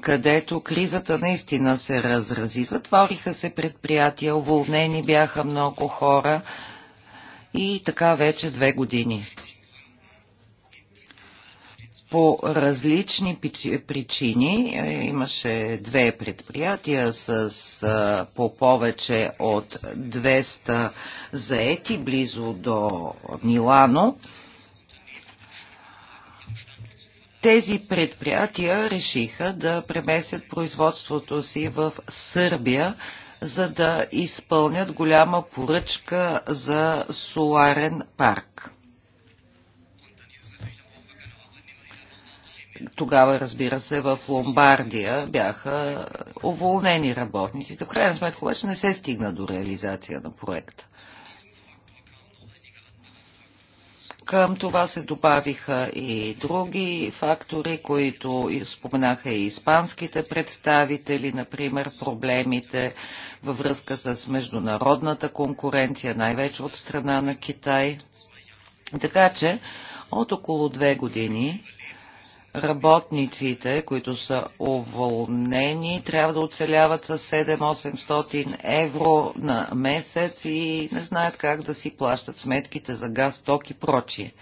където кризата наистина се разрази. Затвориха се предприятия, уволнени бяха много хора и така вече две години по различни причини. Е, имаше две предприятия с по повече от 200 заети близо до Милано. Тези предприятия решиха да преместят производството си в Сърбия, за да изпълнят голяма поръчка за соларен парк. тогава, разбира се, в Ломбардия бяха уволнени работниците. В крайна сметка обаче не се стигна до реализация на проекта. Към това се добавиха и други фактори, които споменаха и испанските представители, например проблемите във връзка с международната конкуренция, най-вече от страна на Китай. Така че от около две години работниците, които са уволнени, трябва да оцеляват с 7-800 евро на месец и не знаят как да си плащат сметките за газ, ток и прочие.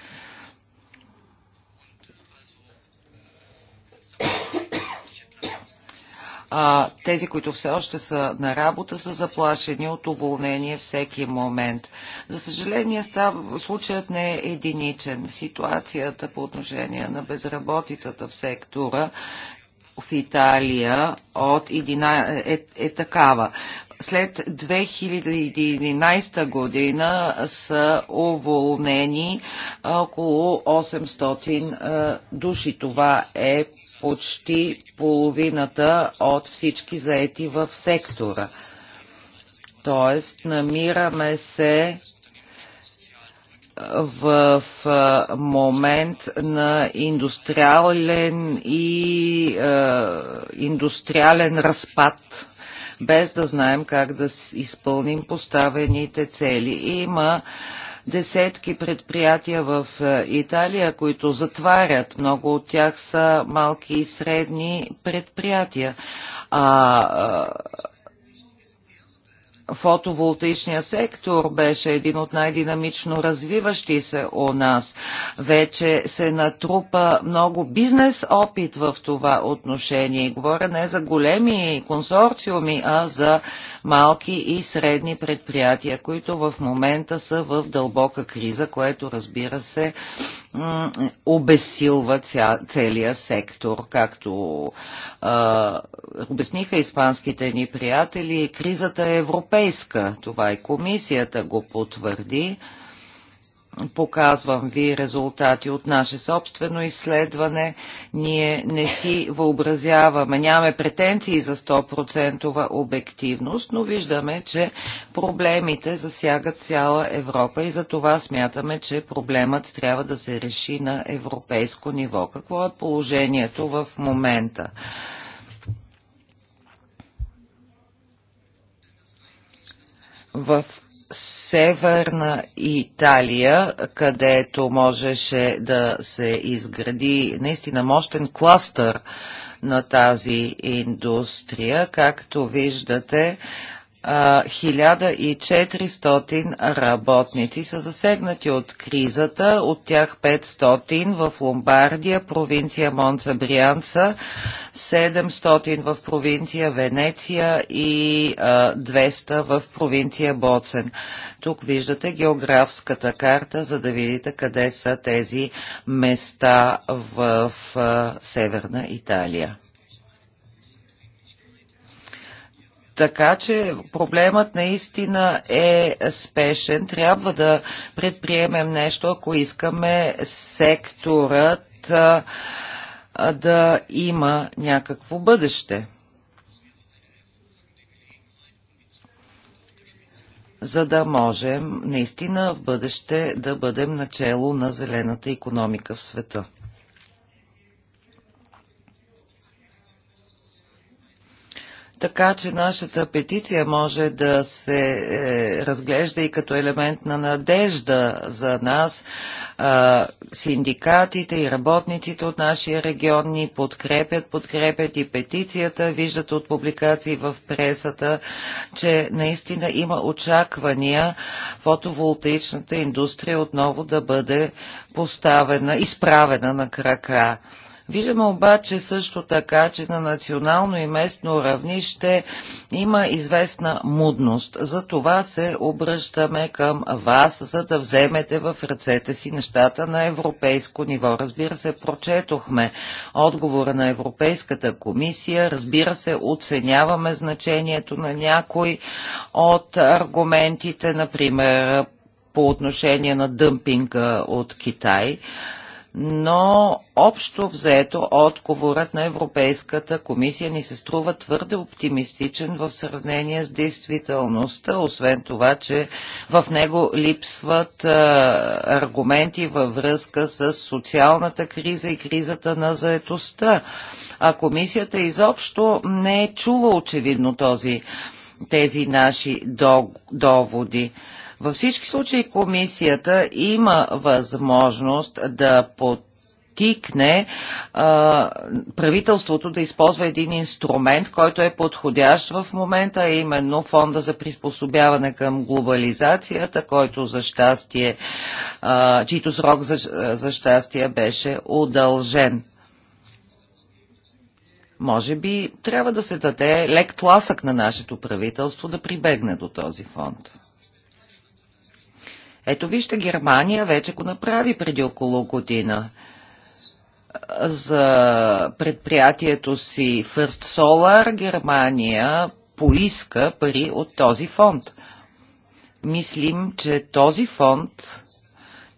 а тези, които все още са на работа, са заплашени от уволнение всеки момент. За съжаление, става, случаят не е единичен. Ситуацията по отношение на безработицата в сектора в Италия от 11, е, е такава след 2011 година са уволнени около 800 души. Това е почти половината от всички заети в сектора. Тоест, намираме се в момент на индустриален и е, индустриален разпад без да знаем как да изпълним поставените цели. Има десетки предприятия в е, Италия, които затварят. Много от тях са малки и средни предприятия. А, фотоволтаичния сектор беше един от най-динамично развиващи се у нас. Вече се натрупа много бизнес опит в това отношение. Говоря не за големи консорциуми, а за малки и средни предприятия, които в момента са в дълбока криза, което разбира се обесилва ця, целия сектор. Както а, обясниха испанските ни приятели, кризата е европейска. Това и комисията го потвърди показвам ви резултати от наше собствено изследване. Ние не си въобразяваме, нямаме претенции за 100% обективност, но виждаме, че проблемите засягат цяла Европа и за това смятаме, че проблемът трябва да се реши на европейско ниво. Какво е положението в момента? В Северна Италия, където можеше да се изгради наистина мощен кластър на тази индустрия. Както виждате, 1400 работници са засегнати от кризата, от тях 500 в Ломбардия, провинция Монца Брианца, 700 в провинция Венеция и 200 в провинция Боцен. Тук виждате географската карта, за да видите къде са тези места в Северна Италия. Така че проблемът наистина е спешен. Трябва да предприемем нещо, ако искаме секторът а, да има някакво бъдеще. за да можем наистина в бъдеще да бъдем начало на зелената економика в света. Така че нашата петиция може да се е, разглежда и като елемент на надежда за нас. синдикатите и работниците от нашия регион ни подкрепят, подкрепят и петицията, виждат от публикации в пресата, че наистина има очаквания фотоволтаичната индустрия отново да бъде поставена, изправена на крака. Виждаме обаче също така, че на национално и местно равнище има известна мудност. За това се обръщаме към вас, за да вземете в ръцете си нещата на европейско ниво. Разбира се, прочетохме отговора на Европейската комисия. Разбира се, оценяваме значението на някой от аргументите, например, по отношение на дъмпинга от Китай но общо взето отговорът на Европейската комисия ни се струва твърде оптимистичен в сравнение с действителността, освен това, че в него липсват аргументи във връзка с социалната криза и кризата на заетостта. А комисията изобщо не е чула очевидно този тези наши доводи. Във всички случаи комисията има възможност да под тикне а, правителството да използва един инструмент, който е подходящ в момента, а именно фонда за приспособяване към глобализацията, който за щастие, а, чийто срок за, за щастие беше удължен. Може би трябва да се даде лек тласък на нашето правителство да прибегне до този фонд. Ето вижте, Германия вече го направи преди около година за предприятието си First Solar Германия поиска пари от този фонд. Мислим, че този фонд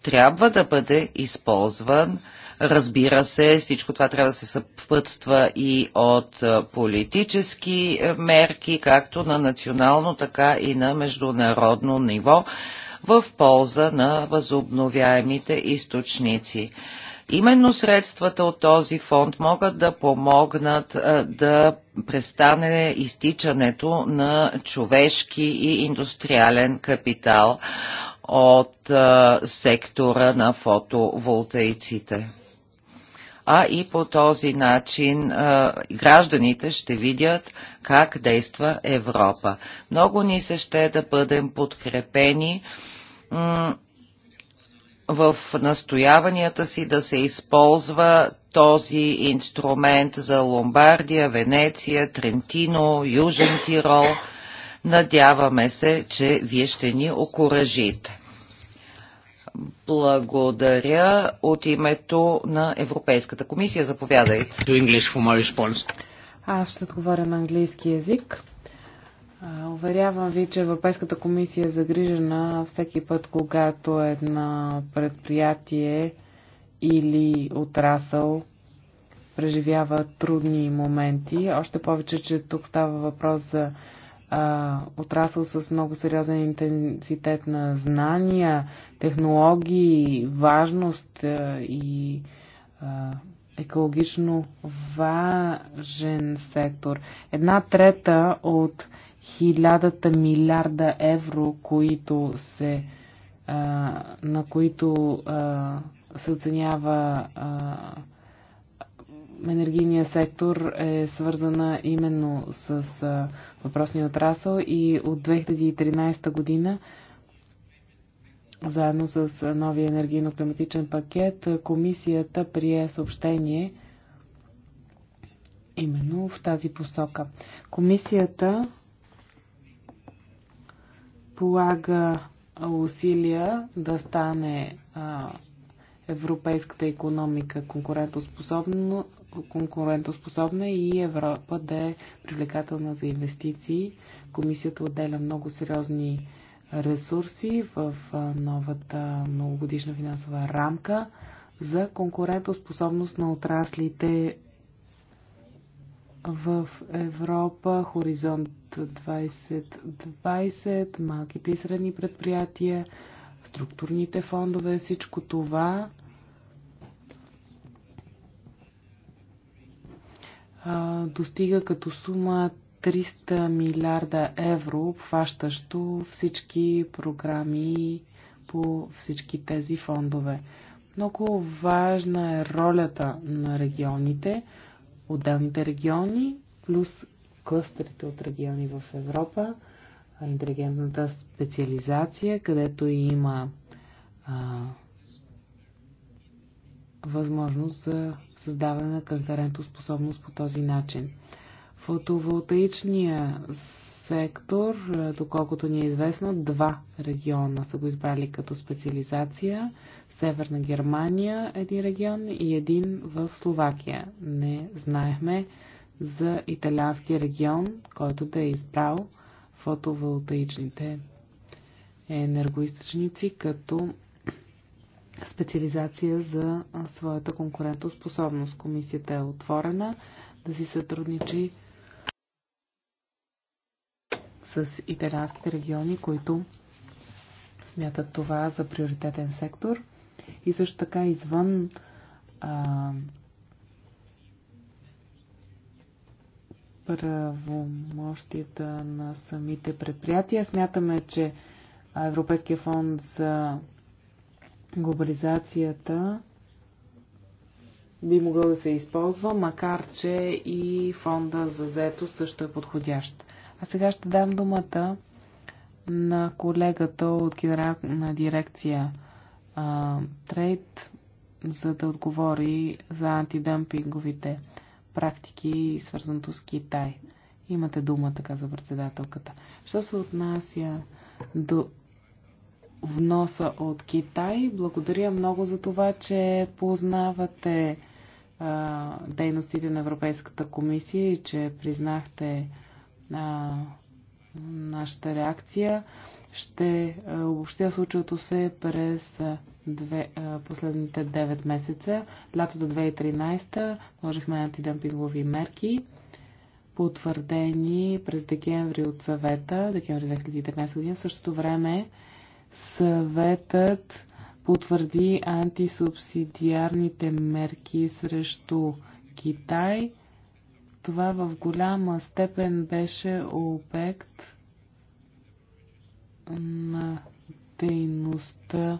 трябва да бъде използван. Разбира се, всичко това трябва да се съпътства и от политически мерки, както на национално, така и на международно ниво в полза на възобновяемите източници. Именно средствата от този фонд могат да помогнат да престане изтичането на човешки и индустриален капитал от сектора на фотоволтаиците а и по този начин гражданите ще видят как действа Европа. Много ни се ще да бъдем подкрепени в настояванията си да се използва този инструмент за Ломбардия, Венеция, Трентино, Южен Тирол. Надяваме се, че вие ще ни окоръжите. Благодаря от името на Европейската комисия. Заповядайте.
Аз ще отговоря на английски язик. Уверявам ви, че Европейската комисия е загрижена всеки път, когато едно предприятие или отрасъл преживява трудни моменти. Още повече, че тук става въпрос за а, отрасъл с много сериозен интензитет на знания, технологии, важност а, и а, екологично важен сектор. Една трета от хилядата милиарда евро, които се, а, на които а, се оценява а, енергийния сектор е свързана именно с въпросния отрасъл и от 2013 година заедно с новия енергийно-климатичен пакет комисията прие съобщение именно в тази посока. Комисията полага усилия да стане европейската економика конкурентоспособна, конкурентоспособна и Европа да е привлекателна за инвестиции. Комисията отделя много сериозни ресурси в новата многогодишна финансова рамка за конкурентоспособност на отраслите в Европа, Хоризонт 2020, малките и средни предприятия, структурните фондове, всичко това достига като сума 300 милиарда евро, обхващащо всички програми по всички тези фондове. Много важна е ролята на регионите, отделните региони, плюс клъстерите от региони в Европа интелигентната специализация, където има а, възможност за създаване на конкурентоспособност по този начин. Фотоволтаичния сектор, доколкото ни е известно, два региона са го избрали като специализация. Северна Германия е един регион и един в Словакия. Не знаехме за италиански регион, който да е избрал фотоволтаичните енергоисточници като специализация за своята конкурентоспособност. Комисията е отворена да си сътрудничи с италианските региони, които смятат това за приоритетен сектор. И също така извън а, правомощията на самите предприятия. Смятаме, че Европейския фонд за глобализацията би могъл да се използва, макар че и фонда за заето също е подходящ. А сега ще дам думата на колегата от генерална дирекция Трейд, за да отговори за антидъмпинговите практики свързаното с Китай. Имате думата, каза председателката. Що се отнася до вноса от Китай, благодаря много за това, че познавате а, дейностите на Европейската комисия и че признахте а, нашата реакция. Ще обобщя случилото се през две, последните 9 месеца. Лято до 2013 можехме антидъмпингови мерки, потвърдени през декември от съвета, декември 2013 година. В същото време съветът потвърди антисубсидиарните мерки срещу Китай. Това в голяма степен беше обект на дейността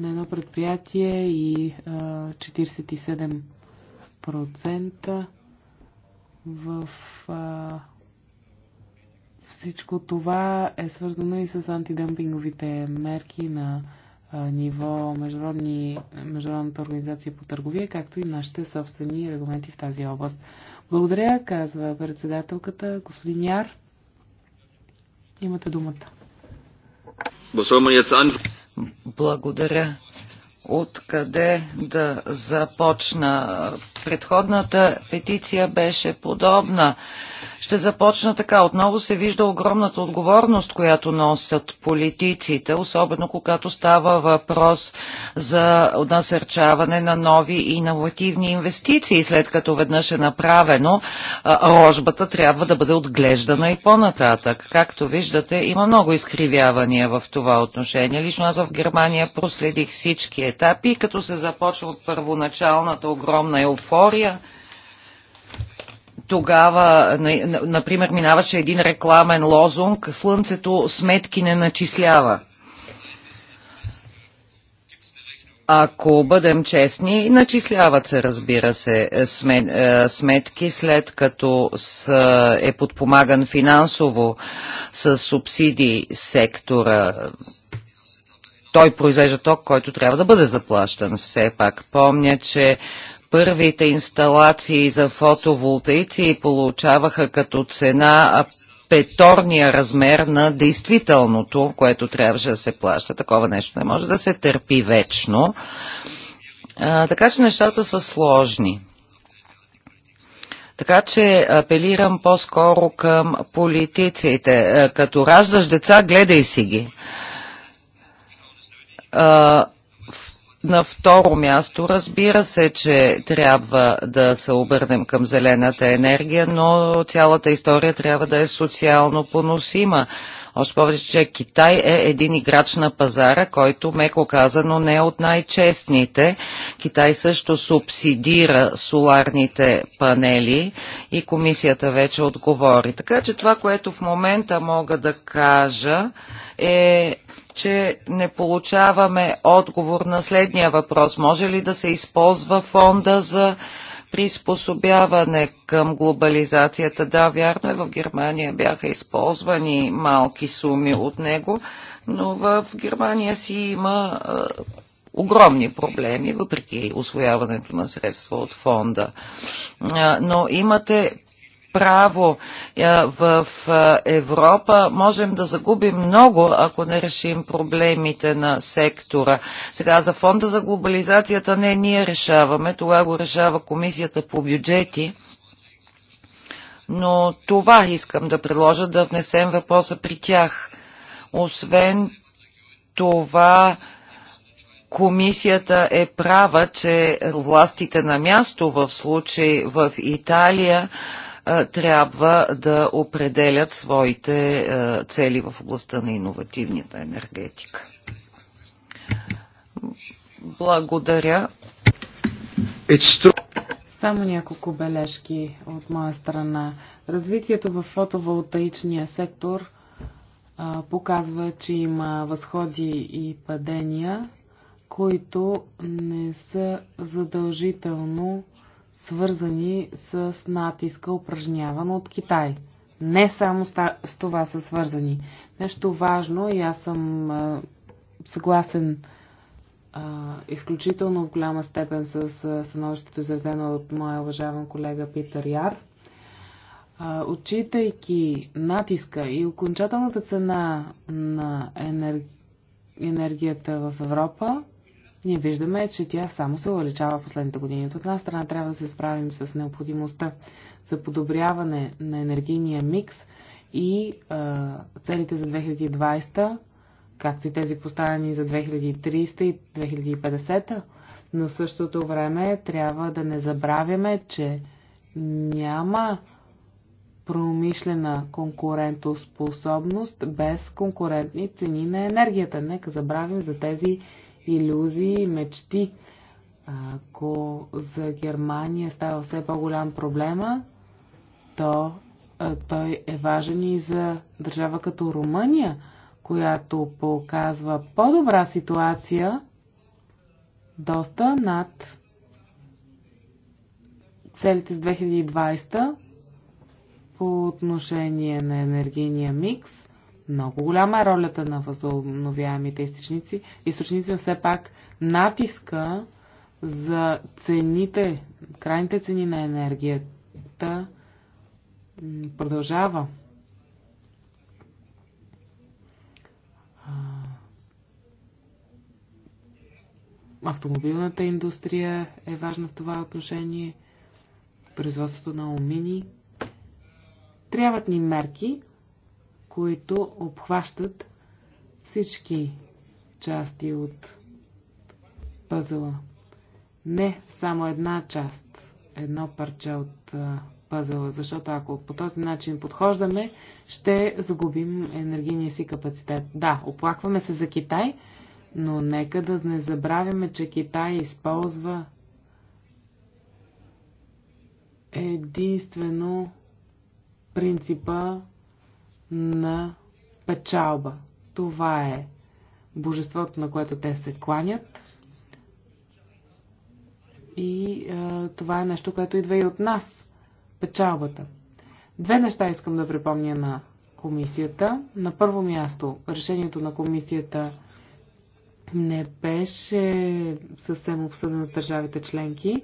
на едно предприятие и 47% в всичко това е свързано и с антидъмпинговите мерки на ниво международни, Международната организация по търговия, както и нашите собствени регламенти в тази област. Благодаря, казва председателката. Господин Яр, имате думата.
Благодаря. Откъде да започна? Предходната петиция беше подобна ще започна така. Отново се вижда огромната отговорност, която носят политиците, особено когато става въпрос за насърчаване на нови и иновативни инвестиции. След като веднъж е направено, рожбата трябва да бъде отглеждана и по-нататък. Както виждате, има много изкривявания в това отношение. Лично аз в Германия проследих всички етапи, като се започва от първоначалната огромна еуфория, тогава, например, минаваше един рекламен лозунг «Слънцето сметки не начислява». Ако бъдем честни, начисляват се, разбира се, е, сметки, след като е подпомаган финансово с субсидии сектора той произвежда ток, който трябва да бъде заплащан все пак. Помня, че първите инсталации за фотоволтаици получаваха като цена петорния размер на действителното, което трябваше да се плаща. Такова нещо не може да се търпи вечно. А, така че нещата са сложни. Така че апелирам по-скоро към политиците. Е, като раждаш деца, гледай си ги. А, на второ място, разбира се, че трябва да се обърнем към зелената енергия, но цялата история трябва да е социално поносима. Още повече, че Китай е един играч на пазара, който, меко казано, не е от най-честните. Китай също субсидира соларните панели и комисията вече отговори. Така че това, което в момента мога да кажа е че не получаваме отговор на следния въпрос. Може ли да се използва фонда за приспособяване към глобализацията? Да, вярно е, в Германия бяха използвани малки суми от него, но в Германия си има е, огромни проблеми, въпреки освояването на средства от фонда. Е, но имате право е, в е, Европа, можем да загубим много, ако не решим проблемите на сектора. Сега за фонда за глобализацията не ние решаваме, това го решава комисията по бюджети. Но това искам да предложа да внесем въпроса при тях. Освен това, комисията е права, че властите на място в случай в Италия трябва да определят своите цели в областта на иновативната енергетика.
Благодаря. Само няколко бележки от моя страна. Развитието в фотоволтаичния сектор а, показва, че има възходи и падения, които не са задължително а, свързани с натиска, упражняван от Китай. Не само с това са свързани. Нещо важно и аз съм съгласен изключително в голяма степен с становището изразено от моя уважаван колега Питър Яр. отчитайки натиска и окончателната цена на енергията в Европа, ние виждаме, че тя само се увеличава в последните години. От една страна трябва да се справим с необходимостта за подобряване на енергийния микс и а, целите за 2020, както и тези поставени за 2300 и 2050, но в същото време трябва да не забравяме, че няма промишлена конкурентоспособност без конкурентни цени на енергията. Нека забравим за тези иллюзии, мечти. Ако за Германия става все по-голям проблема, то той е важен и за държава като Румъния, която показва по-добра ситуация, доста над целите с 2020 по отношение на енергийния микс. Много голяма е ролята на възобновяемите източници. Източници все пак натиска за цените, крайните цени на енергията продължава. Автомобилната индустрия е важна в това отношение. Производството на умини. Трябват ни мерки, които обхващат всички части от пъзела. Не само една част, едно парче от пъзела, защото ако по този начин подхождаме, ще загубим енергийния си капацитет. Да, оплакваме се за Китай, но нека да не забравяме, че Китай използва единствено принципа на печалба. Това е божеството, на което те се кланят. И е, това е нещо, което идва и от нас. Печалбата. Две неща искам да припомня на комисията. На първо място, решението на комисията не беше съвсем обсъдено с държавите членки,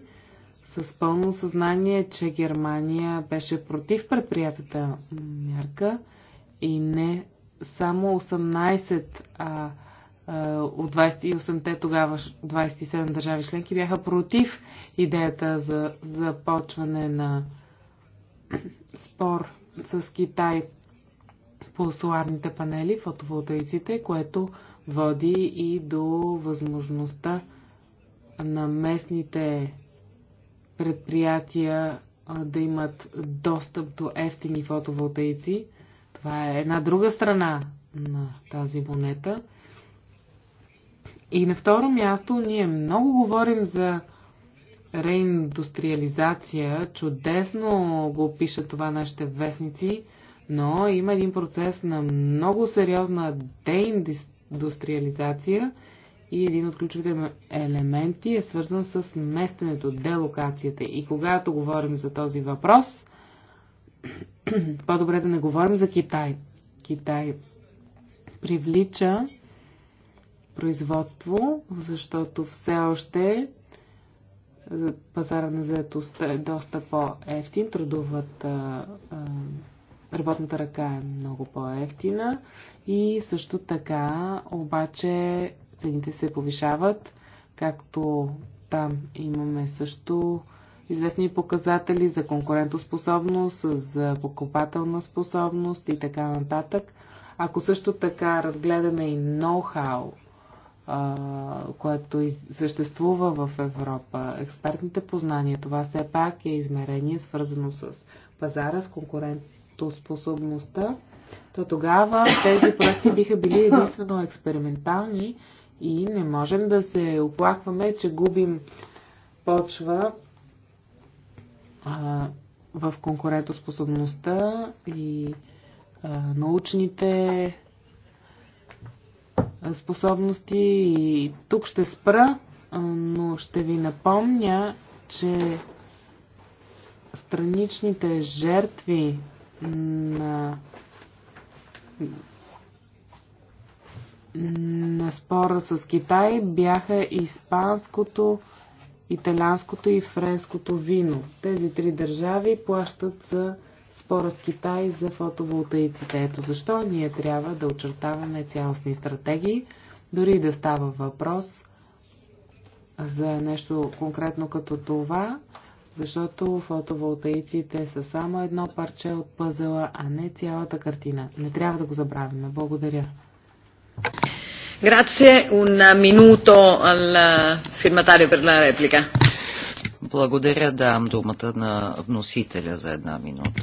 с пълно съзнание, че Германия беше против предприятата мярка и не само 18 а, а, от 28-те тогава 27 държави членки бяха против идеята за започване на спор с Китай по соларните панели, фотоволтаиците, което води и до възможността на местните предприятия да имат достъп до ефтини фотоволтаици това е една друга страна на тази монета. И на второ място, ние много говорим за реиндустриализация. Чудесно го пишат това нашите вестници, но има един процес на много сериозна деиндустриализация и един от ключовите елементи е свързан с местенето, делокацията. И когато говорим за този въпрос, по-добре да не говорим за Китай. Китай привлича производство, защото все още пазара на заедостта е доста по-ефтин, трудовата работната ръка е много по-ефтина и също така обаче цените се повишават, както там имаме също известни показатели за конкурентоспособност, за покупателна способност и така нататък. Ако също така разгледаме и ноу-хау, което съществува в Европа, експертните познания, това все пак е измерение свързано с пазара, с конкурентоспособността, то тогава тези проекти биха били единствено експериментални и не можем да се оплакваме, че губим почва в конкурентоспособността и а, научните способности. И тук ще спра, но ще ви напомня, че страничните жертви на на спора с Китай бяха испанското италианското и френското вино. Тези три държави плащат за спора с Китай за фотоволтаиците. Ето защо ние трябва да очертаваме цялостни стратегии, дори да става въпрос за нещо конкретно като това, защото фотоволтаиците са само едно парче от пъзела, а не цялата картина. Не трябва да го забравяме. Благодаря.
Grazie, un minuto al eh, firmatario per la replica.
Благодаря, дам думата на вносителя за една минута.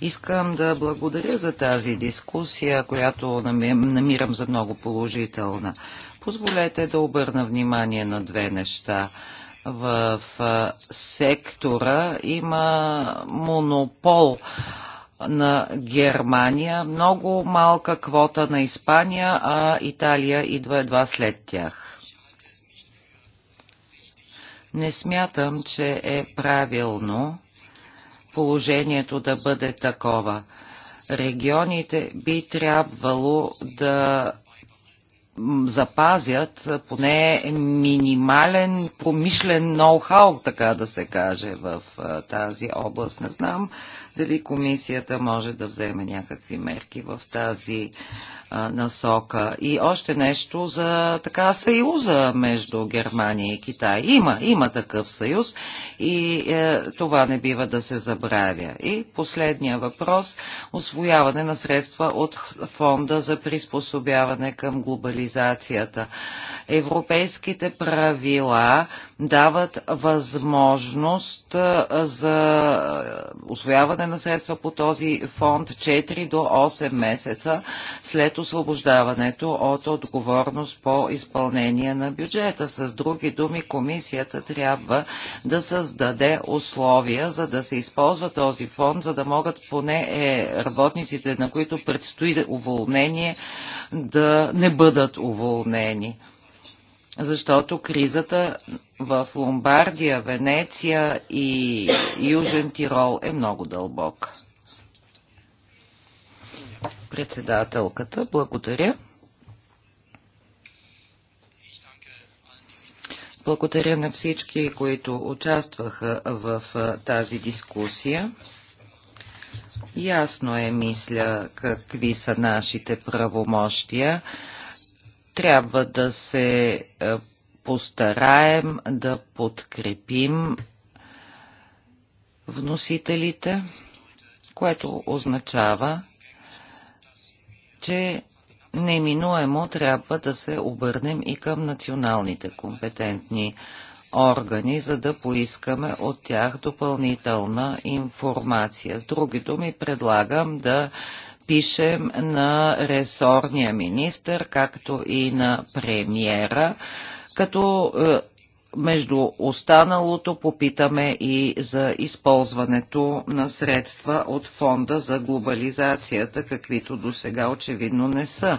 Искам да благодаря за тази дискусия, която намирам за много положителна. Позволете да обърна внимание на две неща. В сектора има монопол на Германия, много малка квота на Испания, а Италия идва едва след тях. Не смятам, че е правилно положението да бъде такова. Регионите би трябвало да запазят поне минимален промишлен ноу-хау, така да се каже, в тази област. Не знам дали комисията може да вземе някакви мерки в тази а, насока. И още нещо за така съюза между Германия и Китай. Има, има такъв съюз и е, това не бива да се забравя. И последния въпрос – освояване на средства от фонда за приспособяване към глобализацията. Европейските правила дават възможност е, за е, освояване на средства по този фонд 4 до 8 месеца след освобождаването от отговорност по изпълнение на бюджета. С други думи, комисията трябва да създаде условия, за да се използва този фонд, за да могат поне е, работниците, на които предстои уволнение, да не бъдат уволнени защото кризата в Ломбардия, Венеция и Южен Тирол е много дълбока. Председателката, благодаря. Благодаря на всички, които участваха в тази дискусия. Ясно е, мисля, какви са нашите правомощия. Трябва да се е, постараем да подкрепим вносителите, което означава, че неминуемо трябва да се обърнем и към националните компетентни органи, за да поискаме от тях допълнителна информация. С други думи, предлагам да пишем на ресорния министр, както и на премиера, като е, между останалото попитаме и за използването на средства от фонда за глобализацията, каквито до сега очевидно не са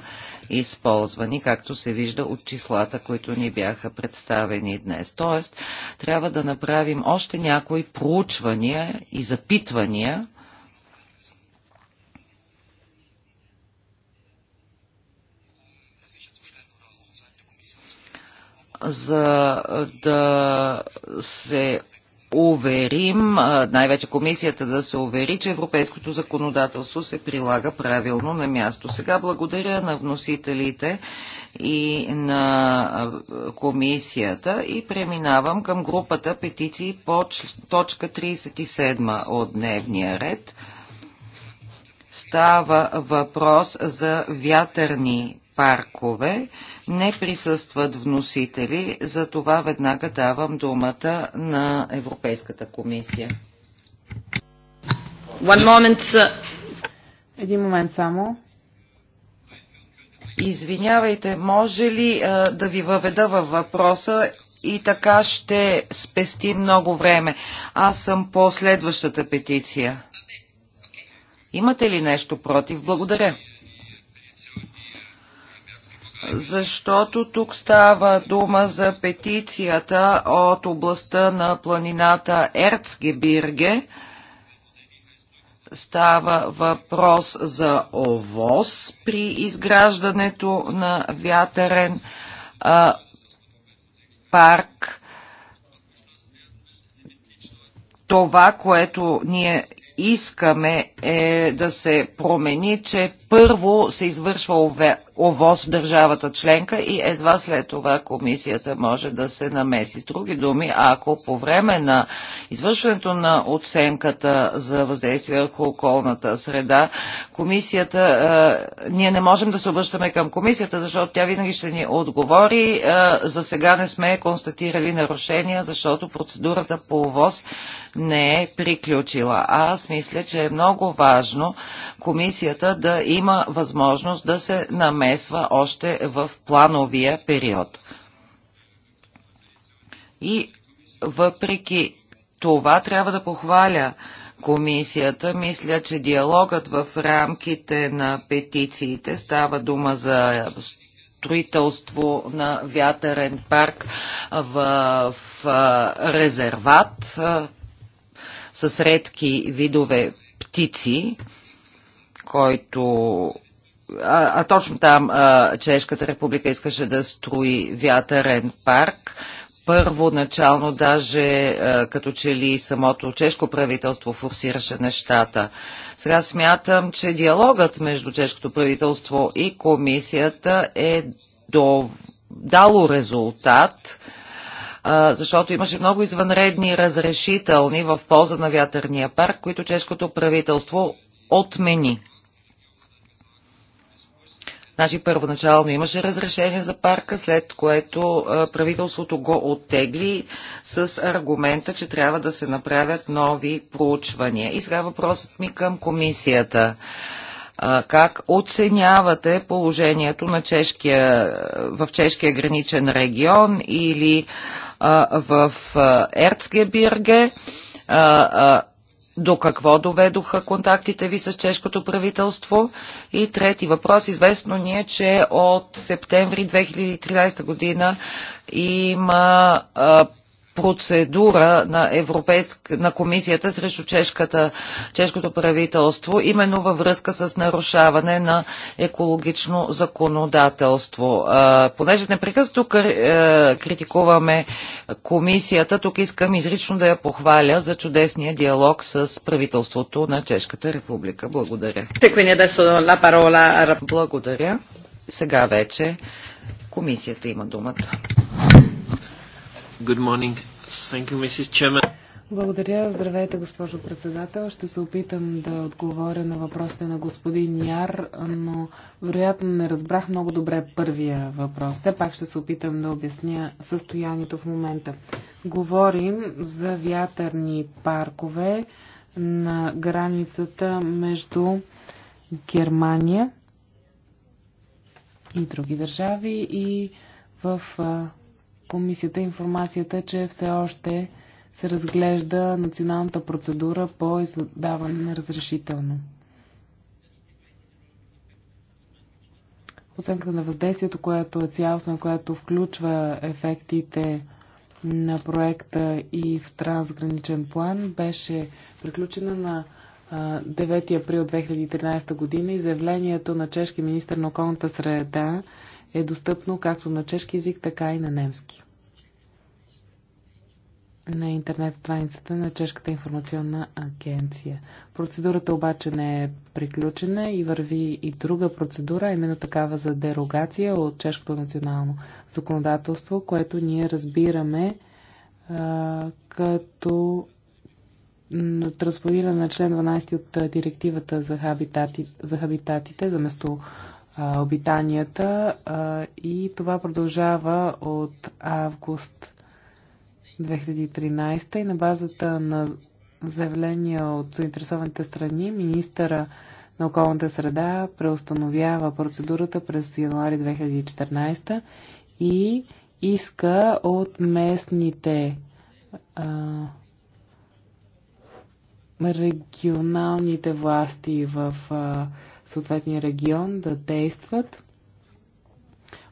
използвани, както се вижда от числата, които ни бяха представени днес. Тоест, трябва да направим още някои проучвания и запитвания, за да се уверим, най-вече комисията да се увери, че европейското законодателство се прилага правилно на място. Сега благодаря на вносителите и на комисията и преминавам към групата петиции по точка 37 от дневния ред. Става въпрос за вятърни паркове. Не присъстват вносители, за това веднага давам думата на Европейската комисия.
One moment. Един момент само.
Извинявайте, може ли а, да ви въведа във въпроса и така ще спести много време. Аз съм по следващата петиция. Имате ли нещо против? Благодаря защото тук става дума за петицията от областта на планината Ерцгебирге. Става въпрос за овоз при изграждането на вятърен а, парк. Това, което ние искаме е да се промени, че първо се извършва овоз в държавата членка и едва след това комисията може да се намеси. С други думи, ако по време на извършването на оценката за въздействие върху околната среда, комисията, е, ние не можем да се обръщаме към комисията, защото тя винаги ще ни отговори. Е, за сега не сме констатирали нарушения, защото процедурата по овоз не е приключила. Аз мисля, че е много важно комисията да има възможност да се намеси намесва още в плановия период. И въпреки това трябва да похваля комисията. Мисля, че диалогът в рамките на петициите става дума за строителство на вятърен парк в, в резерват с редки видове птици, който а, а точно там а, Чешката република искаше да строи вятърен парк. Първоначално даже а, като че ли самото чешко правителство форсираше нещата. Сега смятам, че диалогът между чешкото правителство и комисията е до, дало резултат защото имаше много извънредни разрешителни в полза на вятърния парк, които чешкото правителство отмени. Значи първоначално имаше разрешение за парка, след което правителството го оттегли с аргумента, че трябва да се направят нови проучвания. И сега въпросът ми към комисията. Как оценявате положението на чешкия, в чешкия граничен регион или в Ерцгебирге? до какво доведоха контактите ви с чешкото правителство? И трети въпрос. Известно ни е, че от септември 2013 година има а, процедура на, Европейск, на комисията срещу чешката, чешкото правителство, именно във връзка с нарушаване на екологично законодателство. А, понеже непрекъснато е, критикуваме комисията, тук искам изрично да я похваля за чудесния диалог с правителството на Чешката република. Благодаря.
Благодаря.
Сега вече комисията има думата.
Good morning. Thank you, Mrs. Chairman.
Благодаря. Здравейте, госпожо председател. Ще се опитам да отговоря на въпросите на господин Яр, но вероятно не разбрах много добре първия въпрос. Все пак ще се опитам да обясня състоянието в момента. Говорим за вятърни паркове на границата между Германия и други държави и в комисията информацията, че все още се разглежда националната процедура по издаване на разрешително. Оценката на въздействието, която е цялостна, която включва ефектите на проекта и в трансграничен план, беше приключена на 9 април 2013 година и заявлението на чешки министр на околната среда е достъпно както на чешки язик, така и на немски. На интернет страницата на Чешката информационна агенция. Процедурата обаче не е приключена и върви и друга процедура, именно такава за дерогация от чешкото национално законодателство, което ние разбираме а, като трансформиране на член 12 от директивата за, хабитати, за хабитатите, за место обитанията и това продължава от август 2013 и на базата на заявления от заинтересованите страни министъра на околната среда преустановява процедурата през януари 2014 и иска от местните а, регионалните власти в а, съответния регион да действат.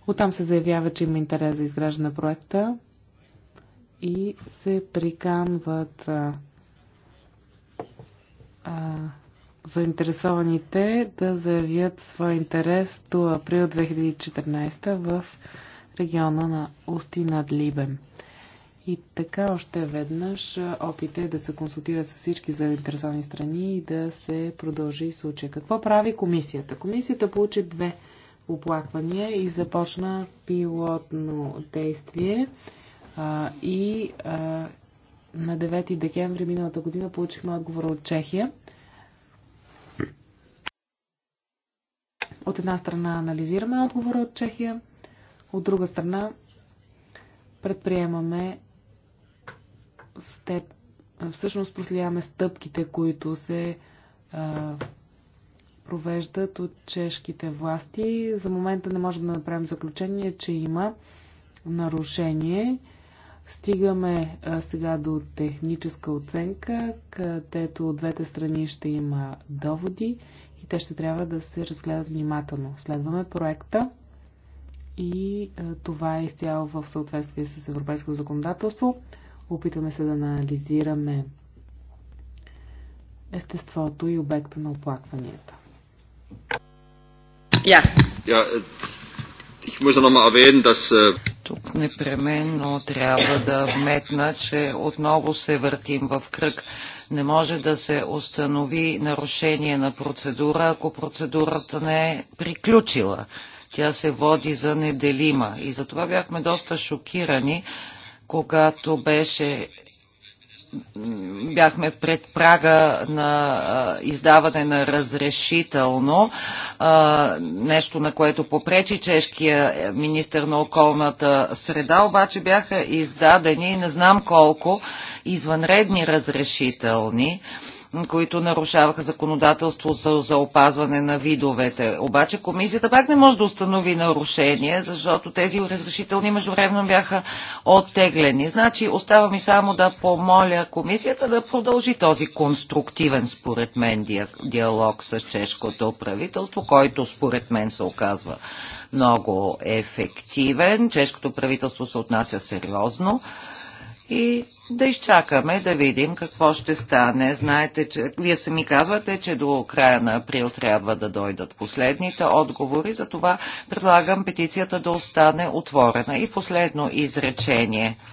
Оттам се заявява, че има интерес за изграждане на проекта и се приканват а, а, заинтересованите да заявят своя интерес до април 2014 в региона на Устина Длибен. И така още веднъж опит е да се консултира с всички заинтересовани страни и да се продължи случая. Какво прави комисията? Комисията получи две оплаквания и започна пилотно действие а, и а, на 9 декември миналата година получихме отговор от Чехия. От една страна анализираме отговора от Чехия, от друга страна предприемаме степ, всъщност проследяваме стъпките, които се а, провеждат от чешките власти. За момента не можем да направим заключение, че има нарушение. Стигаме а, сега до техническа оценка, където от двете страни ще има доводи и те ще трябва да се разгледат внимателно. Следваме проекта и а, това е изцяло в съответствие с европейското законодателство. Опитваме се да анализираме естеството и обекта на оплакванията. Я.
Ja, ich muss noch mal erwähnen, dass тук
непременно трябва да вметна, че отново се въртим в кръг. Не може да се установи нарушение на процедура, ако процедурата не е приключила. Тя се води за неделима. И затова бяхме доста шокирани, когато беше бяхме пред прага на издаване на разрешително, нещо на което попречи чешкия министр на околната среда, обаче бяха издадени не знам колко извънредни разрешителни които нарушаваха законодателство за, за опазване на видовете. Обаче комисията пак не може да установи нарушение, защото тези разрешителни междувременно бяха оттеглени. Значи остава ми само да помоля комисията да продължи този конструктивен, според мен, диалог с чешкото правителство, който според мен се оказва много ефективен. Чешкото правителство се отнася сериозно и да изчакаме да видим какво ще стане. Знаете, че вие сами казвате, че до края на април трябва да дойдат последните отговори, затова предлагам петицията да остане отворена. И последно изречение –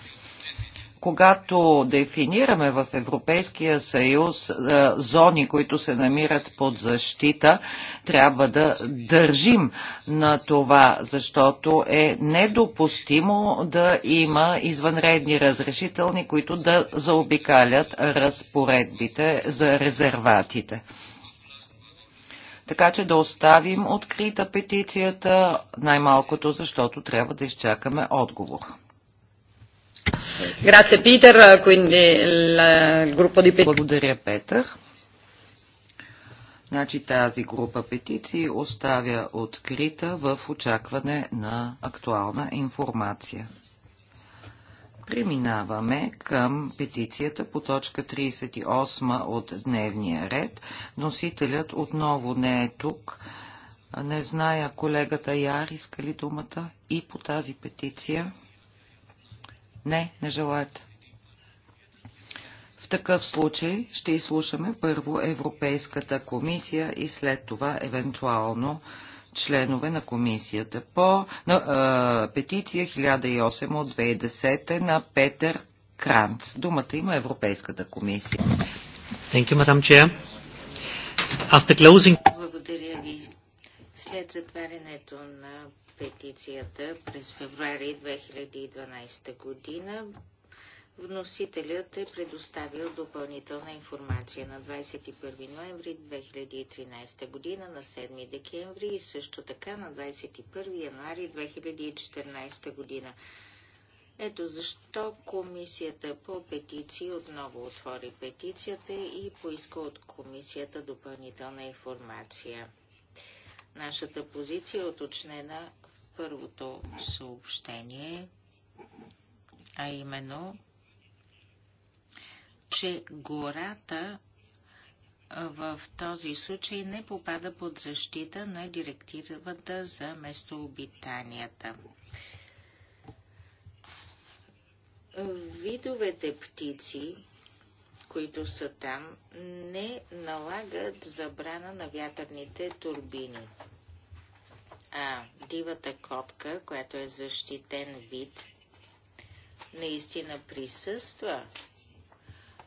когато дефинираме в Европейския съюз е, зони, които се намират под защита, трябва да държим на това, защото е недопустимо да има извънредни разрешителни, които да заобикалят разпоредбите за резерватите. Така че да оставим открита петицията, най-малкото защото трябва да изчакаме отговор. Grazie
Peter, quindi il eh, gruppo di Благодаря, Петър.
Значи тази група петиции оставя открита в очакване на актуална информация. Преминаваме към петицията по точка 38 от дневния ред. Носителят отново не е тук. Не зная колегата Яр, иска ли думата и по тази петиция? Не, не желаят. В такъв случай ще изслушаме първо Европейската комисия и след това евентуално членове на комисията по на, е, петиция 1008 от 2010 на Петър Кранц. Думата има Европейската комисия.
Thank you, Madam Chair. After closing... Благодаря
ви. След затварянето на петицията през февруари 2012 година. Вносителят е предоставил допълнителна информация на 21 ноември 2013 година, на 7 декември и също така на 21 януари 2014 година. Ето защо комисията по петиции отново отвори петицията и поиска от комисията допълнителна информация. Нашата позиция е уточнена първото съобщение, а именно, че гората в този случай не попада под защита на директивата за местообитанията. Видовете птици, които са там, не налагат забрана на вятърните турбини. А дивата котка, която е защитен вид, наистина присъства,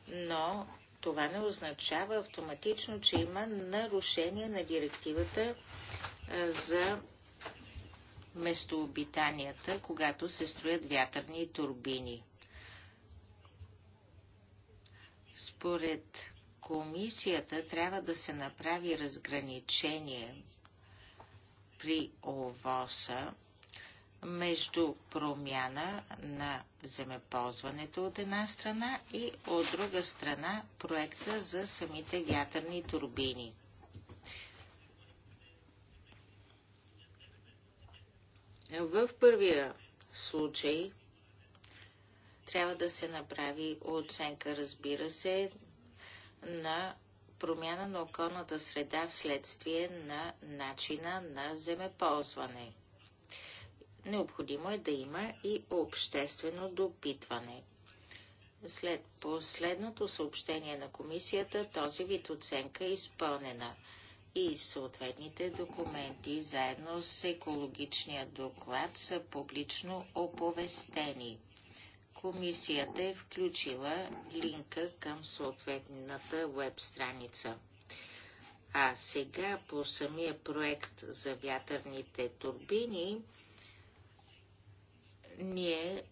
но това не означава автоматично, че има нарушение на директивата за местообитанията, когато се строят вятърни турбини. Според комисията трябва да се направи разграничение при ОВОСа между промяна на земеползването от една страна и от друга страна проекта за самите вятърни турбини. В първия случай трябва да се направи оценка, разбира се, на промяна на околната среда вследствие на начина на земеползване. Необходимо е да има и обществено допитване. След последното съобщение на комисията, този вид оценка е изпълнена и съответните документи, заедно с екологичния доклад, са публично оповестени. Комисията е включила линка към съответната веб страница. А сега по самия проект за вятърните турбини ние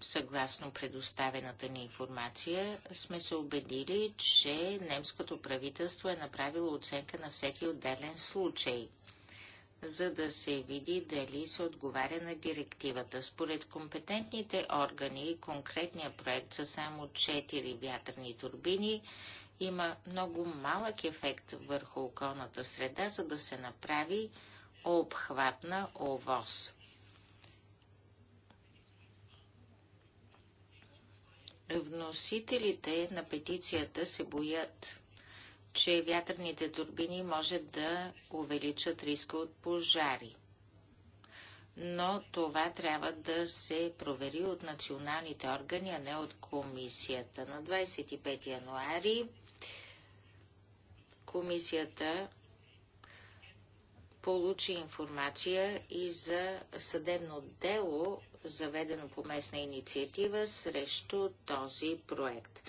съгласно предоставената ни информация, сме се убедили, че немското правителство е направило оценка на всеки отделен случай – за да се види дали се отговаря на директивата. Според компетентните органи, конкретния проект са само 4 вятърни турбини, има много малък ефект върху околната среда, за да се направи обхватна овоз. Вносителите на петицията се боят, че вятърните турбини може да увеличат риска от пожари. Но това трябва да се провери от националните органи, а не от комисията. На 25 януари комисията получи информация и за съдебно дело, заведено по местна инициатива срещу този проект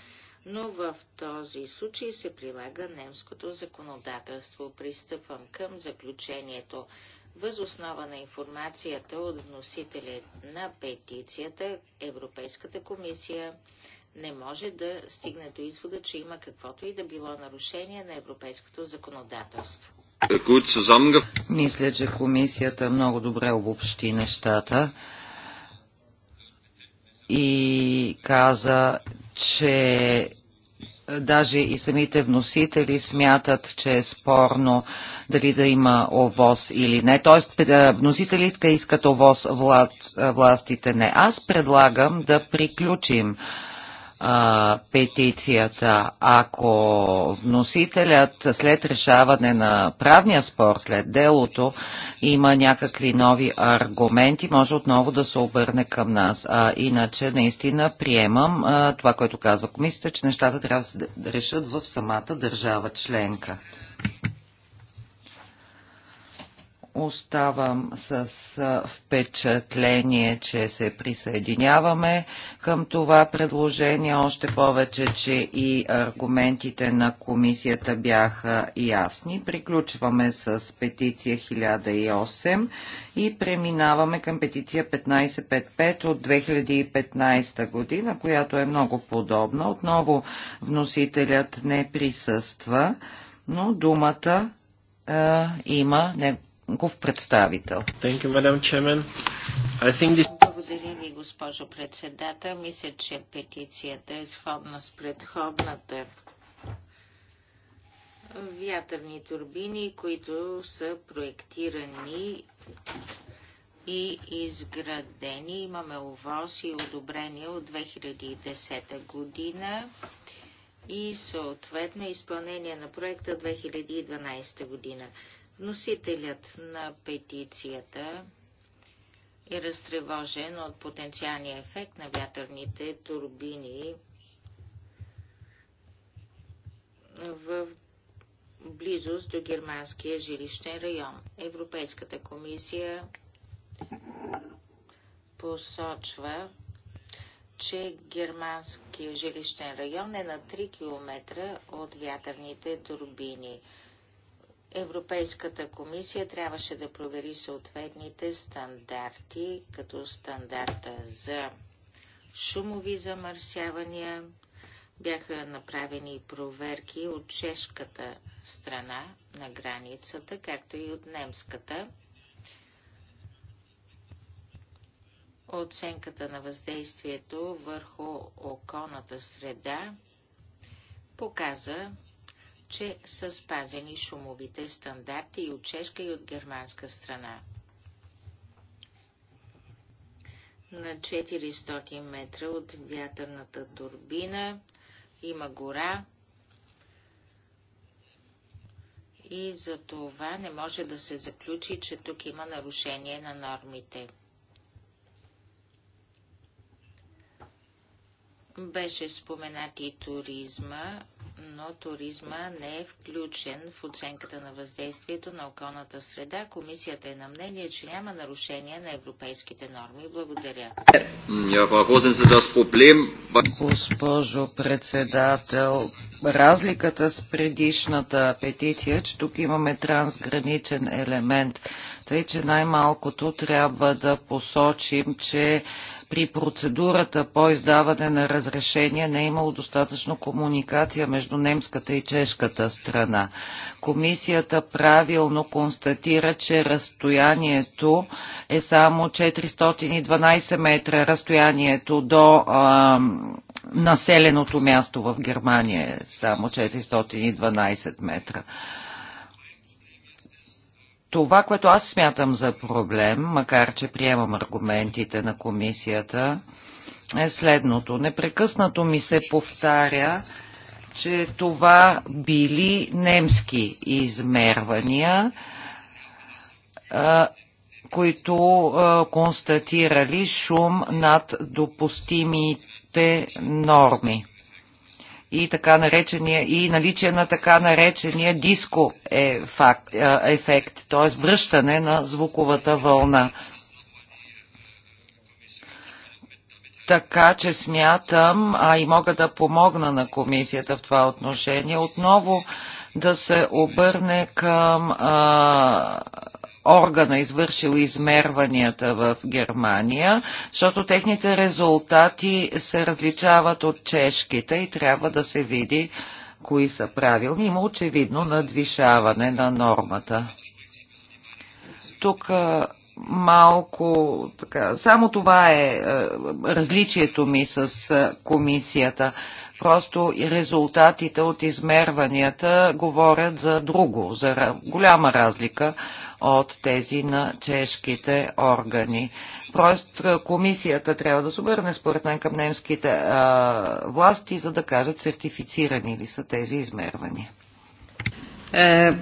но в този случай се прилага немското законодателство. Пристъпвам към заключението. Въз основа на информацията от вносителя на петицията, Европейската комисия не може да стигне до извода, че има каквото и да било нарушение на европейското законодателство.
Мисля, че комисията много добре обобщи нещата и каза, че е, даже и самите вносители смятат, че е спорно дали да има ОВОз или не. Тоест, е, вносителите искат ОВОз, е, властите не. Аз предлагам да приключим петицията, ако вносителят след решаване на правния спор, след делото, има някакви нови аргументи, може отново да се обърне към нас. А, иначе, наистина, приемам а, това, което казва комисията, че нещата трябва да се решат в самата държава членка оставам с впечатление, че се присъединяваме към това предложение, още повече, че и аргументите на комисията бяха ясни. Приключваме с петиция 1008 и преминаваме към петиция 1555 от 2015 година, която е много подобна. Отново вносителят не присъства, но думата е, има негов представител.
Благодаря ви, госпожо председател. Мисля, че петицията е сходна с предходната. Вятърни турбини, които са проектирани и изградени. Имаме ОВОС и одобрение от 2010 година и съответно изпълнение на проекта 2012 година. Вносителят на петицията е разтревожен от потенциалния ефект на вятърните турбини в близост до германския жилищен район. Европейската комисия посочва, че германския жилищен район е на 3 км от вятърните турбини. Европейската комисия трябваше да провери съответните стандарти, като стандарта за шумови замърсявания. Бяха направени проверки от чешката страна на границата, както и от немската. Оценката на въздействието върху околната среда показа, че са спазени шумовите стандарти и от чешка и от германска страна. На 400 метра от вятърната турбина има гора и за това не може да се заключи, че тук има нарушение на нормите. Беше споменат и туризма но туризма не е включен в оценката на въздействието на околната среда. Комисията е на мнение, че няма нарушение на европейските норми. Благодаря.
Госпожо председател, разликата с предишната петиция, че тук имаме трансграничен елемент, тъй че най-малкото трябва да посочим, че при процедурата по издаване на разрешение не е имало достатъчно комуникация между немската и чешката страна. Комисията правилно констатира, че разстоянието е само 412 метра. Разстоянието до а, населеното място в Германия е само 412 метра. Това, което аз смятам за проблем, макар че приемам аргументите на комисията, е следното. Непрекъснато ми се повтаря, че това били немски измервания, които констатирали шум над допустимите норми и така наречения и наличие на така наречения диско е е, ефект, т.е. връщане на звуковата вълна. Така че смятам, а и мога да помогна на комисията в това отношение, отново да се обърне към а, органа, извършил измерванията в Германия, защото техните резултати се различават от чешките и трябва да се види кои са правилни. Има очевидно надвишаване на нормата. Тук малко така. Само това е различието ми с комисията. Просто резултатите от измерванията говорят за друго, за голяма разлика от тези на чешките органи. Просто комисията трябва да се обърне според мен към немските а, власти, за да кажат сертифицирани ли са тези измервания. Е,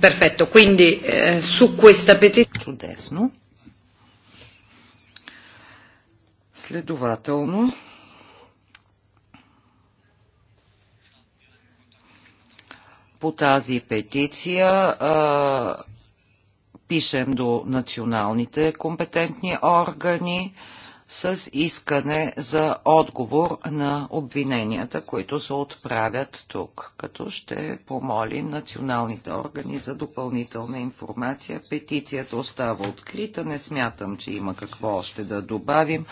перфетто. Quindi, е, su questa petizione... Чудесно. Следователно, по тази петиция а, пишем до националните компетентни органи с искане за отговор на обвиненията, които се отправят тук, като ще помолим националните органи за допълнителна информация. Петицията остава открита, не смятам, че има какво още да добавим.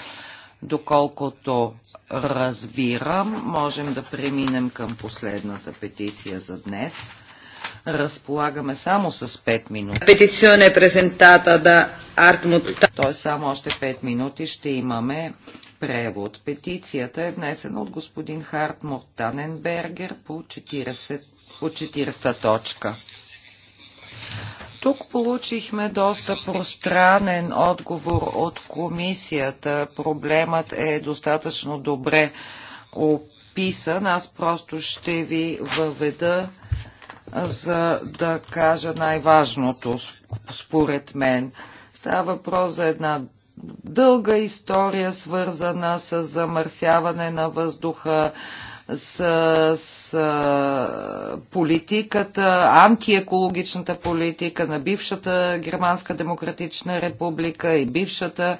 Доколкото разбирам, можем да преминем към последната петиция за днес – разполагаме само с 5 минути. Петиционе е презентата да Артмут. Той само още 5 минути ще имаме превод. Петицията е внесена от господин Хартмут Таненбергер по 40, по 40 точка. Тук получихме доста пространен отговор от комисията. Проблемът е достатъчно добре описан. Аз просто ще ви въведа за да кажа най-важното, според мен. Става въпрос за една дълга история, свързана с замърсяване на въздуха, с, с политиката, антиекологичната политика на бившата Германска демократична република и бившата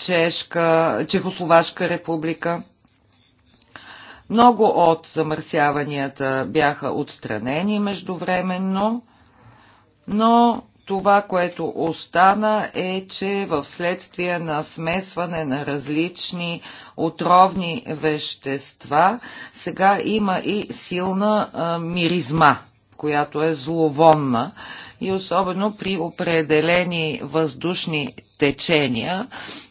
чешка, Чехословашка република. Много от замърсяванията бяха отстранени междувременно, но това, което остана е, че в следствие на смесване на различни отровни вещества, сега има и силна а, миризма която е зловонна и особено при определени въздушни течения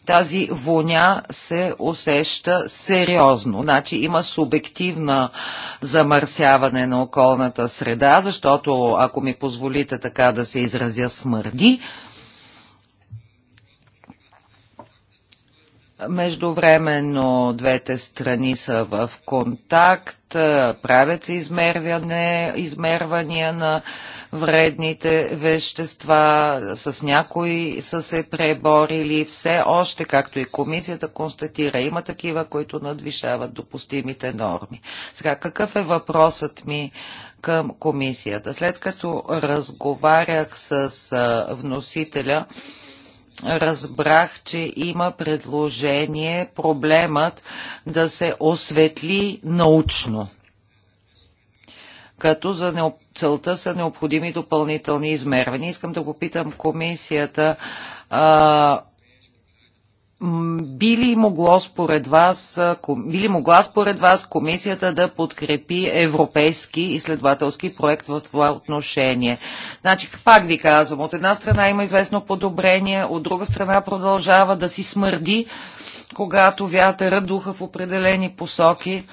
тази воня се усеща сериозно. Значи има субективна замърсяване на околната среда, защото, ако ми позволите така да се изразя, смърди, Междувременно двете страни са в контакт, правят се измервания на вредните вещества, с някои са се преборили, все още, както и комисията констатира, има такива, които надвишават допустимите норми. Сега, какъв е въпросът ми към комисията? След като разговарях с вносителя, разбрах, че има предложение проблемът да се осветли научно като за целта са необходими допълнителни измервания. Искам да попитам комисията а, би ли, могло според вас, би ли могла според вас комисията да подкрепи европейски изследователски проект в това отношение? Значи, пак ви казвам, от една страна има известно подобрение, от друга страна продължава да си смърди, когато вятъра духа в определени посоки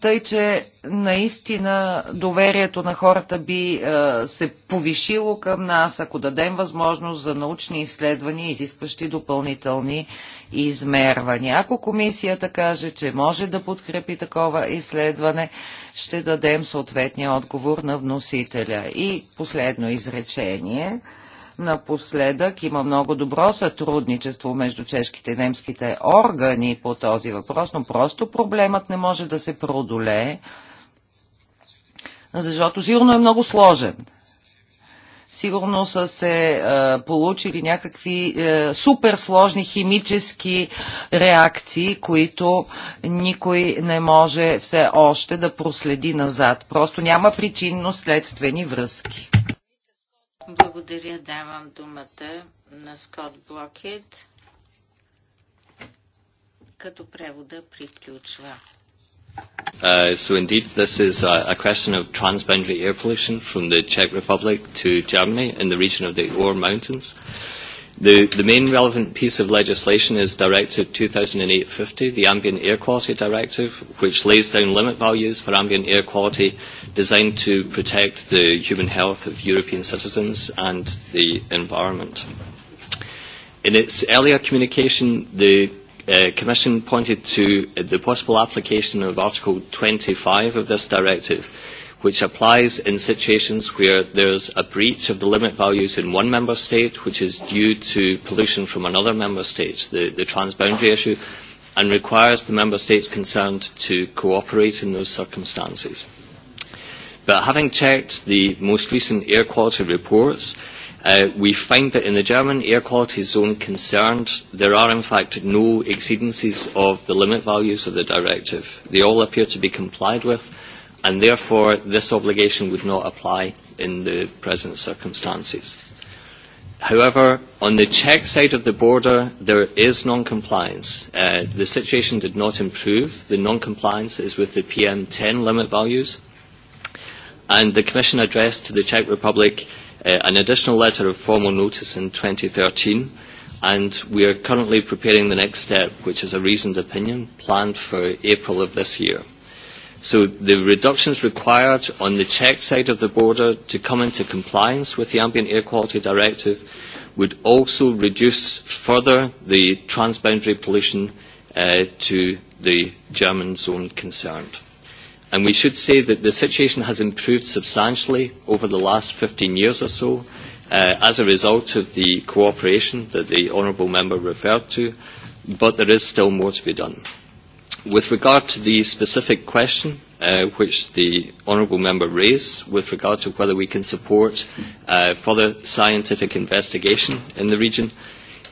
тъй че наистина доверието на хората би е, се повишило към нас, ако дадем възможност за научни изследвания, изискващи допълнителни измервания. Ако комисията каже, че може да подкрепи такова изследване, ще дадем съответния отговор на вносителя. И последно изречение – Напоследък има много добро сътрудничество между чешките и немските органи по този въпрос, но просто проблемът не може да се продолее, защото сигурно е много сложен сигурно са се е, получили някакви е, суперсложни химически реакции, които никой не може все още да проследи назад. Просто няма причинно-следствени връзки.
Благодаря, давам думата на Скот Блокет, като превода приключва.
Uh, so indeed, this is a, a question of transboundary air pollution from the Czech Republic to Germany in the region of the Ore Mountains. Uh, The, the main relevant piece of legislation is Directive 2008-50, the Ambient Air Quality Directive, which lays down limit values for ambient air quality designed to protect the human health of European citizens and the environment. In its earlier communication, the uh, Commission pointed to the possible application of Article 25 of this directive – which applies in situations where there's a breach of the limit values in one member state, which is due to pollution from another member state, the, the transboundary issue, and requires the member states concerned to cooperate in those circumstances. But having checked the most recent air quality reports, uh, we find that in the German air quality zone concerned, there are in fact no exceedances of the limit values of the directive. They all appear to be complied with, and therefore this obligation would not apply in the present circumstances. However, on the Czech side of the border, there is non-compliance. Uh, the situation did not improve. The non-compliance is with the PM10 limit values. And the Commission addressed to the Czech Republic uh, an additional letter of formal notice in 2013. And we are currently preparing the next step, which is a reasoned opinion planned for April of this year. So the reductions required on the Czech side of the border to come into compliance with the Ambient Air Quality Directive would also reduce further the transboundary pollution uh, to the German zone concerned. And we should say that the situation has improved substantially over the last 15 years or so uh, as a result of the cooperation that the Honourable Member referred to, but there is still more to be done. With regard to the specific question uh, which the honourable member raised with regard to whether we can support uh, further scientific investigation in the region,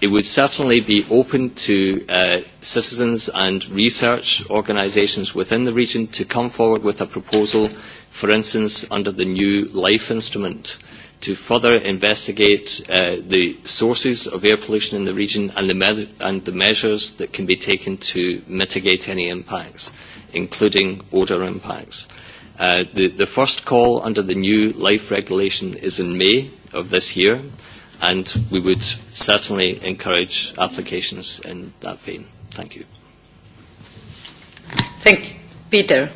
it would certainly be open to uh, citizens and research organisations within the region to come forward with a proposal, for instance, under the new LIFE instrument. Uh, to further investigate uh, the sources of air pollution in the region and the, me- and the measures that can be taken to mitigate any impacts, including odour impacts. Uh, the, the first call under the new life regulation is in May of this year, and we would certainly encourage applications in that vein. Thank you.
Thank you. Peter.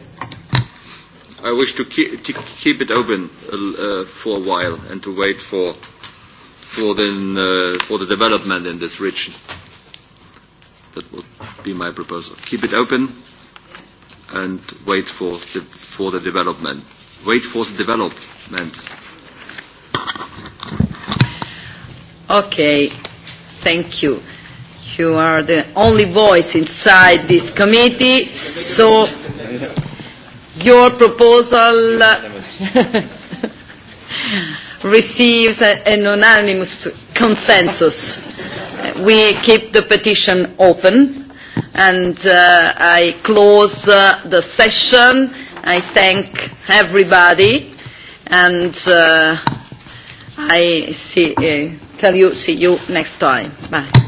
I wish to keep, to keep it open uh, for a while and to wait for, for, the, uh, for the development in this region. That would be my proposal. Keep it open and wait for the, for the development. Wait for the development.
Okay, thank you. You are the only voice inside this committee, so Your proposal receives an unanimous consensus. We keep the petition open and uh, I close uh, the session. I thank everybody and uh, I see, uh, tell you, see you next time. Bye.